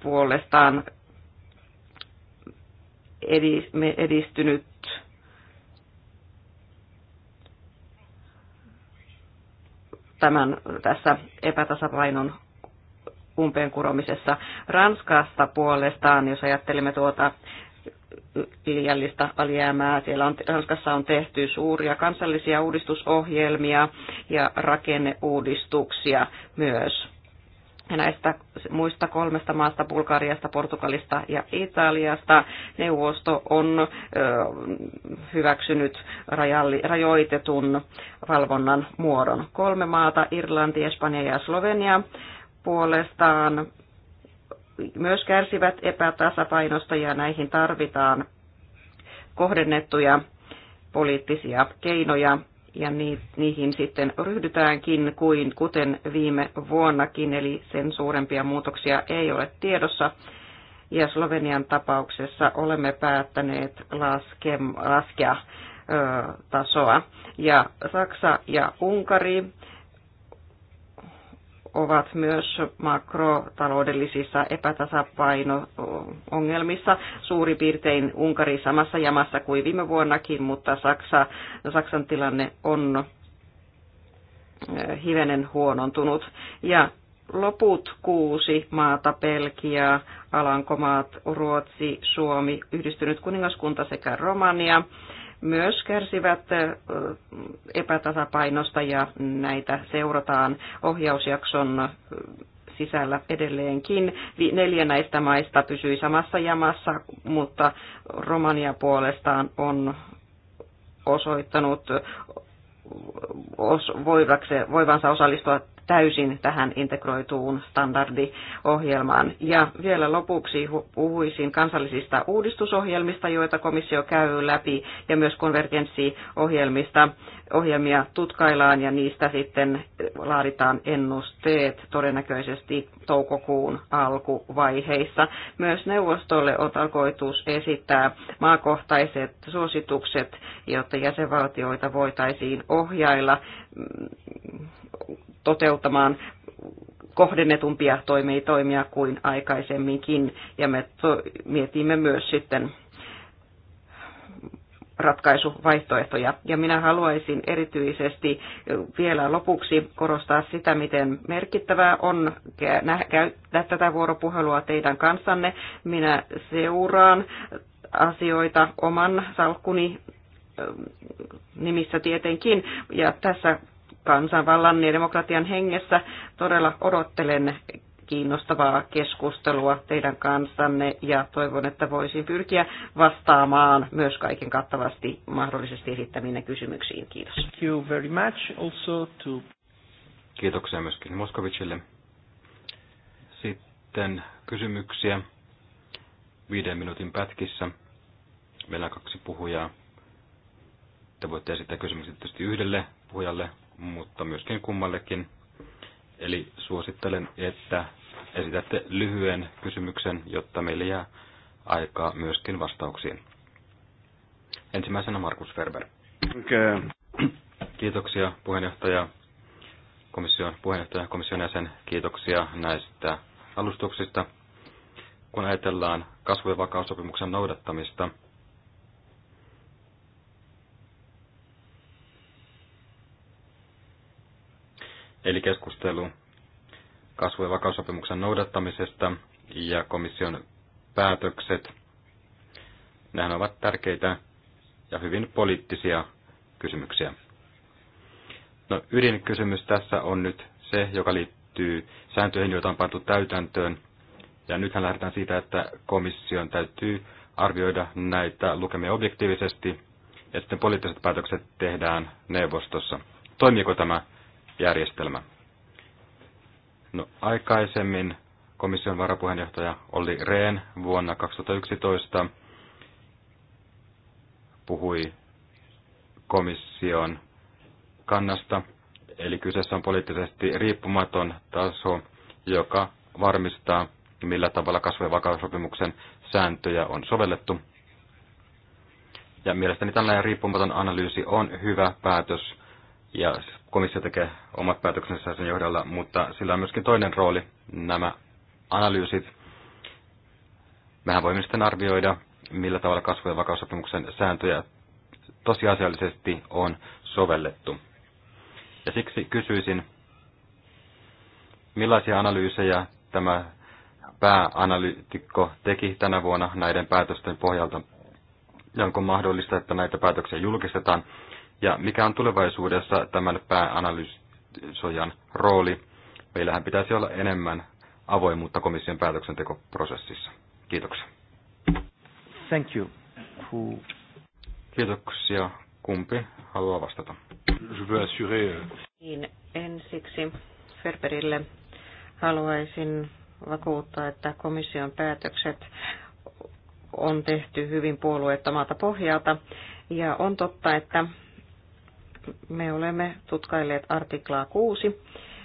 puolestaan edistynyt tämän tässä epätasapainon umpeen kuromisessa. Ranskasta puolestaan, jos ajattelemme tuota liiallista alijäämää. Siellä on, Ranskassa on tehty suuria kansallisia uudistusohjelmia ja rakenneuudistuksia myös näistä muista kolmesta maasta, Bulgariasta, Portugalista ja Italiasta, neuvosto on hyväksynyt rajoitetun valvonnan muodon. Kolme maata, Irlanti, Espanja ja Slovenia, puolestaan myös kärsivät epätasapainosta ja näihin tarvitaan kohdennettuja poliittisia keinoja ja niihin sitten ryhdytäänkin kuin kuten viime vuonnakin, eli sen suurempia muutoksia ei ole tiedossa. Ja Slovenian tapauksessa olemme päättäneet laske, laskea ö, tasoa. Ja Saksa ja Unkari ovat myös makrotaloudellisissa epätasapaino-ongelmissa suurin piirtein Unkari samassa jamassa kuin viime vuonnakin, mutta Saksa, Saksan tilanne on eh, hivenen huonontunut. Ja loput kuusi maata, Belgia, Alankomaat, Ruotsi, Suomi, Yhdistynyt kuningaskunta sekä Romania, myös kärsivät epätasapainosta ja näitä seurataan ohjausjakson sisällä edelleenkin. Neljä näistä maista pysyi samassa jamassa, mutta Romania puolestaan on osoittanut voivansa osallistua täysin tähän integroituun standardiohjelmaan. Ja vielä lopuksi puhuisin kansallisista uudistusohjelmista, joita komissio käy läpi, ja myös konvergenssiohjelmista. Ohjelmia tutkaillaan ja niistä sitten laaditaan ennusteet todennäköisesti toukokuun alkuvaiheissa. Myös neuvostolle on tarkoitus esittää maakohtaiset suositukset, jotta jäsenvaltioita voitaisiin ohjailla toteuttamaan kohdennetumpia toimia, toimia kuin aikaisemminkin. Ja me to, mietimme myös sitten ratkaisuvaihtoehtoja. Ja minä haluaisin erityisesti vielä lopuksi korostaa sitä, miten merkittävää on käyttää tätä vuoropuhelua teidän kanssanne. Minä seuraan asioita oman salkkuni nimissä tietenkin. Ja tässä kansanvallan ja demokratian hengessä todella odottelen kiinnostavaa keskustelua teidän kanssanne ja toivon, että voisin pyrkiä vastaamaan myös kaiken kattavasti mahdollisesti esittäminen kysymyksiin. Kiitos. Thank you very much also to... Kiitoksia myöskin Moskovicille. Sitten kysymyksiä viiden minuutin pätkissä. Meillä on kaksi puhujaa. Te voitte esittää kysymyksiä tietysti yhdelle puhujalle, mutta myöskin kummallekin. Eli suosittelen, että esitätte lyhyen kysymyksen, jotta meillä jää aikaa myöskin vastauksiin. Ensimmäisenä Markus Ferber. Okay. Kiitoksia puheenjohtaja, komission puheenjohtaja, komission jäsen. Kiitoksia näistä alustuksista. Kun ajatellaan kasvu- ja vakaussopimuksen noudattamista, eli keskustelu kasvu- ja vakaussopimuksen noudattamisesta ja komission päätökset. Nämä ovat tärkeitä ja hyvin poliittisia kysymyksiä. No, ydinkysymys tässä on nyt se, joka liittyy sääntöihin, joita on pantu täytäntöön. Ja nythän lähdetään siitä, että komission täytyy arvioida näitä lukemia objektiivisesti, ja sitten poliittiset päätökset tehdään neuvostossa. Toimiiko tämä järjestelmä. No, aikaisemmin komission varapuheenjohtaja Olli Rehn vuonna 2011 puhui komission kannasta, eli kyseessä on poliittisesti riippumaton taso, joka varmistaa, millä tavalla kasvu- ja vakaussopimuksen sääntöjä on sovellettu. Ja mielestäni tällainen riippumaton analyysi on hyvä päätös, ja komissio tekee omat päätöksensä sen johdolla, mutta sillä on myöskin toinen rooli, nämä analyysit. Mehän voimme sitten arvioida, millä tavalla kasvu- ja vakaussopimuksen sääntöjä tosiasiallisesti on sovellettu. Ja siksi kysyisin, millaisia analyysejä tämä pääanalyytikko teki tänä vuonna näiden päätösten pohjalta, ja onko mahdollista, että näitä päätöksiä julkistetaan, ja mikä on tulevaisuudessa tämän pääanalysoijan rooli. Meillähän pitäisi olla enemmän avoimuutta komission päätöksentekoprosessissa. Kiitoksia. Thank you. Who... Kiitoksia. Kumpi haluaa vastata? Euh, niin, ensiksi Ferberille haluaisin vakuuttaa, että komission päätökset on tehty hyvin puolueettomalta pohjalta. Ja on totta, että me olemme tutkailleet artiklaa 6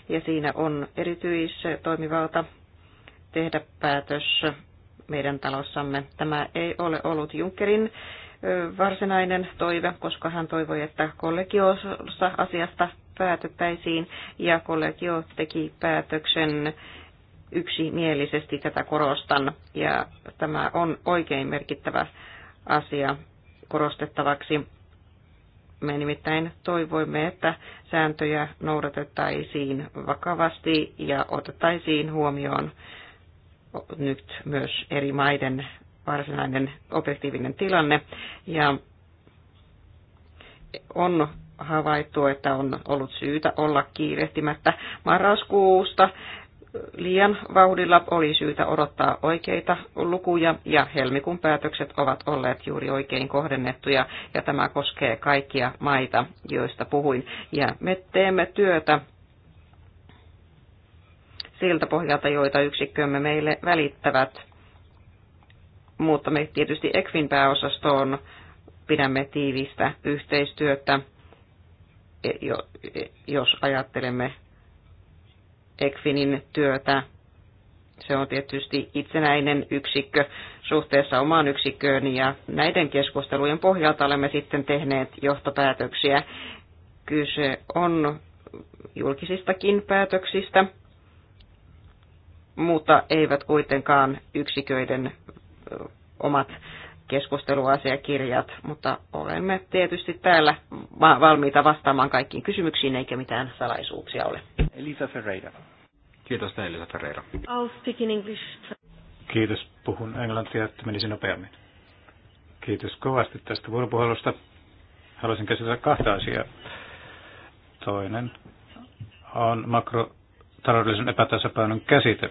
ja siinä on erityistoimivalta tehdä päätös meidän talossamme. Tämä ei ole ollut Junckerin varsinainen toive, koska hän toivoi, että kollegiossa asiasta päätettäisiin ja kollegio teki päätöksen yksimielisesti tätä korostan ja tämä on oikein merkittävä asia korostettavaksi me nimittäin toivoimme, että sääntöjä noudatettaisiin vakavasti ja otettaisiin huomioon nyt myös eri maiden varsinainen objektiivinen tilanne. Ja on havaittu, että on ollut syytä olla kiirehtimättä marraskuusta liian vauhdilla oli syytä odottaa oikeita lukuja ja helmikuun päätökset ovat olleet juuri oikein kohdennettuja ja tämä koskee kaikkia maita, joista puhuin. Ja me teemme työtä siltä pohjalta, joita yksikkömme meille välittävät, mutta me tietysti ECFin pääosastoon pidämme tiivistä yhteistyötä jos ajattelemme ECFINin työtä. Se on tietysti itsenäinen yksikkö suhteessa omaan yksikköön ja näiden keskustelujen pohjalta olemme sitten tehneet johtopäätöksiä. Kyse on julkisistakin päätöksistä, mutta eivät kuitenkaan yksiköiden omat keskusteluasiakirjat, mutta olemme tietysti täällä valmiita vastaamaan kaikkiin kysymyksiin, eikä mitään salaisuuksia ole. Elisa Ferreira. Kiitos teille, Elisa Ferreira. I'll speak in English. Kiitos, puhun englantia, että menisi nopeammin. Kiitos kovasti tästä vuoropuhelusta. Haluaisin käsitellä kahta asiaa. Toinen on makrotaloudellisen epätasapainon käsite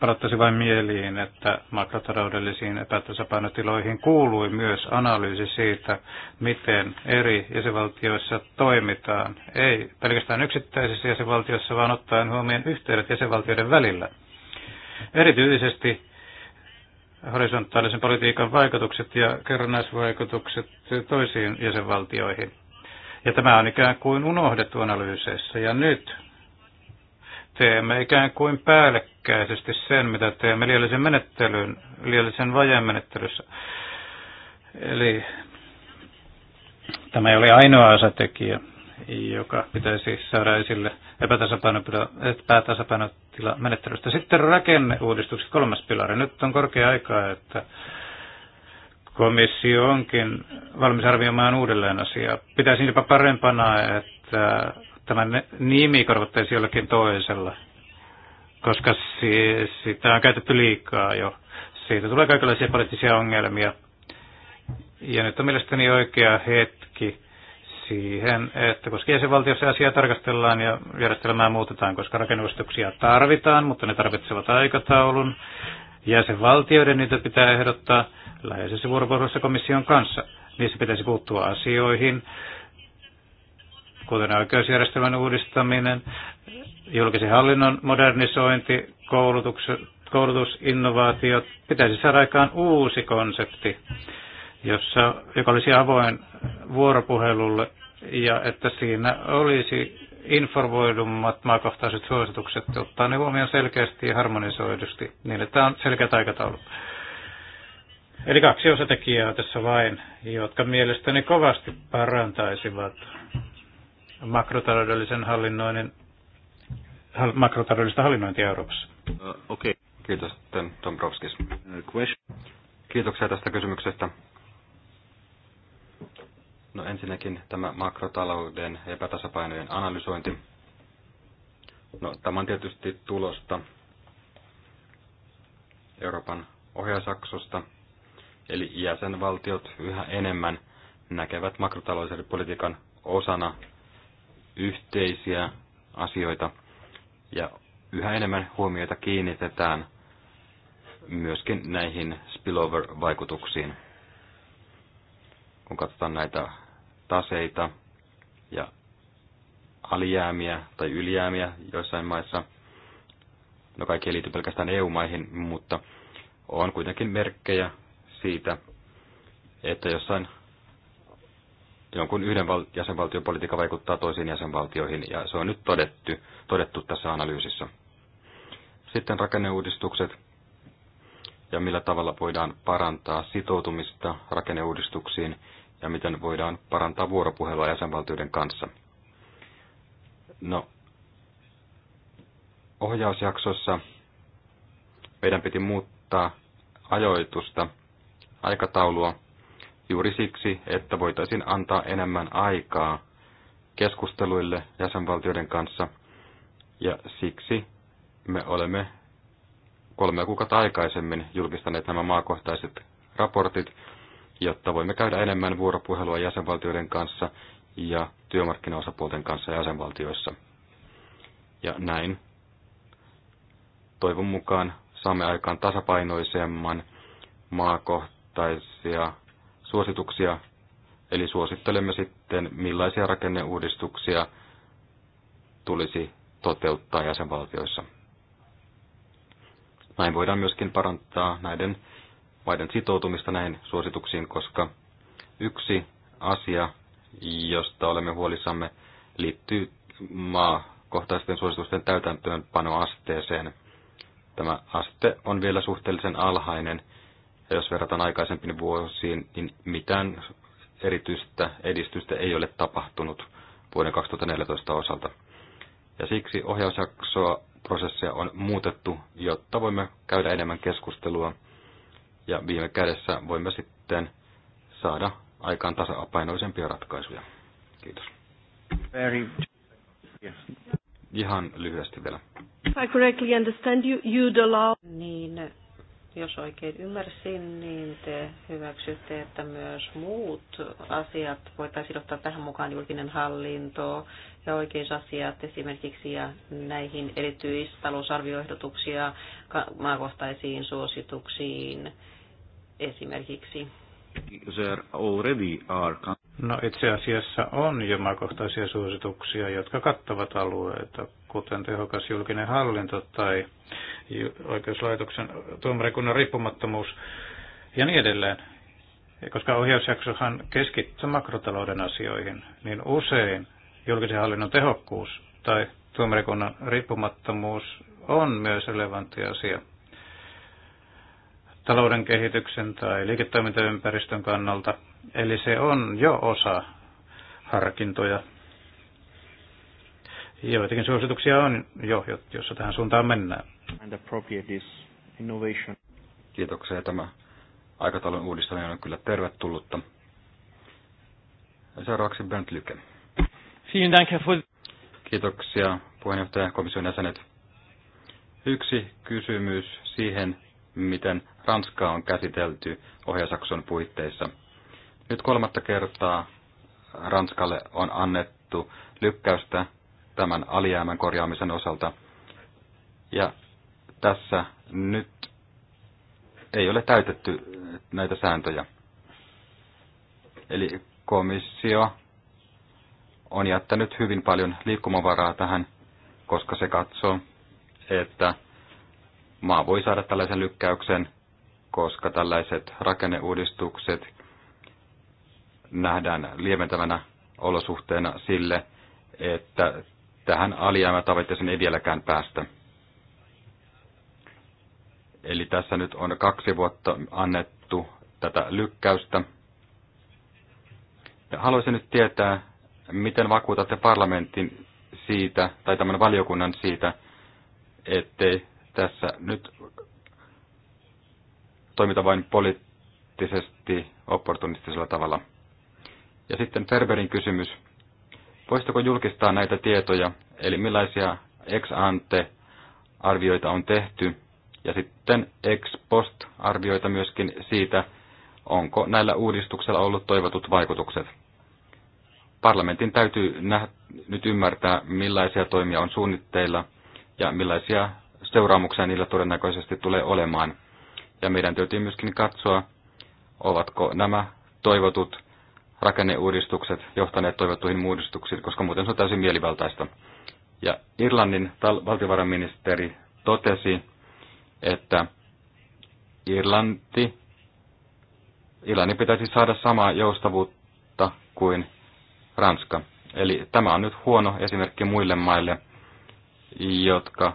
palattaisi vain mieliin, että makrotaloudellisiin epätasapainotiloihin kuului myös analyysi siitä, miten eri jäsenvaltioissa toimitaan. Ei pelkästään yksittäisissä jäsenvaltioissa, vaan ottaen huomioon yhteydet jäsenvaltioiden välillä. Erityisesti horisontaalisen politiikan vaikutukset ja kerrannaisvaikutukset toisiin jäsenvaltioihin. Ja tämä on ikään kuin unohdettu analyyseissä Ja nyt teemme ikään kuin päällekkäisesti sen, mitä teemme liiallisen menettelyn, liiallisen vajeen menettelyssä. Eli tämä ei ole ainoa osatekijä, joka pitäisi saada esille epätasapainotila menettelystä. Sitten rakenneuudistukset, kolmas pilari. Nyt on korkea aika, että komissio onkin valmis arvioimaan uudelleen asiaa. Pitäisin jopa parempana, että tämän nimi korvattaisi jollakin toisella, koska si- sitä on käytetty liikaa jo. Siitä tulee kaikenlaisia poliittisia ongelmia. Ja nyt on mielestäni oikea hetki siihen, että koska jäsenvaltiossa asiaa tarkastellaan ja järjestelmää muutetaan, koska rakennustuksia tarvitaan, mutta ne tarvitsevat aikataulun. Jäsenvaltioiden niitä pitää ehdottaa läheisessä vuoropuhelussa komission kanssa. Niissä pitäisi puuttua asioihin, kuten oikeusjärjestelmän uudistaminen, julkisen hallinnon modernisointi, koulutus, koulutusinnovaatiot. Pitäisi saada aikaan uusi konsepti, jossa, joka olisi avoin vuoropuhelulle ja että siinä olisi informoidummat maakohtaiset suositukset, ottaa ne huomioon selkeästi ja harmonisoidusti, niin että on selkeät aikataulu. Eli kaksi osatekijää tässä vain, jotka mielestäni kovasti parantaisivat makrotaloudellisen hallinnoinnin, makrotaloudellista hallinnointia Euroopassa. Uh, Okei. Okay. Kiitos, Tom Dombrovskis. Uh, Kiitoksia tästä kysymyksestä. No ensinnäkin tämä makrotalouden epätasapainojen analysointi. No, tämä on tietysti tulosta Euroopan ohjausaksosta, eli jäsenvaltiot yhä enemmän näkevät makrotaloudellisen politiikan osana yhteisiä asioita ja yhä enemmän huomiota kiinnitetään myöskin näihin spillover-vaikutuksiin. Kun katsotaan näitä taseita ja alijäämiä tai ylijäämiä joissain maissa, no kaikki ei liity pelkästään EU-maihin, mutta on kuitenkin merkkejä siitä, että jossain jonkun yhden val- jäsenvaltion politiikka vaikuttaa toisiin jäsenvaltioihin, ja se on nyt todettu, todettu tässä analyysissä. Sitten rakenneuudistukset ja millä tavalla voidaan parantaa sitoutumista rakenneuudistuksiin ja miten voidaan parantaa vuoropuhelua jäsenvaltioiden kanssa. No, ohjausjaksossa meidän piti muuttaa ajoitusta, aikataulua, juuri siksi, että voitaisiin antaa enemmän aikaa keskusteluille jäsenvaltioiden kanssa. Ja siksi me olemme kolme kuukautta aikaisemmin julkistaneet nämä maakohtaiset raportit, jotta voimme käydä enemmän vuoropuhelua jäsenvaltioiden kanssa ja työmarkkinaosapuolten kanssa jäsenvaltioissa. Ja näin toivon mukaan saamme aikaan tasapainoisemman maakohtaisia suosituksia, eli suosittelemme sitten, millaisia rakenneuudistuksia tulisi toteuttaa jäsenvaltioissa. Näin voidaan myöskin parantaa näiden maiden sitoutumista näihin suosituksiin, koska yksi asia, josta olemme huolissamme, liittyy maakohtaisten suositusten täytäntöönpanoasteeseen. Tämä aste on vielä suhteellisen alhainen, ja jos verrataan aikaisempiin vuosiin, niin mitään erityistä edistystä ei ole tapahtunut vuoden 2014 osalta. Ja siksi ohjausjaksoa prosessia on muutettu, jotta voimme käydä enemmän keskustelua ja viime kädessä voimme sitten saada aikaan tasapainoisempia ratkaisuja. Kiitos. Very... Ihan lyhyesti vielä. If I correctly understand you, you'd allow... Niin, jos oikein ymmärsin, niin te hyväksytte, että myös muut asiat voitaisiin ottaa tähän mukaan julkinen hallinto ja oikeusasiat esimerkiksi ja näihin erityistalousarvioehdotuksia maakohtaisiin suosituksiin esimerkiksi. No itse asiassa on jo maakohtaisia suosituksia, jotka kattavat alueita, kuten tehokas julkinen hallinto tai oikeuslaitoksen tuomarikunnan riippumattomuus ja niin edelleen. Koska ohjausjaksohan keskittyy makrotalouden asioihin, niin usein julkisen hallinnon tehokkuus tai tuomarikunnan riippumattomuus on myös relevantti asia talouden kehityksen tai liiketoimintaympäristön kannalta. Eli se on jo osa harkintoja. Joitakin suosituksia on jo, jossa tähän suuntaan mennään. And appropriate this innovation. Kiitoksia. Tämä aikataulun uudistaminen on kyllä tervetullutta. seuraavaksi Bernd Lyke. Kiitoksia puheenjohtaja komission jäsenet. Yksi kysymys siihen, miten Ranskaa on käsitelty ohjasakson puitteissa. Nyt kolmatta kertaa Ranskalle on annettu lykkäystä tämän alijäämän korjaamisen osalta. Ja tässä nyt ei ole täytetty näitä sääntöjä. Eli komissio on jättänyt hyvin paljon liikkumavaraa tähän, koska se katsoo, että maa voi saada tällaisen lykkäyksen, koska tällaiset rakenneuudistukset nähdään lieventävänä olosuhteena sille, että tähän alijäämätavoitteeseen ei vieläkään päästä. Eli tässä nyt on kaksi vuotta annettu tätä lykkäystä. Ja haluaisin nyt tietää, miten vakuutatte parlamentin siitä, tai tämän valiokunnan siitä, ettei tässä nyt toimita vain poliittisesti opportunistisella tavalla. Ja sitten Ferberin kysymys. Voisitko julkistaa näitä tietoja, eli millaisia ex ante arvioita on tehty ja sitten ex post arvioita myöskin siitä, onko näillä uudistuksella ollut toivotut vaikutukset. Parlamentin täytyy nyt ymmärtää, millaisia toimia on suunnitteilla ja millaisia seuraamuksia niillä todennäköisesti tulee olemaan. Ja meidän täytyy myöskin katsoa, ovatko nämä toivotut rakenneuudistukset johtaneet toivottuihin uudistuksiin, koska muuten se on täysin mielivaltaista. Ja Irlannin valtiovarainministeri totesi että Irlanti, Irlanti pitäisi saada samaa joustavuutta kuin Ranska. Eli tämä on nyt huono esimerkki muille maille, jotka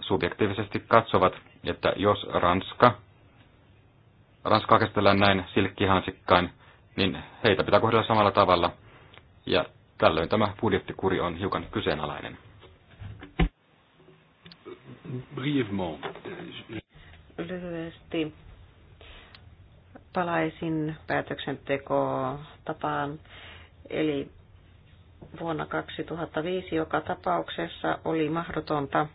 subjektiivisesti katsovat, että jos Ranska, Ranska käsitellään näin silkkihansikkain, niin heitä pitää kohdella samalla tavalla. Ja tällöin tämä budjettikuri on hiukan kyseenalainen. Brièvement. Lyhyesti palaisin päätöksenteko tapaan. Eli vuonna 2005 joka tapauksessa oli mahdotonta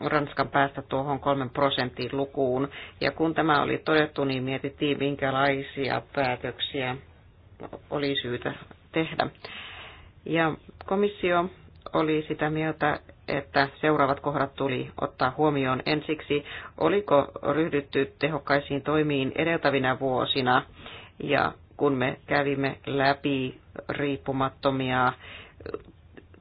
Ranskan päästä tuohon kolmen prosentin lukuun. Ja kun tämä oli todettu, niin mietittiin, minkälaisia päätöksiä oli syytä tehdä. Ja komissio oli sitä mieltä, että seuraavat kohdat tuli ottaa huomioon ensiksi. Oliko ryhdytty tehokkaisiin toimiin edeltävinä vuosina ja kun me kävimme läpi riippumattomia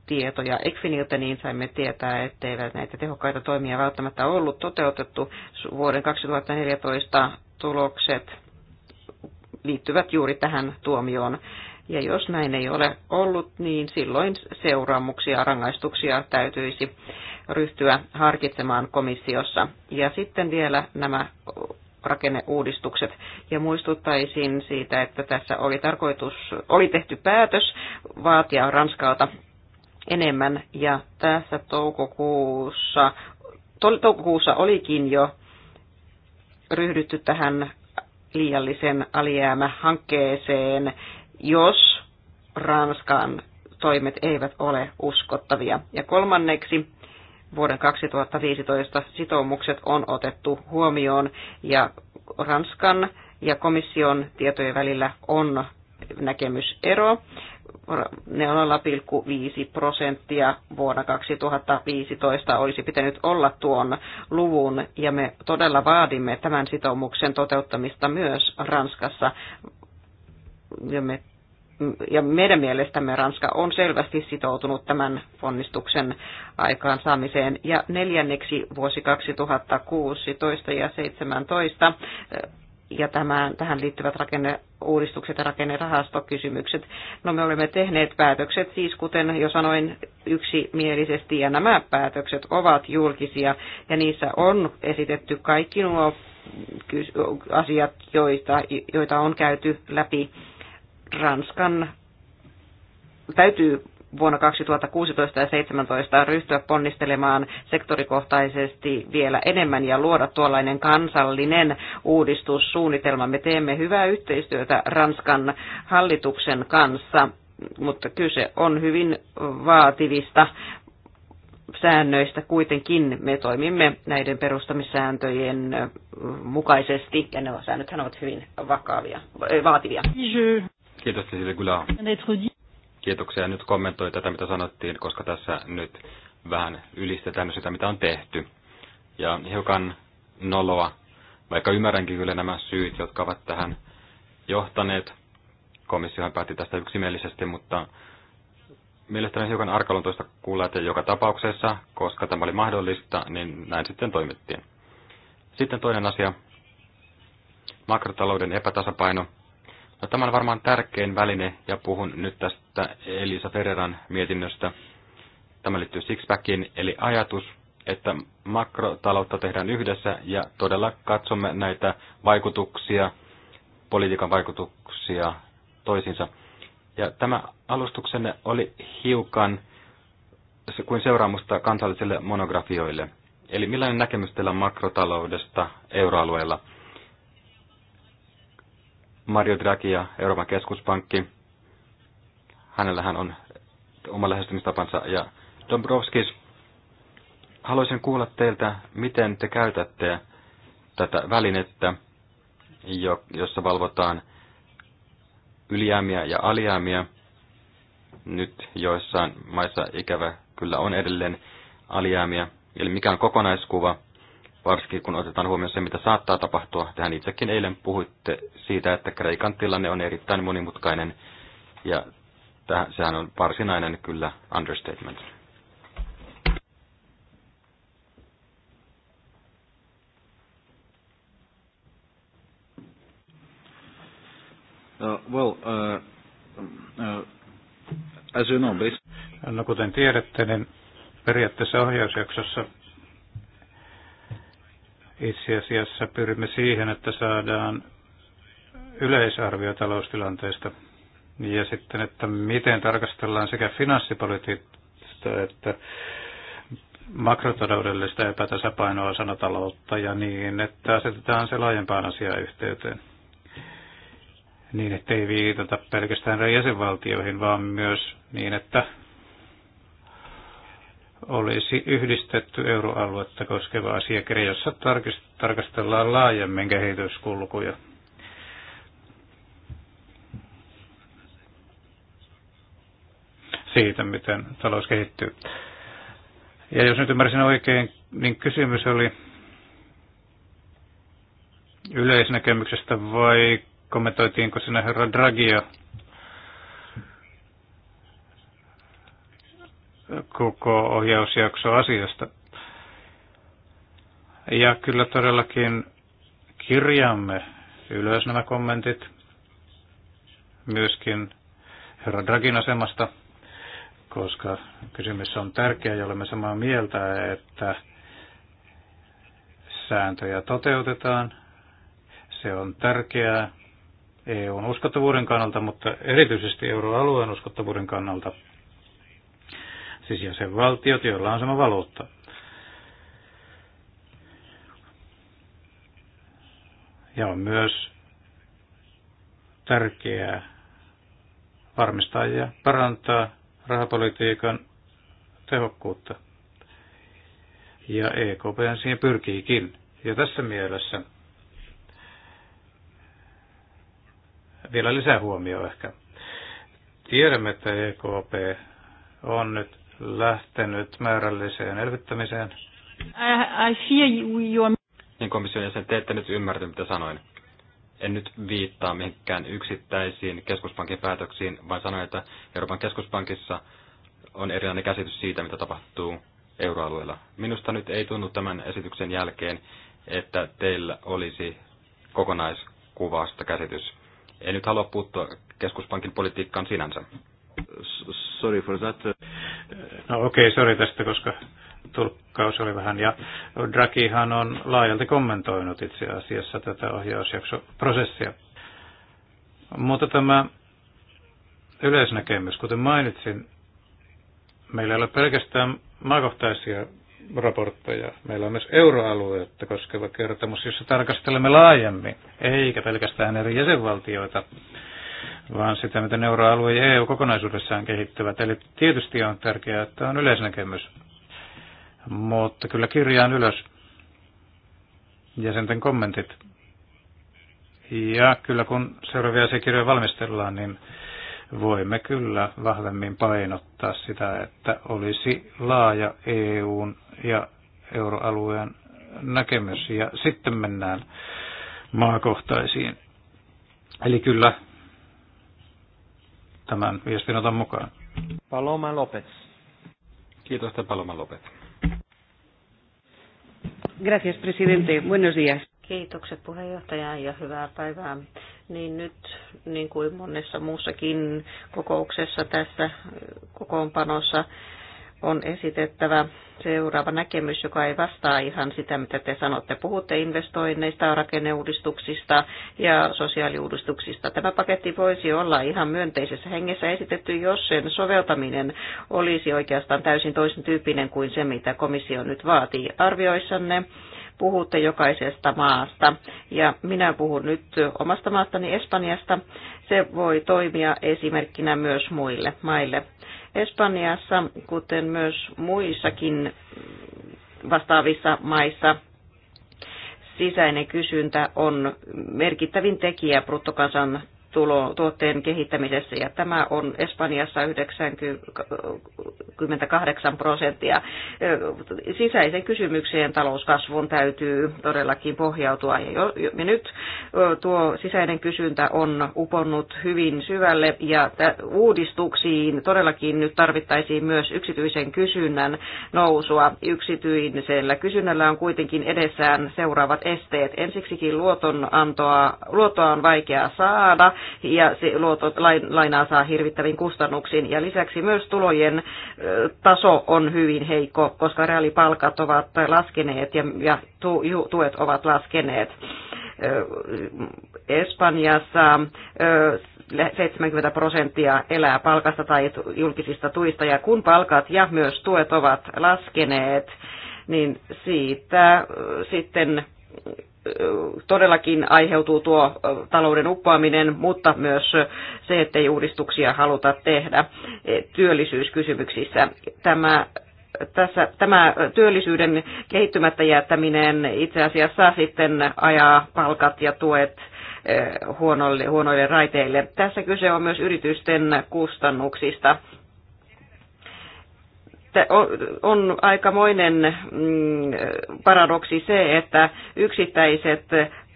tietoja Equinilta, niin saimme tietää, etteivät näitä tehokkaita toimia välttämättä ollut toteutettu. Vuoden 2014 tulokset liittyvät juuri tähän tuomioon ja jos näin ei ole ollut, niin silloin seuraamuksia, rangaistuksia täytyisi ryhtyä harkitsemaan komissiossa. Ja sitten vielä nämä rakenneuudistukset. Ja muistuttaisin siitä, että tässä oli tarkoitus, oli tehty päätös vaatia Ranskalta enemmän ja tässä toukokuussa, toukokuussa olikin jo ryhdytty tähän liiallisen alijäämähankkeeseen jos Ranskan toimet eivät ole uskottavia. Ja kolmanneksi vuoden 2015 sitoumukset on otettu huomioon ja Ranskan ja komission tietojen välillä on näkemysero. Ne 0,5 prosenttia vuonna 2015 olisi pitänyt olla tuon luvun, ja me todella vaadimme tämän sitoumuksen toteuttamista myös Ranskassa ja, me, ja meidän mielestämme Ranska on selvästi sitoutunut tämän ponnistuksen aikaansaamiseen. Ja neljänneksi vuosi 2016 ja 2017 ja tämän, tähän liittyvät rakenneuudistukset ja rakennerahastokysymykset. No me olemme tehneet päätökset siis, kuten jo sanoin, yksimielisesti, ja nämä päätökset ovat julkisia, ja niissä on esitetty kaikki nuo asiat, joita, joita on käyty läpi Ranskan täytyy vuonna 2016 ja 2017 ryhtyä ponnistelemaan sektorikohtaisesti vielä enemmän ja luoda tuollainen kansallinen uudistussuunnitelma. Me teemme hyvää yhteistyötä Ranskan hallituksen kanssa, mutta kyse on hyvin vaativista säännöistä kuitenkin me toimimme näiden perustamissääntöjen mukaisesti, ja ne säännöthän ovat hyvin vakavia, vaativia. Kiitos Cecilia Gula. Kiitoksia. Nyt kommentoi tätä, mitä sanottiin, koska tässä nyt vähän ylistetään sitä, mitä on tehty. Ja hiukan noloa, vaikka ymmärränkin kyllä nämä syyt, jotka ovat tähän johtaneet. Komissiohan päätti tästä yksimielisesti, mutta mielestäni hiukan arkaluontoista kuulla, että joka tapauksessa, koska tämä oli mahdollista, niin näin sitten toimittiin. Sitten toinen asia, makrotalouden epätasapaino – No, tämä on varmaan tärkein väline, ja puhun nyt tästä Elisa Ferreran mietinnöstä. Tämä liittyy Sixpackiin, eli ajatus, että makrotaloutta tehdään yhdessä ja todella katsomme näitä vaikutuksia, politiikan vaikutuksia toisiinsa. Ja tämä alustuksenne oli hiukan kuin seuraamusta kansallisille monografioille. Eli millainen näkemys teillä makrotaloudesta euroalueella? Mario Draghi ja Euroopan keskuspankki. Hänellähän on oma lähestymistapansa. Ja Dombrovskis, haluaisin kuulla teiltä, miten te käytätte tätä välinettä, jossa valvotaan ylijäämiä ja alijäämiä. Nyt joissain maissa ikävä kyllä on edelleen alijäämiä. Eli mikä on kokonaiskuva – varsinkin kun otetaan huomioon se, mitä saattaa tapahtua. Tähän itsekin eilen puhuitte siitä, että Kreikan tilanne on erittäin monimutkainen, ja tähän, sehän on varsinainen kyllä understatement. Uh, well, uh, uh, as you know, No kuten tiedätte, niin periaatteessa ohjausjaksossa itse asiassa pyrimme siihen, että saadaan yleisarvio taloustilanteesta ja sitten, että miten tarkastellaan sekä finanssipolitiikkaa että makrotaloudellista epätasapainoa sanataloutta ja niin, että asetetaan se laajempaan yhteyteen. Niin, ettei viitata pelkästään jäsenvaltioihin, vaan myös niin, että olisi yhdistetty euroaluetta koskeva asiakirja, jossa tarkastellaan laajemmin kehityskulkuja. siitä, miten talous kehittyy. Ja jos nyt ymmärsin oikein, niin kysymys oli yleisnäkemyksestä vai kommentoitiinko sinä herra Dragia koko ohjausjakso asiasta. Ja kyllä todellakin kirjaamme ylös nämä kommentit myöskin herra Dragin asemasta, koska kysymys on tärkeä ja olemme samaa mieltä, että sääntöjä toteutetaan. Se on tärkeää EUn uskottavuuden kannalta, mutta erityisesti euroalueen uskottavuuden kannalta – siis jäsenvaltiot, joilla on sama valuutta. Ja on myös tärkeää varmistaa ja parantaa rahapolitiikan tehokkuutta. Ja EKP siihen pyrkiikin. Ja tässä mielessä vielä lisää huomioon ehkä. Tiedämme, että EKP on nyt lähtenyt määrälliseen elvyttämiseen. I, I fear you are... Niin komission jäsen, te ette nyt ymmärrä, mitä sanoin. En nyt viittaa mihinkään yksittäisiin keskuspankin päätöksiin, vaan sanoin, että Euroopan keskuspankissa on erilainen käsitys siitä, mitä tapahtuu euroalueella. Minusta nyt ei tunnu tämän esityksen jälkeen, että teillä olisi kokonaiskuvasta käsitys. En nyt halua puuttua keskuspankin politiikkaan sinänsä. Sorry for that. No okei, okay, sori tästä, koska tulkkaus oli vähän. Ja Drakihan on laajalti kommentoinut itse asiassa tätä ohjausjaksoprosessia. Mutta tämä yleisnäkemys, kuten mainitsin, meillä ei ole pelkästään maakohtaisia raportteja. Meillä on myös euroalueetta koskeva kertomus, jossa tarkastelemme laajemmin, eikä pelkästään eri jäsenvaltioita, vaan sitä, miten euroalue ja EU kokonaisuudessaan kehittyvät. Eli tietysti on tärkeää, että on yleisnäkemys, mutta kyllä kirjaan ylös jäsenten kommentit. Ja kyllä kun seuraavia asiakirjoja valmistellaan, niin voimme kyllä vahvemmin painottaa sitä, että olisi laaja EUn ja euroalueen näkemys ja sitten mennään maakohtaisiin. Eli kyllä tämän viestin otan mukaan. Paloma Lopez. Kiitos, Paloma Lopez. Gracias, presidente. Buenos días. Kiitokset puheenjohtaja ja hyvää päivää. Niin nyt, niin kuin monessa muussakin kokouksessa tässä kokoonpanossa, on esitettävä seuraava näkemys, joka ei vastaa ihan sitä, mitä te sanotte. Puhutte investoinneista, rakenneuudistuksista ja sosiaaliuudistuksista. Tämä paketti voisi olla ihan myönteisessä hengessä esitetty, jos sen soveltaminen olisi oikeastaan täysin toisen tyyppinen kuin se, mitä komissio nyt vaatii arvioissanne puhutte jokaisesta maasta. Ja minä puhun nyt omasta maastani Espanjasta. Se voi toimia esimerkkinä myös muille maille. Espanjassa, kuten myös muissakin vastaavissa maissa, sisäinen kysyntä on merkittävin tekijä bruttokansan tulo, tuotteen kehittämisessä ja tämä on Espanjassa 98 prosenttia. Sisäisen kysymykseen talouskasvun täytyy todellakin pohjautua ja, jo, ja nyt tuo sisäinen kysyntä on uponnut hyvin syvälle ja uudistuksiin todellakin nyt tarvittaisiin myös yksityisen kysynnän nousua. Yksityisellä kysynnällä on kuitenkin edessään seuraavat esteet. Ensiksikin luotonantoa, luottoa on vaikea saada ja se luotot, lainaa saa hirvittäviin kustannuksiin. Ja lisäksi myös tulojen taso on hyvin heikko, koska reaalipalkat ovat laskeneet ja, ja tuet ovat laskeneet. Espanjassa 70 prosenttia elää palkasta tai julkisista tuista, ja kun palkat ja myös tuet ovat laskeneet, niin siitä sitten todellakin aiheutuu tuo talouden uppoaminen, mutta myös se, ettei uudistuksia haluta tehdä e, työllisyyskysymyksissä. Tämä tässä, tämä työllisyyden kehittymättä jättäminen itse asiassa sitten ajaa palkat ja tuet e, huonoille, huonoille raiteille. Tässä kyse on myös yritysten kustannuksista on aikamoinen mm, paradoksi se, että yksittäiset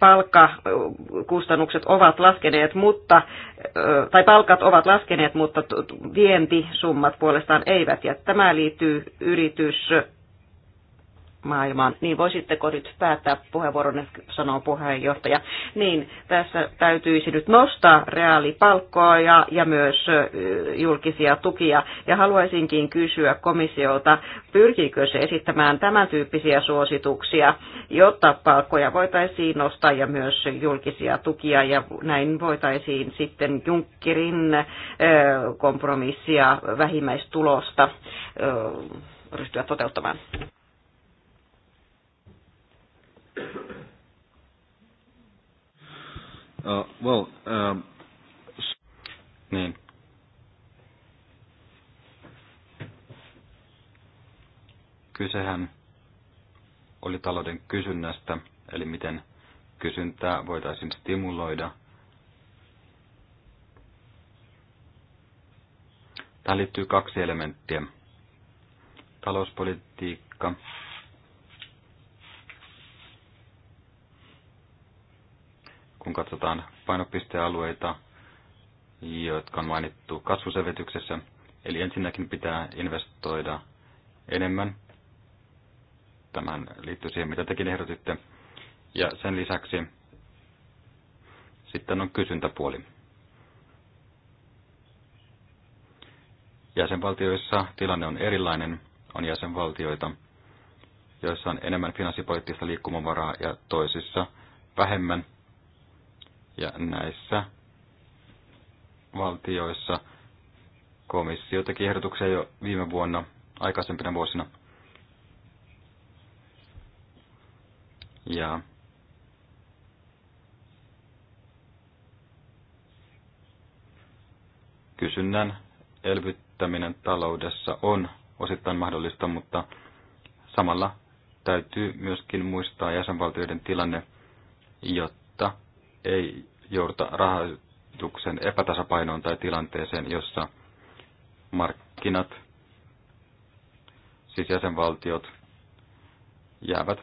palkkakustannukset ovat laskeneet, mutta, tai palkat ovat laskeneet, mutta vientisummat puolestaan eivät. Ja tämä liittyy yritys maailmaan. Niin voisitteko nyt päättää puheenvuoron, sanoo puheenjohtaja. Niin tässä täytyisi nyt nostaa reaalipalkkoa ja, ja myös julkisia tukia. Ja haluaisinkin kysyä komissiolta, pyrkiikö se esittämään tämän tyyppisiä suosituksia, jotta palkkoja voitaisiin nostaa ja myös julkisia tukia. Ja näin voitaisiin sitten Junckerin kompromissia vähimmäistulosta ryhtyä toteuttamaan. Uh, well, um, niin. Kysehän oli talouden kysynnästä, eli miten kysyntää voitaisiin stimuloida. Tähän liittyy kaksi elementtiä. Talouspolitiikka kun katsotaan painopistealueita, jotka on mainittu kasvuselvityksessä. Eli ensinnäkin pitää investoida enemmän. Tämän liittyy siihen, mitä tekin ehdotitte. Ja sen lisäksi sitten on kysyntäpuoli. Jäsenvaltioissa tilanne on erilainen. On jäsenvaltioita, joissa on enemmän finanssipoliittista liikkumavaraa ja toisissa vähemmän. Ja näissä valtioissa komissio teki ehdotuksia jo viime vuonna, aikaisempina vuosina. Ja kysynnän elvyttäminen taloudessa on osittain mahdollista, mutta samalla täytyy myöskin muistaa jäsenvaltioiden tilanne, jotta ei jouduta rahoituksen epätasapainoon tai tilanteeseen, jossa markkinat, siis jäsenvaltiot, jäävät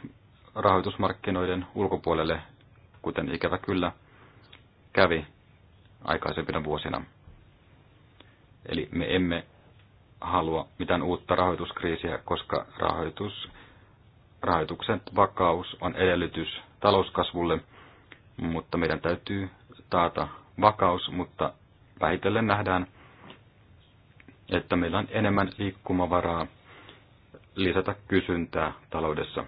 rahoitusmarkkinoiden ulkopuolelle, kuten ikävä kyllä kävi aikaisempina vuosina. Eli me emme halua mitään uutta rahoituskriisiä, koska rahoitus, rahoituksen vakaus on edellytys talouskasvulle mutta meidän täytyy taata vakaus, mutta vähitellen nähdään, että meillä on enemmän liikkumavaraa lisätä kysyntää taloudessa.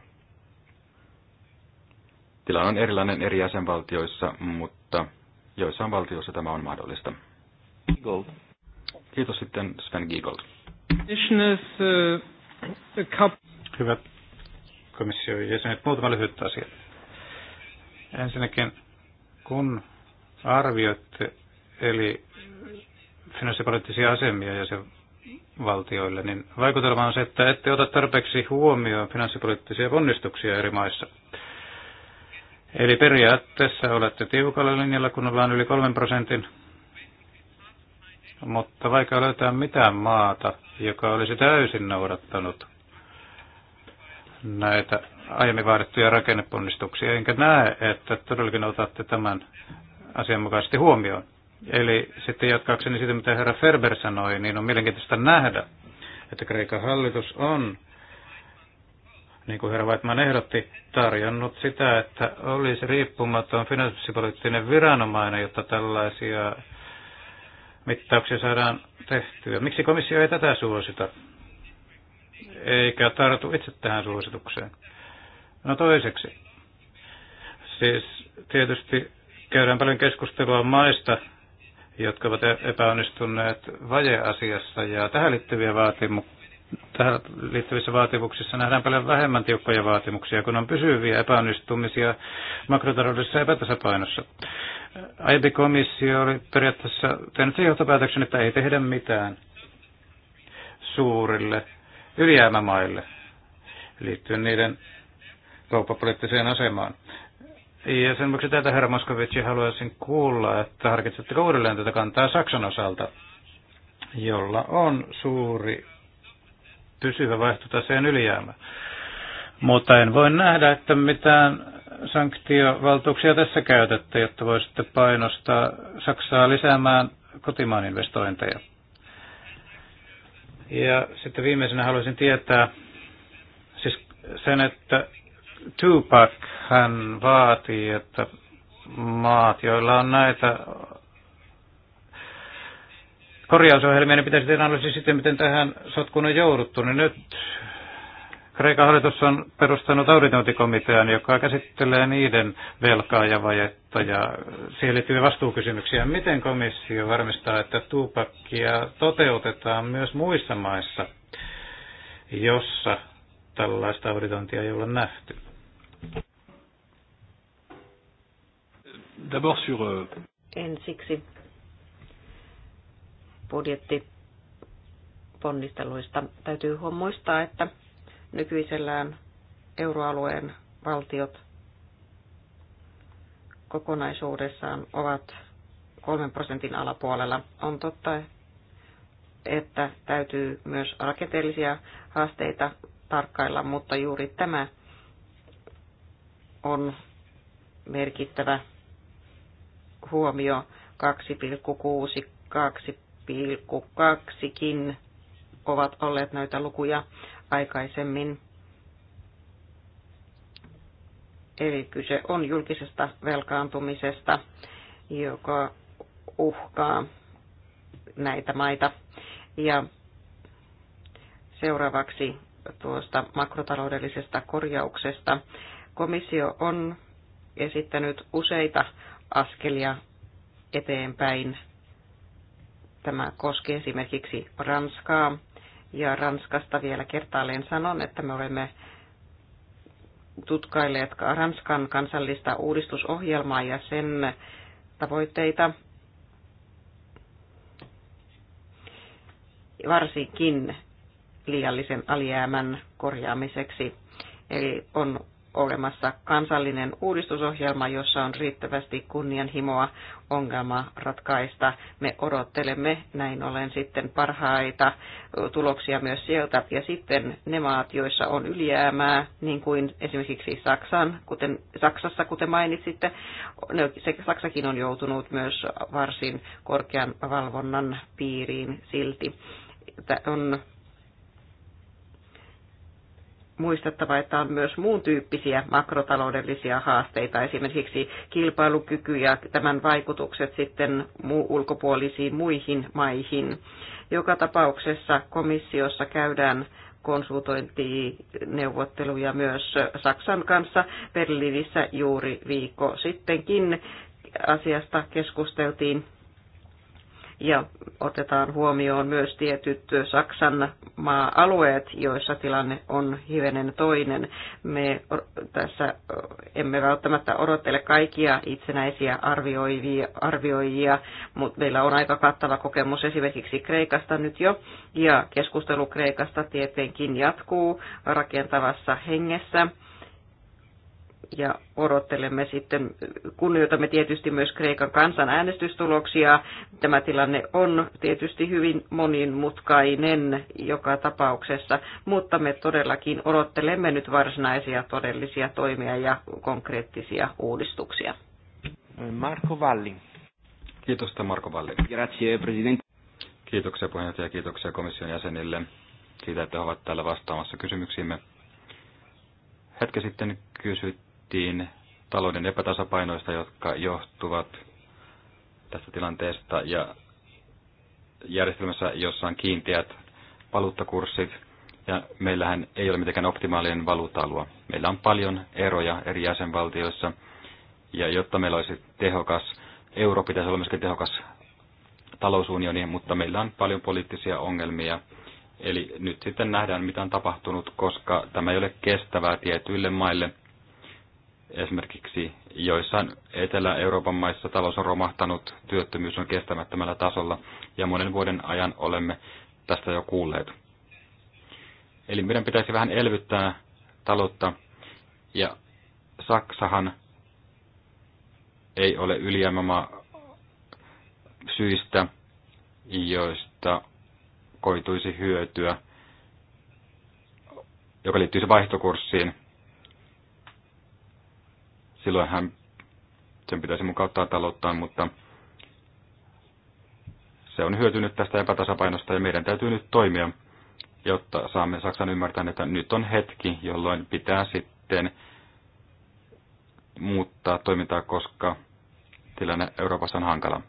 Tilanne on erilainen eri jäsenvaltioissa, mutta joissain valtioissa tämä on mahdollista. Giegold. Kiitos sitten Sven Giegold. Uh, Hyvät komission jäsenet, muutama lyhyt asia. Ensinnäkin, kun arvioitte eli finanssipoliittisia asemia ja se valtioille, niin vaikutelma on se, että ette ota tarpeeksi huomioon finanssipoliittisia ponnistuksia eri maissa. Eli periaatteessa olette tiukalla linjalla, kun ollaan yli kolmen prosentin, mutta vaikka löytää mitään maata, joka olisi täysin noudattanut näitä aiemmin vaadittuja rakenneponnistuksia, enkä näe, että todellakin otatte tämän asianmukaisesti huomioon. Eli sitten jatkaakseni siitä, mitä herra Ferber sanoi, niin on mielenkiintoista nähdä, että Kreikan hallitus on, niin kuin herra Weidman ehdotti, tarjonnut sitä, että olisi riippumaton finanssipoliittinen viranomainen, jotta tällaisia mittauksia saadaan tehtyä. Miksi komissio ei tätä suosita, eikä tartu itse tähän suositukseen? No toiseksi, siis tietysti käydään paljon keskustelua maista, jotka ovat e- epäonnistuneet vajeasiassa ja tähän, liittyviä vaatimu- tähän liittyvissä vaatimuksissa nähdään paljon vähemmän tiukkoja vaatimuksia, kun on pysyviä epäonnistumisia makrotaloudessa epätasapainossa. Aiempi komissio oli periaatteessa tehnyt sen johtopäätöksen, että ei tehdä mitään suurille ylijäämämaille liittyen niiden kauppapoliittiseen asemaan. Ja sen vuoksi tätä herra Moskovitsi haluaisin kuulla, että harkitsetteko uudelleen tätä kantaa Saksan osalta, jolla on suuri pysyvä vaihtotaseen ylijäämä. Mutta en voi nähdä, että mitään sanktiovaltuuksia tässä käytätte, jotta voisitte painostaa Saksaa lisäämään kotimaan investointeja. Ja sitten viimeisenä haluaisin tietää siis sen, että Tupac hän vaatii, että maat, joilla on näitä korjausohjelmia, niin pitäisi analysoida sitten, miten tähän sotkuun on jouduttu. Niin nyt Kreikan hallitus on perustanut auditointikomitean, joka käsittelee niiden velkaa ja vajetta ja siihen liittyviä vastuukysymyksiä. Miten komissio varmistaa, että tuupakkia toteutetaan myös muissa maissa, jossa tällaista auditointia ei ole nähty? D'abord sur... Euh, Ensiksi budjettiponnisteluista täytyy muistaa, että nykyisellään euroalueen valtiot kokonaisuudessaan ovat kolmen prosentin alapuolella. On totta, että täytyy myös rakenteellisia haasteita tarkkailla, mutta juuri tämä on merkittävä huomio 2,6, 2,2kin ovat olleet näitä lukuja aikaisemmin. Eli kyse on julkisesta velkaantumisesta, joka uhkaa näitä maita. Ja seuraavaksi tuosta makrotaloudellisesta korjauksesta. Komissio on esittänyt useita askelia eteenpäin. Tämä koskee esimerkiksi Ranskaa. Ja Ranskasta vielä kertaalleen sanon, että me olemme tutkailleet Ranskan kansallista uudistusohjelmaa ja sen tavoitteita. Varsinkin liiallisen alijäämän korjaamiseksi. Eli on olemassa kansallinen uudistusohjelma, jossa on riittävästi kunnianhimoa ongelma ratkaista. Me odottelemme näin ollen sitten parhaita tuloksia myös sieltä. Ja sitten ne maat, joissa on ylijäämää, niin kuin esimerkiksi Saksan, kuten, Saksassa, kuten mainitsitte, se Saksakin on joutunut myös varsin korkean valvonnan piiriin silti. Tämä on muistettava, että on myös muun tyyppisiä makrotaloudellisia haasteita, esimerkiksi kilpailukyky ja tämän vaikutukset sitten muu ulkopuolisiin muihin maihin. Joka tapauksessa komissiossa käydään konsultointineuvotteluja myös Saksan kanssa. Berliinissä juuri viikko sittenkin asiasta keskusteltiin ja otetaan huomioon myös tietyt Saksan maa-alueet, joissa tilanne on hivenen toinen. Me tässä emme välttämättä odottele kaikkia itsenäisiä arvioijia, mutta meillä on aika kattava kokemus esimerkiksi Kreikasta nyt jo, ja keskustelu Kreikasta tietenkin jatkuu rakentavassa hengessä ja odottelemme sitten, kunnioitamme tietysti myös Kreikan kansan äänestystuloksia. Tämä tilanne on tietysti hyvin monimutkainen joka tapauksessa, mutta me todellakin odottelemme nyt varsinaisia todellisia toimia ja konkreettisia uudistuksia. Marko Valli. Kiitos, Marko Valli. Grazie, president. Kiitoksia puheenjohtaja ja kiitoksia komission jäsenille siitä, että he ovat täällä vastaamassa kysymyksiimme hetki sitten kysyit puhuttiin talouden epätasapainoista, jotka johtuvat tästä tilanteesta ja järjestelmässä, jossa on kiinteät valuuttakurssit, ja meillähän ei ole mitenkään optimaalinen valuuta Meillä on paljon eroja eri jäsenvaltioissa, ja jotta meillä olisi tehokas, euro pitäisi olla myöskin tehokas talousunioni, mutta meillä on paljon poliittisia ongelmia. Eli nyt sitten nähdään, mitä on tapahtunut, koska tämä ei ole kestävää tietyille maille, Esimerkiksi joissain Etelä-Euroopan maissa talous on romahtanut, työttömyys on kestämättömällä tasolla ja monen vuoden ajan olemme tästä jo kuulleet. Eli meidän pitäisi vähän elvyttää taloutta ja Saksahan ei ole ylijäämämaa syistä, joista koituisi hyötyä, joka liittyisi vaihtokurssiin silloin hän, sen pitäisi mukauttaa talouttaan, mutta se on hyötynyt tästä epätasapainosta ja meidän täytyy nyt toimia, jotta saamme Saksan ymmärtää, että nyt on hetki, jolloin pitää sitten muuttaa toimintaa, koska tilanne Euroopassa on hankala.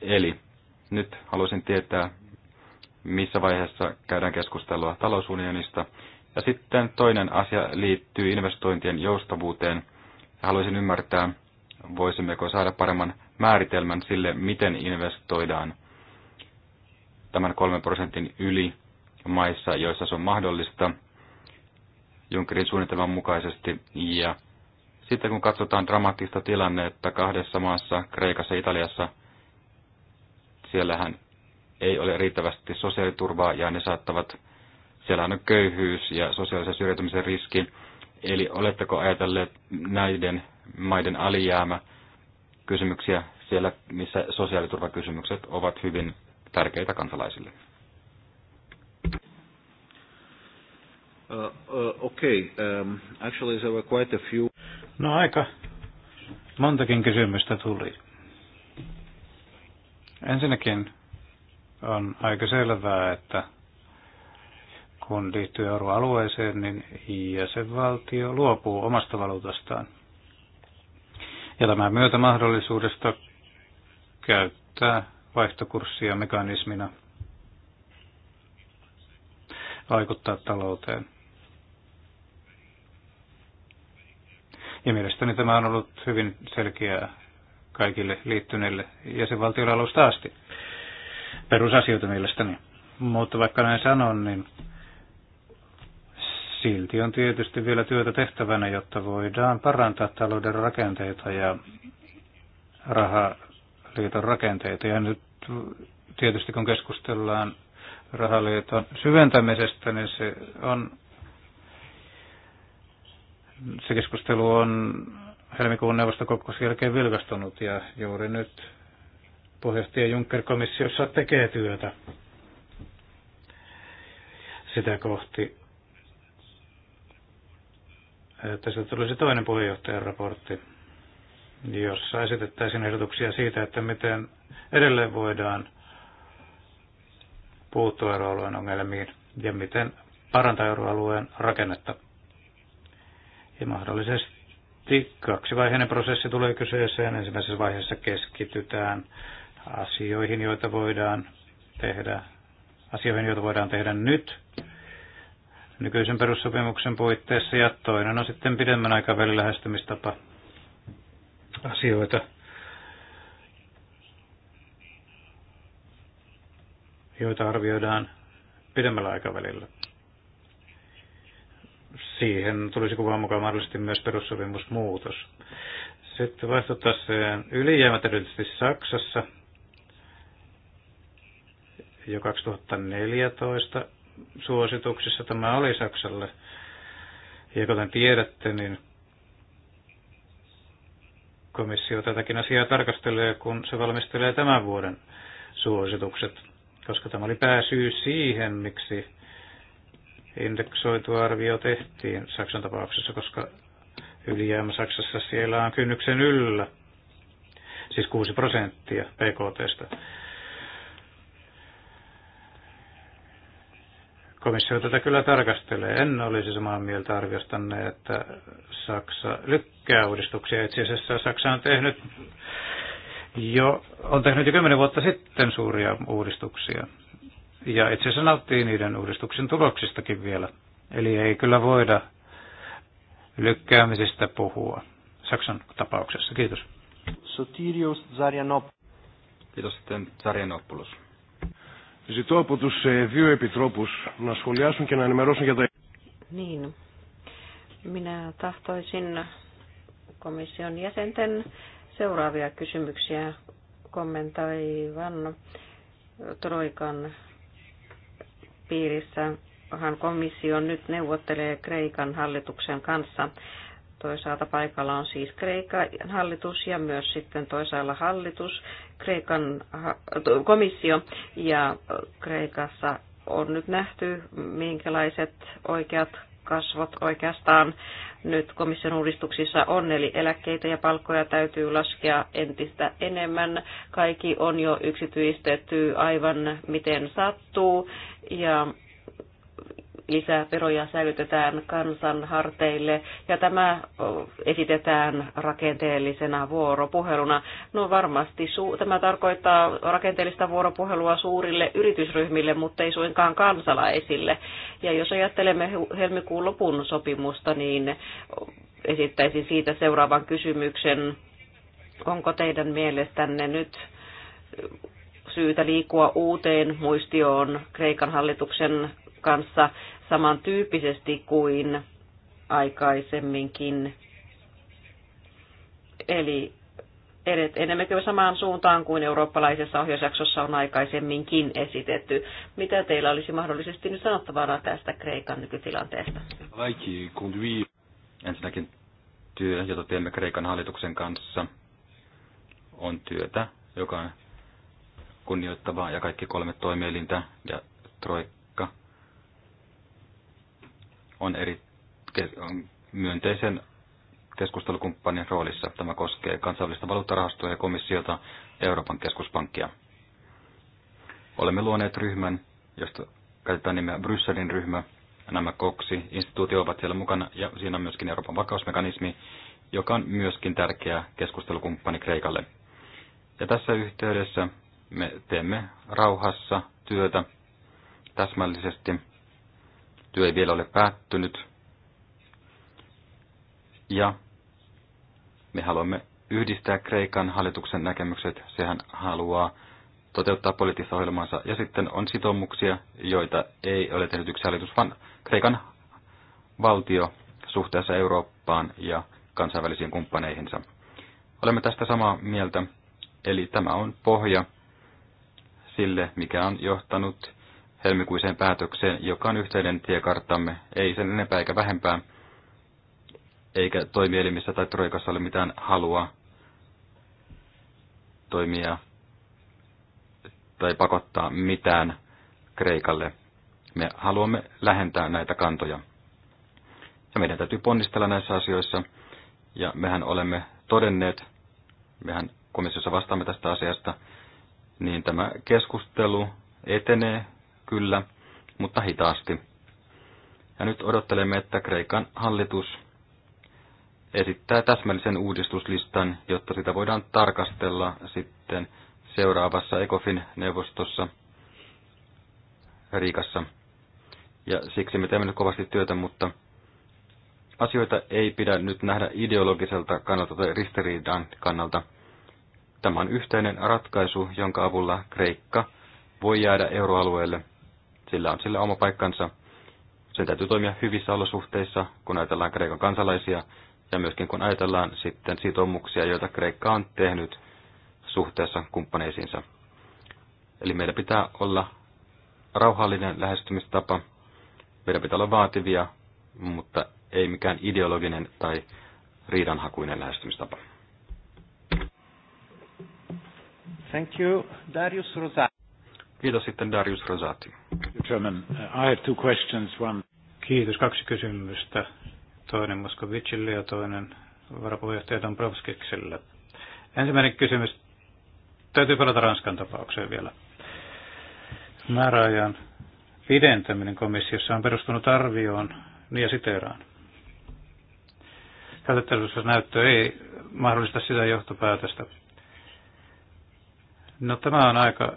Eli nyt haluaisin tietää, missä vaiheessa käydään keskustelua talousunionista. Ja sitten toinen asia liittyy investointien joustavuuteen – haluaisin ymmärtää, voisimmeko saada paremman määritelmän sille, miten investoidaan tämän 3 prosentin yli maissa, joissa se on mahdollista Junckerin suunnitelman mukaisesti. Ja sitten kun katsotaan dramaattista tilannetta kahdessa maassa, Kreikassa ja Italiassa, siellähän ei ole riittävästi sosiaaliturvaa ja ne saattavat, siellä on köyhyys ja sosiaalisen syrjäytymisen riski, Eli oletteko ajatelleet näiden maiden alijäämä kysymyksiä siellä, missä sosiaaliturvakysymykset ovat hyvin tärkeitä kansalaisille? Uh, uh, okay. um, actually there were quite a few. No aika montakin kysymystä tuli. Ensinnäkin on aika selvää, että kun liittyy euroalueeseen, niin jäsenvaltio luopuu omasta valuutastaan. Ja tämän myötä mahdollisuudesta käyttää vaihtokurssia mekanismina vaikuttaa talouteen. Ja mielestäni tämä on ollut hyvin selkeää kaikille liittyneille jäsenvaltioille alusta asti. Perusasioita mielestäni. Mutta vaikka näin sanon, niin Silti on tietysti vielä työtä tehtävänä, jotta voidaan parantaa talouden rakenteita ja rahaliiton rakenteita. Ja nyt tietysti kun keskustellaan rahaliiton syventämisestä, niin se on se keskustelu on helmikuun neuvostokokous jälkeen vilkastunut ja juuri nyt puheenjohtaja Juncker-komissiossa tekee työtä sitä kohti, tässä se tulisi toinen puheenjohtajan raportti, jossa esitettäisiin ehdotuksia siitä, että miten edelleen voidaan puuttua euroalueen ongelmiin ja miten parantaa euroalueen rakennetta. Ja mahdollisesti kaksivaiheinen prosessi tulee kyseeseen. Ensimmäisessä vaiheessa keskitytään asioihin, joita voidaan tehdä, asioihin, joita voidaan tehdä nyt nykyisen perussopimuksen puitteissa ja toinen on sitten pidemmän aikavälin lähestymistapa asioita, joita arvioidaan pidemmällä aikavälillä. Siihen tulisi kuvaan mukaan mahdollisesti myös perussopimusmuutos. Sitten vaihtotaseen ylijäämät erityisesti Saksassa jo 2014 suosituksissa tämä oli Saksalle. Ja kuten tiedätte, niin komissio tätäkin asiaa tarkastelee, kun se valmistelee tämän vuoden suositukset, koska tämä oli pääsyy siihen, miksi indeksoitu arvio tehtiin Saksan tapauksessa, koska ylijäämä Saksassa siellä on kynnyksen yllä, siis 6 prosenttia PKTstä. Komissio tätä kyllä tarkastelee. En olisi samaa mieltä arviostanne, että Saksa lykkää uudistuksia. Itse asiassa Saksa on tehnyt jo, on tehnyt jo kymmenen vuotta sitten suuria uudistuksia. Ja itse asiassa nauttii niiden uudistuksen tuloksistakin vielä. Eli ei kyllä voida lykkäämisistä puhua Saksan tapauksessa. Kiitos. Sotirius Zarianop. Kiitos sitten Zarianopoulos. Ζητώ από του δύο επιτρόπου να σχολιάσουν και να ενημερώσουν για τα... Niin. Minä tahtoisin komission jäsenten seuraavia kysymyksiä kommentoivan Troikan piirissä. komissio nyt neuvottelee Kreikan hallituksen kanssa Toisaalta paikalla on siis Kreikan hallitus ja myös sitten toisaalla hallitus, Kreikan komissio ja Kreikassa on nyt nähty, minkälaiset oikeat kasvot oikeastaan nyt komission uudistuksissa on, eli eläkkeitä ja palkkoja täytyy laskea entistä enemmän. Kaikki on jo yksityistetty aivan miten sattuu ja lisää veroja säilytetään kansan harteille ja tämä esitetään rakenteellisena vuoropuheluna. No varmasti tämä tarkoittaa rakenteellista vuoropuhelua suurille yritysryhmille, mutta ei suinkaan kansalaisille. Ja jos ajattelemme helmikuun lopun sopimusta, niin esittäisin siitä seuraavan kysymyksen. Onko teidän mielestänne nyt syytä liikkua uuteen muistioon Kreikan hallituksen kanssa samantyyppisesti kuin aikaisemminkin. Eli enemmänkö samaan suuntaan kuin eurooppalaisessa ohjausjaksossa on aikaisemminkin esitetty. Mitä teillä olisi mahdollisesti nyt sanottavana tästä Kreikan nykytilanteesta? Ensinnäkin työ, jota teemme Kreikan hallituksen kanssa, on työtä, joka on kunnioittavaa ja kaikki kolme toimielintä ja Troik on, eri, on myönteisen keskustelukumppanin roolissa. Tämä koskee kansainvälistä valuuttarahastoa ja komissiota Euroopan keskuspankkia. Olemme luoneet ryhmän, josta käytetään nimeä Brysselin ryhmä. Nämä koksi instituutio ovat siellä mukana ja siinä on myöskin Euroopan vakausmekanismi, joka on myöskin tärkeä keskustelukumppani Kreikalle. Ja tässä yhteydessä me teemme rauhassa työtä täsmällisesti työ ei vielä ole päättynyt. Ja me haluamme yhdistää Kreikan hallituksen näkemykset. Sehän haluaa toteuttaa poliittista ohjelmaansa. Ja sitten on sitoumuksia, joita ei ole tehnyt yksi hallitus, vaan Kreikan valtio suhteessa Eurooppaan ja kansainvälisiin kumppaneihinsa. Olemme tästä samaa mieltä, eli tämä on pohja sille, mikä on johtanut helmikuiseen päätökseen, joka on yhteinen tiekarttamme, ei sen enempää eikä vähempää, eikä toimielimissä tai troikassa ole mitään halua toimia tai pakottaa mitään Kreikalle. Me haluamme lähentää näitä kantoja. Ja meidän täytyy ponnistella näissä asioissa. Ja mehän olemme todenneet, mehän komissiossa vastaamme tästä asiasta, niin tämä keskustelu etenee kyllä, mutta hitaasti. Ja nyt odottelemme, että Kreikan hallitus esittää täsmällisen uudistuslistan, jotta sitä voidaan tarkastella sitten seuraavassa ECOFIN-neuvostossa Riikassa. Ja siksi me teemme nyt kovasti työtä, mutta asioita ei pidä nyt nähdä ideologiselta kannalta tai ristiriidan kannalta. Tämä on yhteinen ratkaisu, jonka avulla Kreikka voi jäädä euroalueelle – sillä on sillä oma paikkansa. Sen täytyy toimia hyvissä olosuhteissa, kun ajatellaan Kreikan kansalaisia ja myöskin kun ajatellaan sitten sitoumuksia, joita Kreikka on tehnyt suhteessa kumppaneisiinsa. Eli meillä pitää olla rauhallinen lähestymistapa, meidän pitää olla vaativia, mutta ei mikään ideologinen tai riidanhakuinen lähestymistapa. Thank you, Darius Rosa. Kiitos sitten Darius Rosati. Uh, I have two questions, one... Kiitos, kaksi kysymystä. Toinen Moskovicille ja toinen varapuheenjohtaja Dombrovskikselle. Ensimmäinen kysymys. Täytyy palata Ranskan tapaukseen vielä. Määräajan pidentäminen komissiossa on perustunut arvioon, niin ja siteeraan. näyttö ei mahdollista sitä johtopäätöstä. No tämä on aika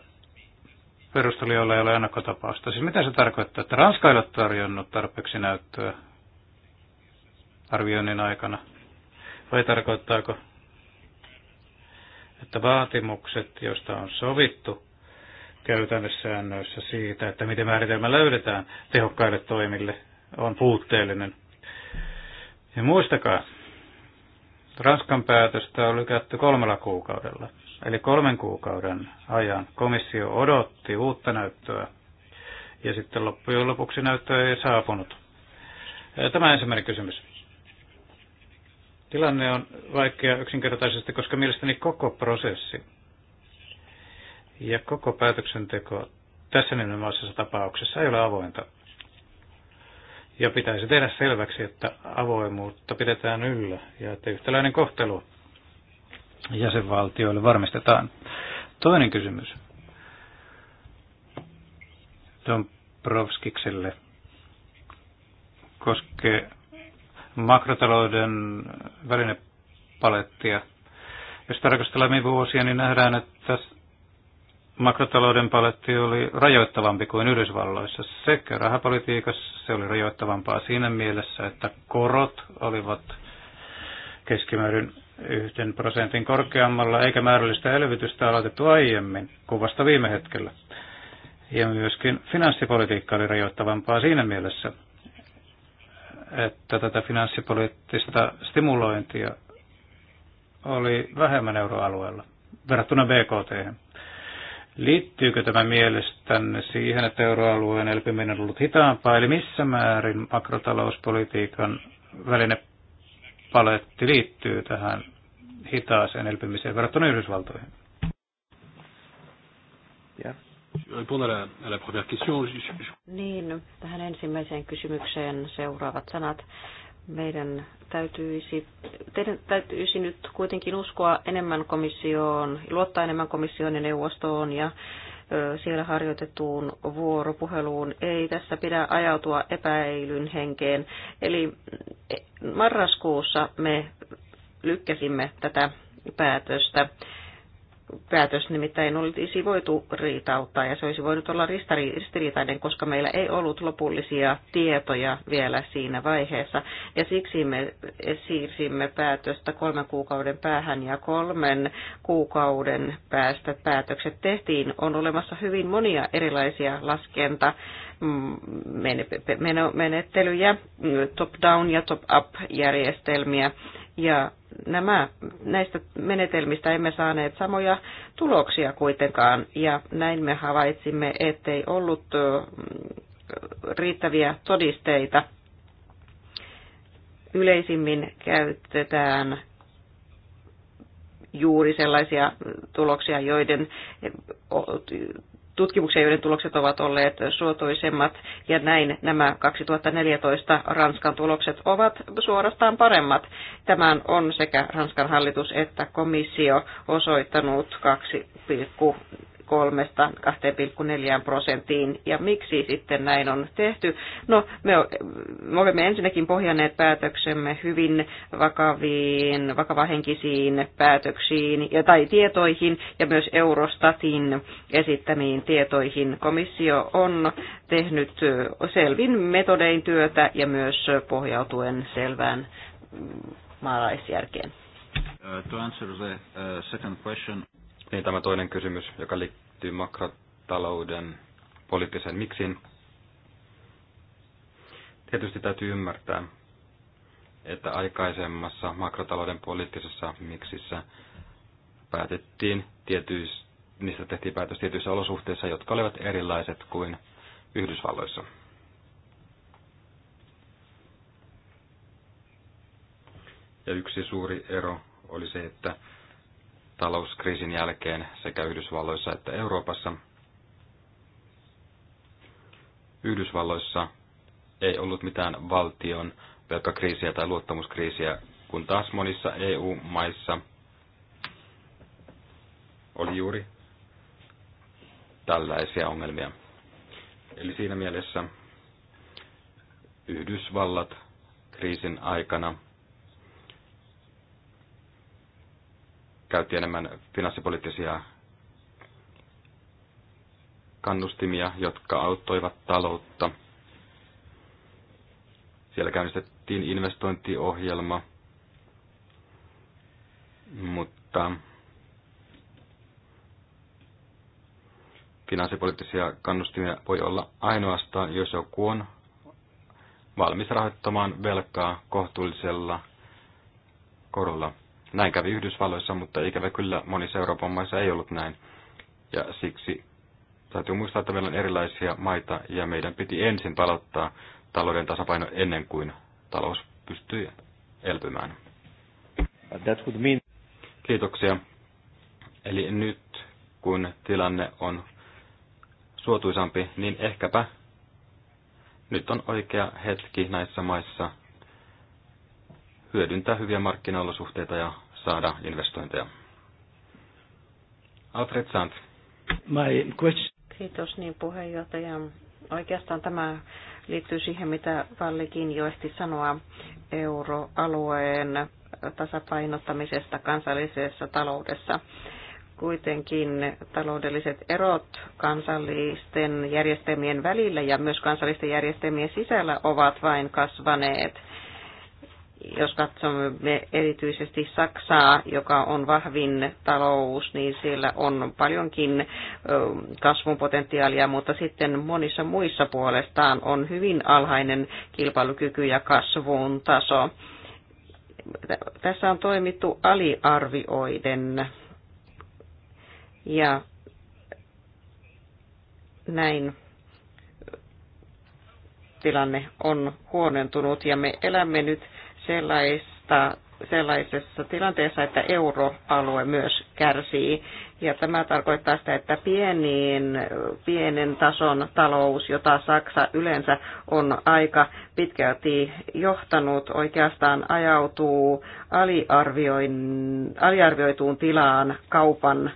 perustelijoilla ei ole ennakkotapausta. Siis mitä se tarkoittaa, että Ranska ei ole tarjonnut tarpeeksi näyttöä arvioinnin aikana? Vai tarkoittaako, että vaatimukset, joista on sovittu käytännössä säännöissä siitä, että miten määritelmä löydetään tehokkaille toimille, on puutteellinen? Ja muistakaa, Ranskan päätöstä on lykätty kolmella kuukaudella. Eli kolmen kuukauden ajan komissio odotti uutta näyttöä ja sitten loppujen lopuksi näyttö ei saapunut. Tämä ensimmäinen kysymys. Tilanne on vaikea yksinkertaisesti, koska mielestäni koko prosessi ja koko päätöksenteko tässä nimenomaisessa tapauksessa ei ole avointa. Ja pitäisi tehdä selväksi, että avoimuutta pidetään yllä ja että yhtäläinen kohtelu jäsenvaltioille varmistetaan. Toinen kysymys Dombrovskikselle koskee makrotalouden välinepalettia. Jos tarkastellaan viime vuosia, niin nähdään, että makrotalouden paletti oli rajoittavampi kuin Yhdysvalloissa. Sekä rahapolitiikassa se oli rajoittavampaa siinä mielessä, että korot olivat keskimäärin yhden prosentin korkeammalla, eikä määrällistä elvytystä aloitettu aiemmin kuin vasta viime hetkellä. Ja myöskin finanssipolitiikka oli rajoittavampaa siinä mielessä, että tätä finanssipoliittista stimulointia oli vähemmän euroalueella verrattuna BKT. Liittyykö tämä mielestänne siihen, että euroalueen elpyminen on ollut hitaampaa, eli missä määrin makrotalouspolitiikan väline paletti liittyy tähän hitaaseen elpymiseen verrattuna Yhdysvaltoihin? Yeah. Niin, tähän ensimmäiseen kysymykseen seuraavat sanat. Meidän täytyisi, teidän täytyisi nyt kuitenkin uskoa enemmän komissioon, luottaa enemmän komissioon ja neuvostoon ja siellä harjoitettuun vuoropuheluun. Ei tässä pidä ajautua epäilyn henkeen. Eli eh, marraskuussa me lykkäsimme tätä päätöstä päätös nimittäin olisi voitu riitauttaa ja se olisi voinut olla ristiriitainen, koska meillä ei ollut lopullisia tietoja vielä siinä vaiheessa. Ja siksi me siirsimme päätöstä kolmen kuukauden päähän ja kolmen kuukauden päästä päätökset tehtiin. On olemassa hyvin monia erilaisia laskenta menettelyjä, top-down ja top-up-järjestelmiä. Ja nämä, näistä menetelmistä emme saaneet samoja tuloksia kuitenkaan, ja näin me havaitsimme, ettei ollut riittäviä todisteita. Yleisimmin käytetään juuri sellaisia tuloksia, joiden tutkimuksia, joiden tulokset ovat olleet suotuisemmat, ja näin nämä 2014 Ranskan tulokset ovat suorastaan paremmat. Tämän on sekä Ranskan hallitus että komissio osoittanut 2,3-2,4 prosenttiin. Ja miksi sitten näin on tehty? No, me, me olemme ensinnäkin pohjanneet päätöksemme hyvin vakaviin, vakavahenkisiin päätöksiin ja, tai tietoihin ja myös Eurostatin esittämiin tietoihin. Komissio on tehnyt selvin metodein työtä ja myös pohjautuen selvään mm, maalaisjärkeen. Uh, to answer the uh, second question. Niin tämä toinen kysymys, joka liittyy makrotalouden poliittiseen miksiin. Tietysti täytyy ymmärtää, että aikaisemmassa makrotalouden poliittisessa miksissä päätettiin tietyissä niistä tehtiin päätös tietyissä olosuhteissa, jotka olivat erilaiset kuin Yhdysvalloissa. Ja yksi suuri ero oli se, että talouskriisin jälkeen sekä Yhdysvalloissa että Euroopassa. Yhdysvalloissa ei ollut mitään valtion velkakriisiä tai luottamuskriisiä, kun taas monissa EU-maissa oli juuri tällaisia ongelmia. Eli siinä mielessä Yhdysvallat kriisin aikana – käytti enemmän finanssipoliittisia kannustimia, jotka auttoivat taloutta. Siellä käynnistettiin investointiohjelma, mutta finanssipoliittisia kannustimia voi olla ainoastaan, jos joku on valmis rahoittamaan velkaa kohtuullisella korolla. Näin kävi Yhdysvalloissa, mutta ikävä kyllä monissa Euroopan maissa ei ollut näin. Ja siksi täytyy muistaa, että meillä on erilaisia maita ja meidän piti ensin palauttaa talouden tasapaino ennen kuin talous pystyi elpymään. That would mean... Kiitoksia. Eli nyt kun tilanne on suotuisampi, niin ehkäpä nyt on oikea hetki näissä maissa hyödyntää hyviä markkinaolosuhteita ja saada investointeja. Alfred Sant. My question. Kiitos niin puheenjohtaja. Oikeastaan tämä liittyy siihen, mitä Vallikin jo ehti sanoa euroalueen tasapainottamisesta kansallisessa taloudessa. Kuitenkin taloudelliset erot kansallisten järjestelmien välillä ja myös kansallisten järjestelmien sisällä ovat vain kasvaneet jos katsomme erityisesti Saksaa, joka on vahvin talous, niin siellä on paljonkin kasvun potentiaalia, mutta sitten monissa muissa puolestaan on hyvin alhainen kilpailukyky ja kasvun taso. Tässä on toimittu aliarvioiden ja näin tilanne on huonontunut ja me elämme nyt sellaista, sellaisessa tilanteessa, että euroalue myös kärsii. Ja tämä tarkoittaa sitä, että pieniin, pienen tason talous, jota Saksa yleensä on aika pitkälti johtanut, oikeastaan ajautuu aliarvioituun tilaan kaupan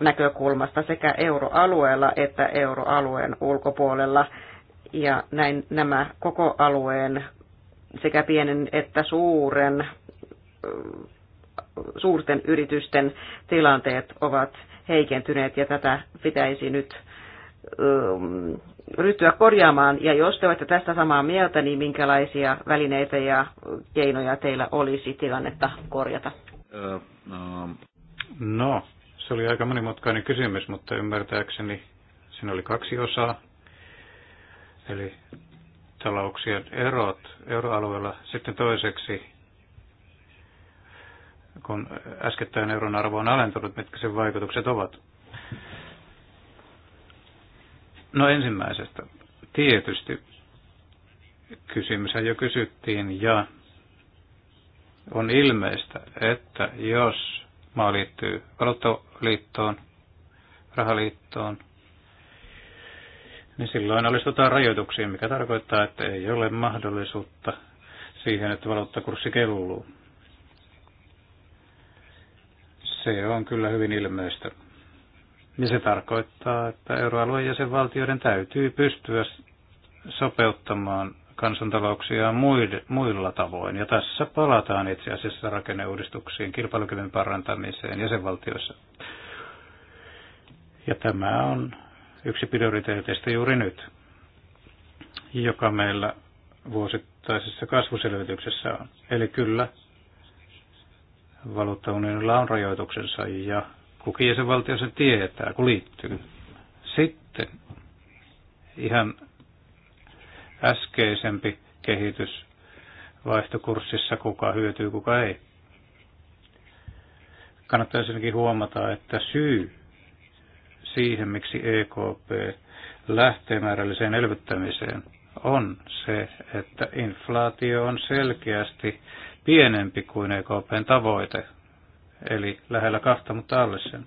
näkökulmasta sekä euroalueella että euroalueen ulkopuolella. Ja näin nämä koko alueen sekä pienen että suuren, suurten yritysten tilanteet ovat heikentyneet ja tätä pitäisi nyt ähm, ryhtyä korjaamaan. Ja jos te olette tästä samaa mieltä, niin minkälaisia välineitä ja keinoja teillä olisi tilannetta korjata? Äh, no, se oli aika monimutkainen kysymys, mutta ymmärtääkseni siinä oli kaksi osaa. Eli talouksien erot euroalueella. Sitten toiseksi, kun äskettäin euron arvo on alentunut, mitkä sen vaikutukset ovat? No ensimmäisestä. Tietysti kysymyshän jo kysyttiin ja on ilmeistä, että jos maa liittyy valuuttoliittoon, rahaliittoon, niin silloin alistutaan rajoituksiin, mikä tarkoittaa, että ei ole mahdollisuutta siihen, että valuuttakurssi kelluu. Se on kyllä hyvin ilmeistä. Ja se tarkoittaa, että euroalueen jäsenvaltioiden täytyy pystyä sopeuttamaan kansantalouksiaan muilla tavoin. Ja tässä palataan itse asiassa rakenneuudistuksiin, kilpailukyvyn parantamiseen jäsenvaltioissa. Ja tämä on yksi prioriteeteista juuri nyt, joka meillä vuosittaisessa kasvuselvityksessä on. Eli kyllä, valuuttaunionilla on rajoituksensa ja kukin jäsenvaltio sen tietää, kun liittyy. Sitten ihan äskeisempi kehitys vaihtokurssissa, kuka hyötyy, kuka ei. Kannattaa ensinnäkin huomata, että syy siihen, miksi EKP lähtee määrälliseen elvyttämiseen, on se, että inflaatio on selkeästi pienempi kuin EKPn tavoite, eli lähellä kahta, mutta alle sen.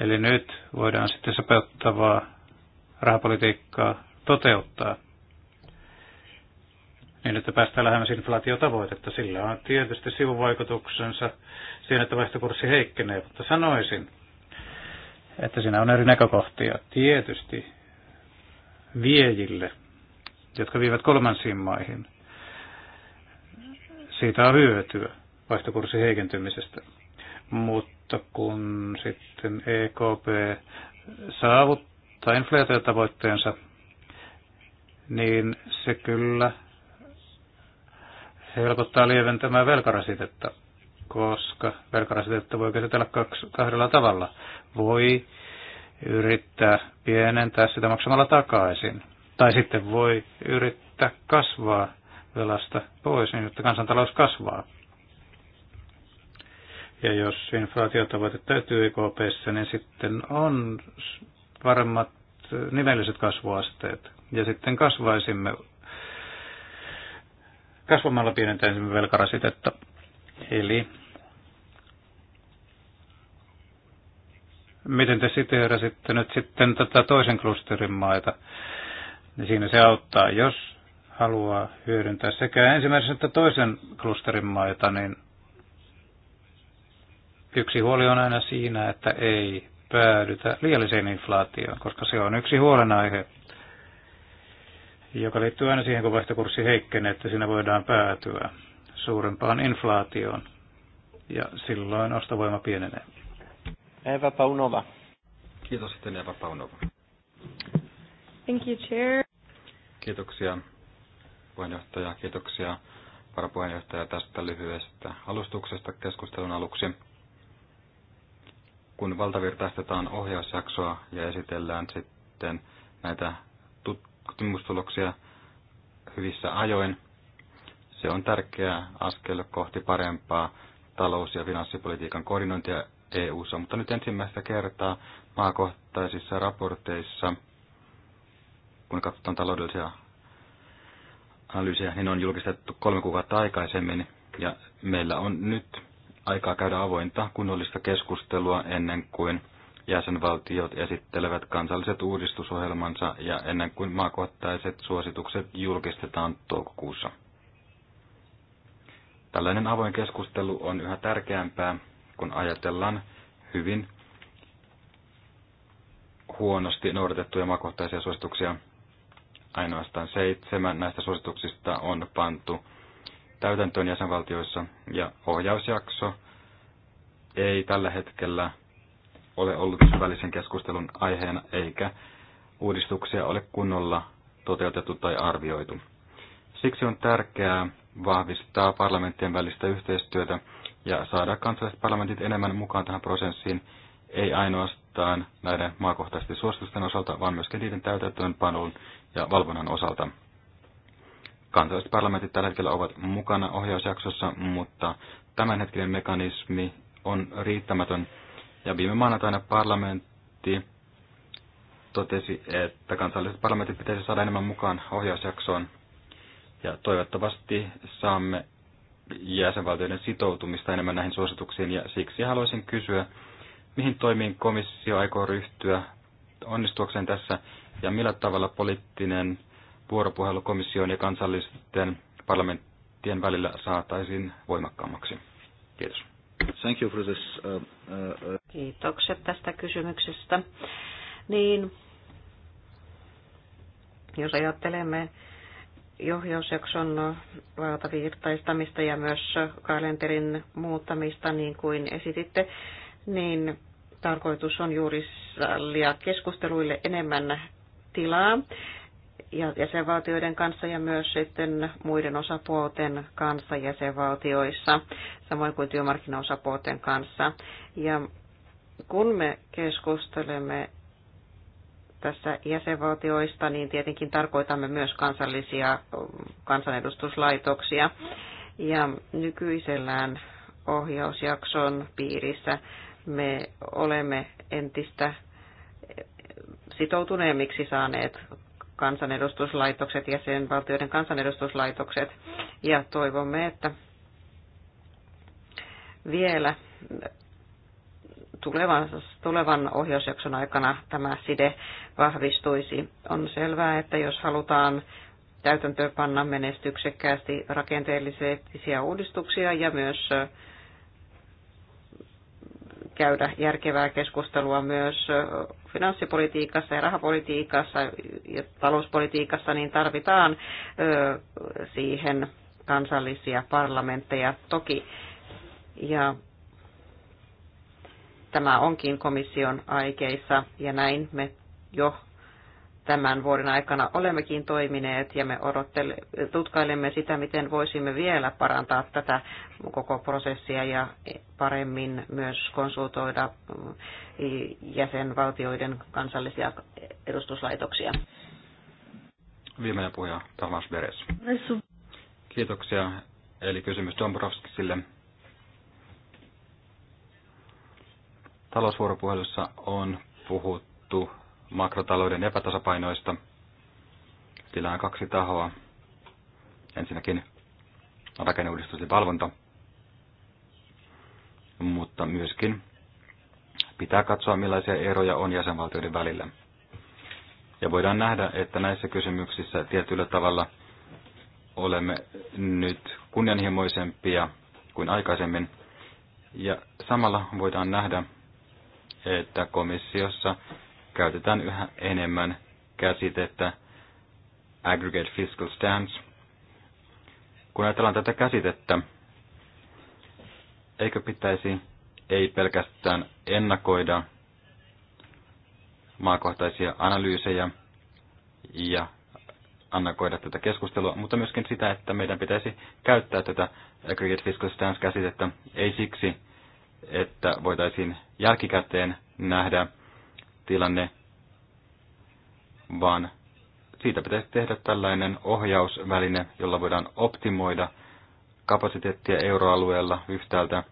Eli nyt voidaan sitten sopeuttavaa rahapolitiikkaa toteuttaa niin että päästään lähemmäs inflaatiotavoitetta. Sillä on tietysti sivuvaikutuksensa siihen, että vaihtokurssi heikkenee, mutta sanoisin, että siinä on eri näkökohtia. Tietysti viejille, jotka viivät kolmansiin maihin, siitä on hyötyä vaihtokurssin heikentymisestä. Mutta kun sitten EKP saavuttaa inflaatiotavoitteensa, niin se kyllä – helpottaa lieventämään velkarasitetta, koska velkarasitetta voi käsitellä kaksi, kahdella tavalla. Voi yrittää pienentää sitä maksamalla takaisin, tai sitten voi yrittää kasvaa velasta pois, niin että kansantalous kasvaa. Ja jos inflaatiotavoite täytyy EKPssä, niin sitten on paremmat nimelliset kasvuasteet. Ja sitten kasvaisimme kasvamalla pienentäisimme velkarasitetta. Eli miten te siteerasitte nyt sitten tätä toisen klusterin maita, niin siinä se auttaa. Jos haluaa hyödyntää sekä ensimmäisen että toisen klusterin maita, niin yksi huoli on aina siinä, että ei päädytä liialliseen inflaatioon, koska se on yksi huolenaihe joka liittyy aina siihen, kun vaihtokurssi heikkenee, että siinä voidaan päätyä suurempaan inflaatioon ja silloin ostovoima pienenee. Eva Paunova. Kiitos sitten Eva Paunova. Thank you, Chair. Kiitoksia puheenjohtaja, kiitoksia varapuheenjohtaja tästä lyhyestä alustuksesta keskustelun aluksi. Kun valtavirtaistetaan ohjausjaksoa ja esitellään sitten näitä tutkimustuloksia hyvissä ajoin. Se on tärkeä askel kohti parempaa talous- ja finanssipolitiikan koordinointia EU:ssa, mutta nyt ensimmäistä kertaa maakohtaisissa raporteissa, kun katsotaan taloudellisia analyysejä, niin on julkistettu kolme kuukautta aikaisemmin, ja meillä on nyt aikaa käydä avointa kunnollista keskustelua ennen kuin jäsenvaltiot esittelevät kansalliset uudistusohjelmansa ja ennen kuin maakohtaiset suositukset julkistetaan toukokuussa. Tällainen avoin keskustelu on yhä tärkeämpää, kun ajatellaan hyvin huonosti noudatettuja maakohtaisia suosituksia. Ainoastaan seitsemän näistä suosituksista on pantu täytäntöön jäsenvaltioissa ja ohjausjakso ei tällä hetkellä ole ollut syvällisen keskustelun aiheena, eikä uudistuksia ole kunnolla toteutettu tai arvioitu. Siksi on tärkeää vahvistaa parlamenttien välistä yhteistyötä ja saada kansalliset parlamentit enemmän mukaan tähän prosessiin, ei ainoastaan näiden maakohtaisten suositusten osalta, vaan myöskin niiden täytäntöönpanon ja valvonnan osalta. Kansalliset parlamentit tällä hetkellä ovat mukana ohjausjaksossa, mutta tämänhetkinen mekanismi on riittämätön ja viime maanantaina parlamentti totesi, että kansalliset parlamentit pitäisi saada enemmän mukaan ohjausjaksoon. Ja toivottavasti saamme jäsenvaltioiden sitoutumista enemmän näihin suosituksiin. Ja siksi haluaisin kysyä, mihin toimiin komissio aikoo ryhtyä onnistuakseen tässä ja millä tavalla poliittinen vuoropuhelu komission ja kansallisten parlamenttien välillä saataisiin voimakkaammaksi. Kiitos. Thank you for this, uh, uh, uh, Kiitokset tästä kysymyksestä. Niin, jos ajattelemme johjausjakson valtavirtaistamista ja myös kalenterin muuttamista, niin kuin esititte, niin tarkoitus on juuri sallia keskusteluille enemmän tilaa ja jäsenvaltioiden kanssa ja myös sitten muiden osapuolten kanssa jäsenvaltioissa, samoin kuin työmarkkinaosapuolten kanssa. Ja kun me keskustelemme tässä jäsenvaltioista, niin tietenkin tarkoitamme myös kansallisia kansanedustuslaitoksia. Ja nykyisellään ohjausjakson piirissä me olemme entistä sitoutuneemmiksi saaneet kansanedustuslaitokset, jäsenvaltioiden kansanedustuslaitokset. Ja toivomme, että vielä tulevan, tulevan ohjausjakson aikana tämä side vahvistuisi. On selvää, että jos halutaan täytäntöönpanna menestyksekkäästi rakenteellisia uudistuksia ja myös käydä järkevää keskustelua myös finanssipolitiikassa ja rahapolitiikassa ja talouspolitiikassa, niin tarvitaan siihen kansallisia parlamentteja toki. Ja tämä onkin komission aikeissa ja näin me jo tämän vuoden aikana olemmekin toimineet ja me odottele, tutkailemme sitä, miten voisimme vielä parantaa tätä koko prosessia ja paremmin myös konsultoida mm, jäsenvaltioiden kansallisia edustuslaitoksia. Viimeinen puhuja, Tamas Beres. Kiitoksia. Eli kysymys Dombrovskisille. Talousvuoropuhelussa on puhuttu makrotalouden epätasapainoista. Sillä on kaksi tahoa. Ensinnäkin rakenneuudistus ja valvonta, mutta myöskin pitää katsoa, millaisia eroja on jäsenvaltioiden välillä. Ja voidaan nähdä, että näissä kysymyksissä tietyllä tavalla olemme nyt kunnianhimoisempia kuin aikaisemmin. Ja samalla voidaan nähdä, että komissiossa käytetään yhä enemmän käsitettä aggregate fiscal stance. Kun ajatellaan tätä käsitettä, eikö pitäisi ei pelkästään ennakoida maakohtaisia analyysejä ja annakoida tätä keskustelua, mutta myöskin sitä, että meidän pitäisi käyttää tätä aggregate fiscal stance-käsitettä ei siksi, että voitaisiin jälkikäteen nähdä, tilanne, vaan siitä pitäisi tehdä tällainen ohjausväline, jolla voidaan optimoida kapasiteettia euroalueella yhtäältä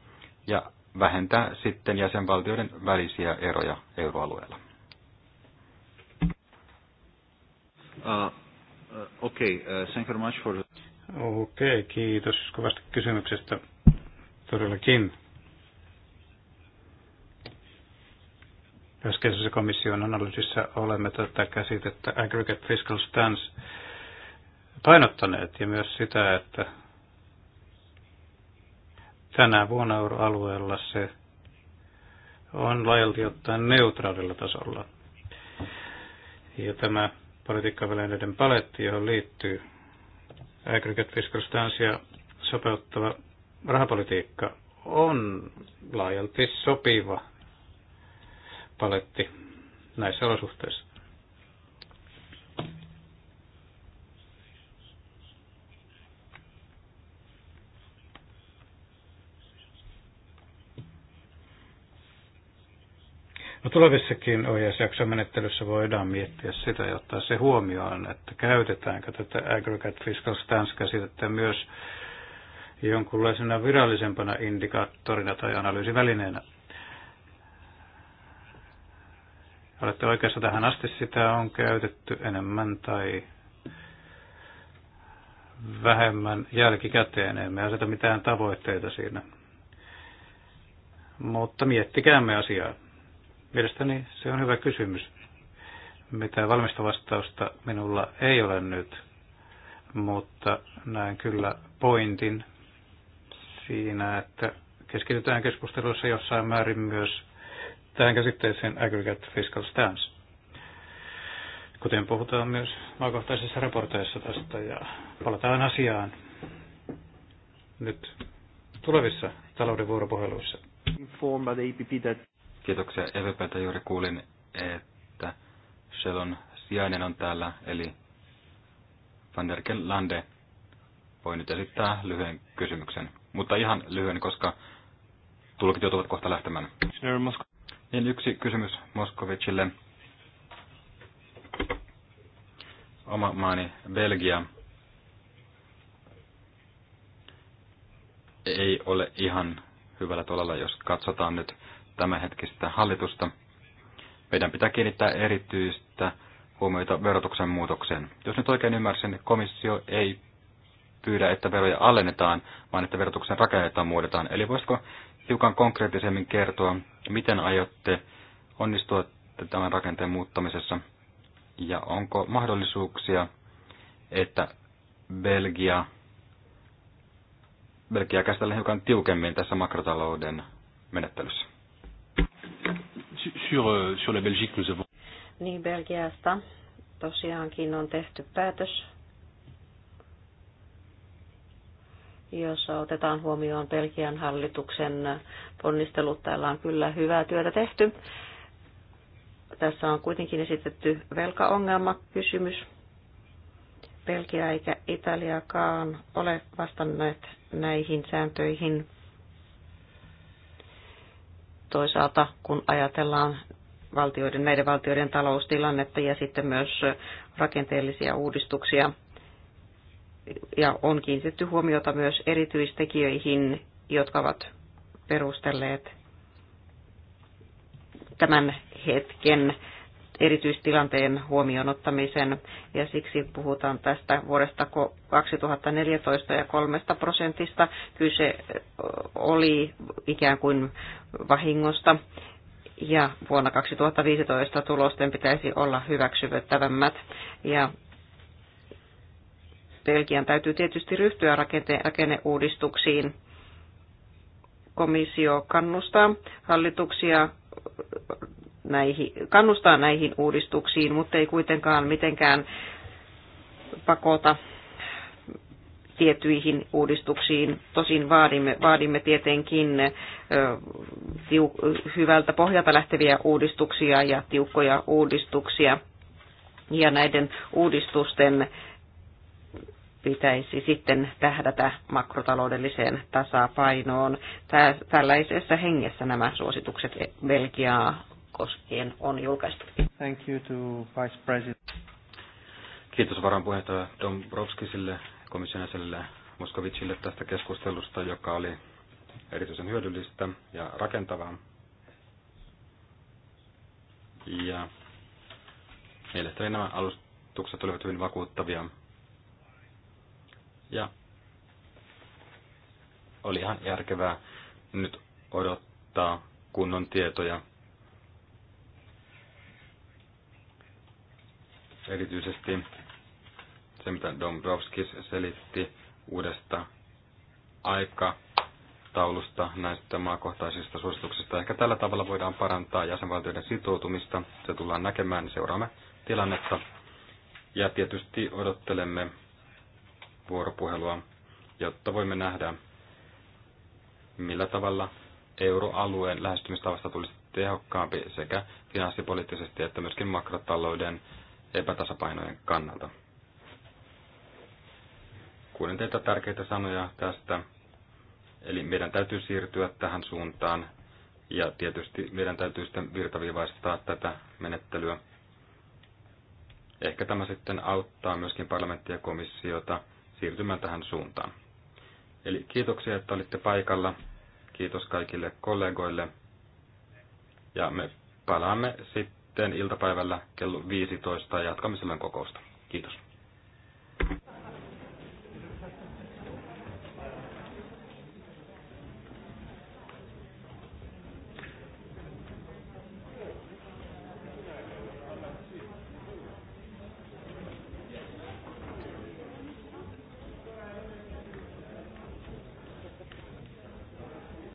ja vähentää sitten jäsenvaltioiden välisiä eroja euroalueella. Uh, Okei, uh, okay, uh, thank you very much for... Okei, okay, kiitos kovasti kysymyksestä. Todellakin myös Äskeisessä komission analyysissä olemme tätä käsitettä aggregate fiscal stance painottaneet ja myös sitä, että tänä vuonna euroalueella se on laajalti ottaen neutraalilla tasolla. Ja tämä politiikkavälineiden paletti, johon liittyy aggregate fiscal stance ja sopeuttava rahapolitiikka, on laajalti sopiva paletti näissä olosuhteissa. No tulevissakin ohjausjaksomenettelyssä voidaan miettiä sitä ja ottaa se huomioon, että käytetäänkö tätä aggregate fiscal stance-käsitettä myös jonkunlaisena virallisempana indikaattorina tai analyysivälineenä. Olette oikeassa tähän asti, sitä on käytetty enemmän tai vähemmän jälkikäteen. Emme aseta mitään tavoitteita siinä. Mutta miettikäämme asiaa. Mielestäni se on hyvä kysymys. Mitä valmista vastausta minulla ei ole nyt, mutta näen kyllä pointin siinä, että keskitytään keskustelussa jossain määrin myös tähän käsitteeseen aggregate fiscal stance. Kuten puhutaan myös maakohtaisissa raporteissa tästä ja palataan asiaan nyt tulevissa talouden vuoropuheluissa. E Kiitoksia EVPtä. Juuri kuulin, että Shellon sijainen on täällä, eli Van der Lande voi nyt esittää lyhyen kysymyksen. Mutta ihan lyhyen, koska tulkit joutuvat kohta lähtemään. Niin yksi kysymys Moskovicille. Oma maani Belgia ei ole ihan hyvällä tolalla, jos katsotaan nyt tämänhetkistä hallitusta. Meidän pitää kiinnittää erityistä huomioita verotuksen muutokseen. Jos nyt oikein ymmärsin, niin komissio ei pyydä, että veroja alennetaan, vaan että verotuksen rakennetaan muodetaan. Eli voisiko hiukan konkreettisemmin kertoa, miten aiotte onnistua tämän rakenteen muuttamisessa ja onko mahdollisuuksia, että Belgia, Belgia käsitellään hiukan tiukemmin tässä makrotalouden menettelyssä? Sur, euh, sur la Belgique, nous avons... Niin, Belgiasta tosiaankin on tehty päätös jossa otetaan huomioon Belgian hallituksen ponnistelut. Täällä on kyllä hyvää työtä tehty. Tässä on kuitenkin esitetty velkaongelmakysymys. Belgia eikä Italiakaan ole vastanneet näihin sääntöihin. Toisaalta kun ajatellaan valtioiden, näiden valtioiden taloustilannetta ja sitten myös rakenteellisia uudistuksia – ja on kiinnitetty huomiota myös erityistekijöihin, jotka ovat perustelleet tämän hetken erityistilanteen huomioon ottamisen ja siksi puhutaan tästä vuodesta 2014 ja 3 prosentista. Kyse oli ikään kuin vahingosta ja vuonna 2015 tulosten pitäisi olla hyväksyvättävämmät. ja Belgian täytyy tietysti ryhtyä rakente- rakenneuudistuksiin. Komissio kannustaa hallituksia äh, näihin, kannustaa näihin uudistuksiin, mutta ei kuitenkaan mitenkään pakota tiettyihin uudistuksiin. Tosin vaadimme, vaadimme tietenkin ö, äh, tiu, hyvältä pohjalta lähteviä uudistuksia ja tiukkoja uudistuksia. Ja näiden uudistusten pitäisi sitten tähdätä makrotaloudelliseen tasapainoon. Tällaisessa hengessä nämä suositukset Belgiaa koskien on julkaistu. Thank you to Vice President. Kiitos varanpuheenjohtaja Dombrovskisille, komissionäiselle Moskovicille tästä keskustelusta, joka oli erityisen hyödyllistä ja rakentavaa. Ja mielestäni nämä alustukset olivat hyvin vakuuttavia ja oli ihan järkevää nyt odottaa kunnon tietoja. Erityisesti se, mitä Dombrovskis selitti uudesta aikataulusta näistä maakohtaisista suosituksista. Ehkä tällä tavalla voidaan parantaa jäsenvaltioiden sitoutumista. Se tullaan näkemään, seuraamme tilannetta. Ja tietysti odottelemme vuoropuhelua, jotta voimme nähdä, millä tavalla euroalueen lähestymistavasta tulisi tehokkaampi sekä finanssipoliittisesti että myöskin makrotalouden epätasapainojen kannalta. Kuulin teitä tärkeitä sanoja tästä, eli meidän täytyy siirtyä tähän suuntaan ja tietysti meidän täytyy sitten virtaviivaistaa tätä menettelyä. Ehkä tämä sitten auttaa myöskin parlamenttia ja komissiota – siirtymään tähän suuntaan. Eli kiitoksia, että olitte paikalla. Kiitos kaikille kollegoille. Ja me palaamme sitten iltapäivällä kello 15 ja jatkamme silloin kokousta. Kiitos.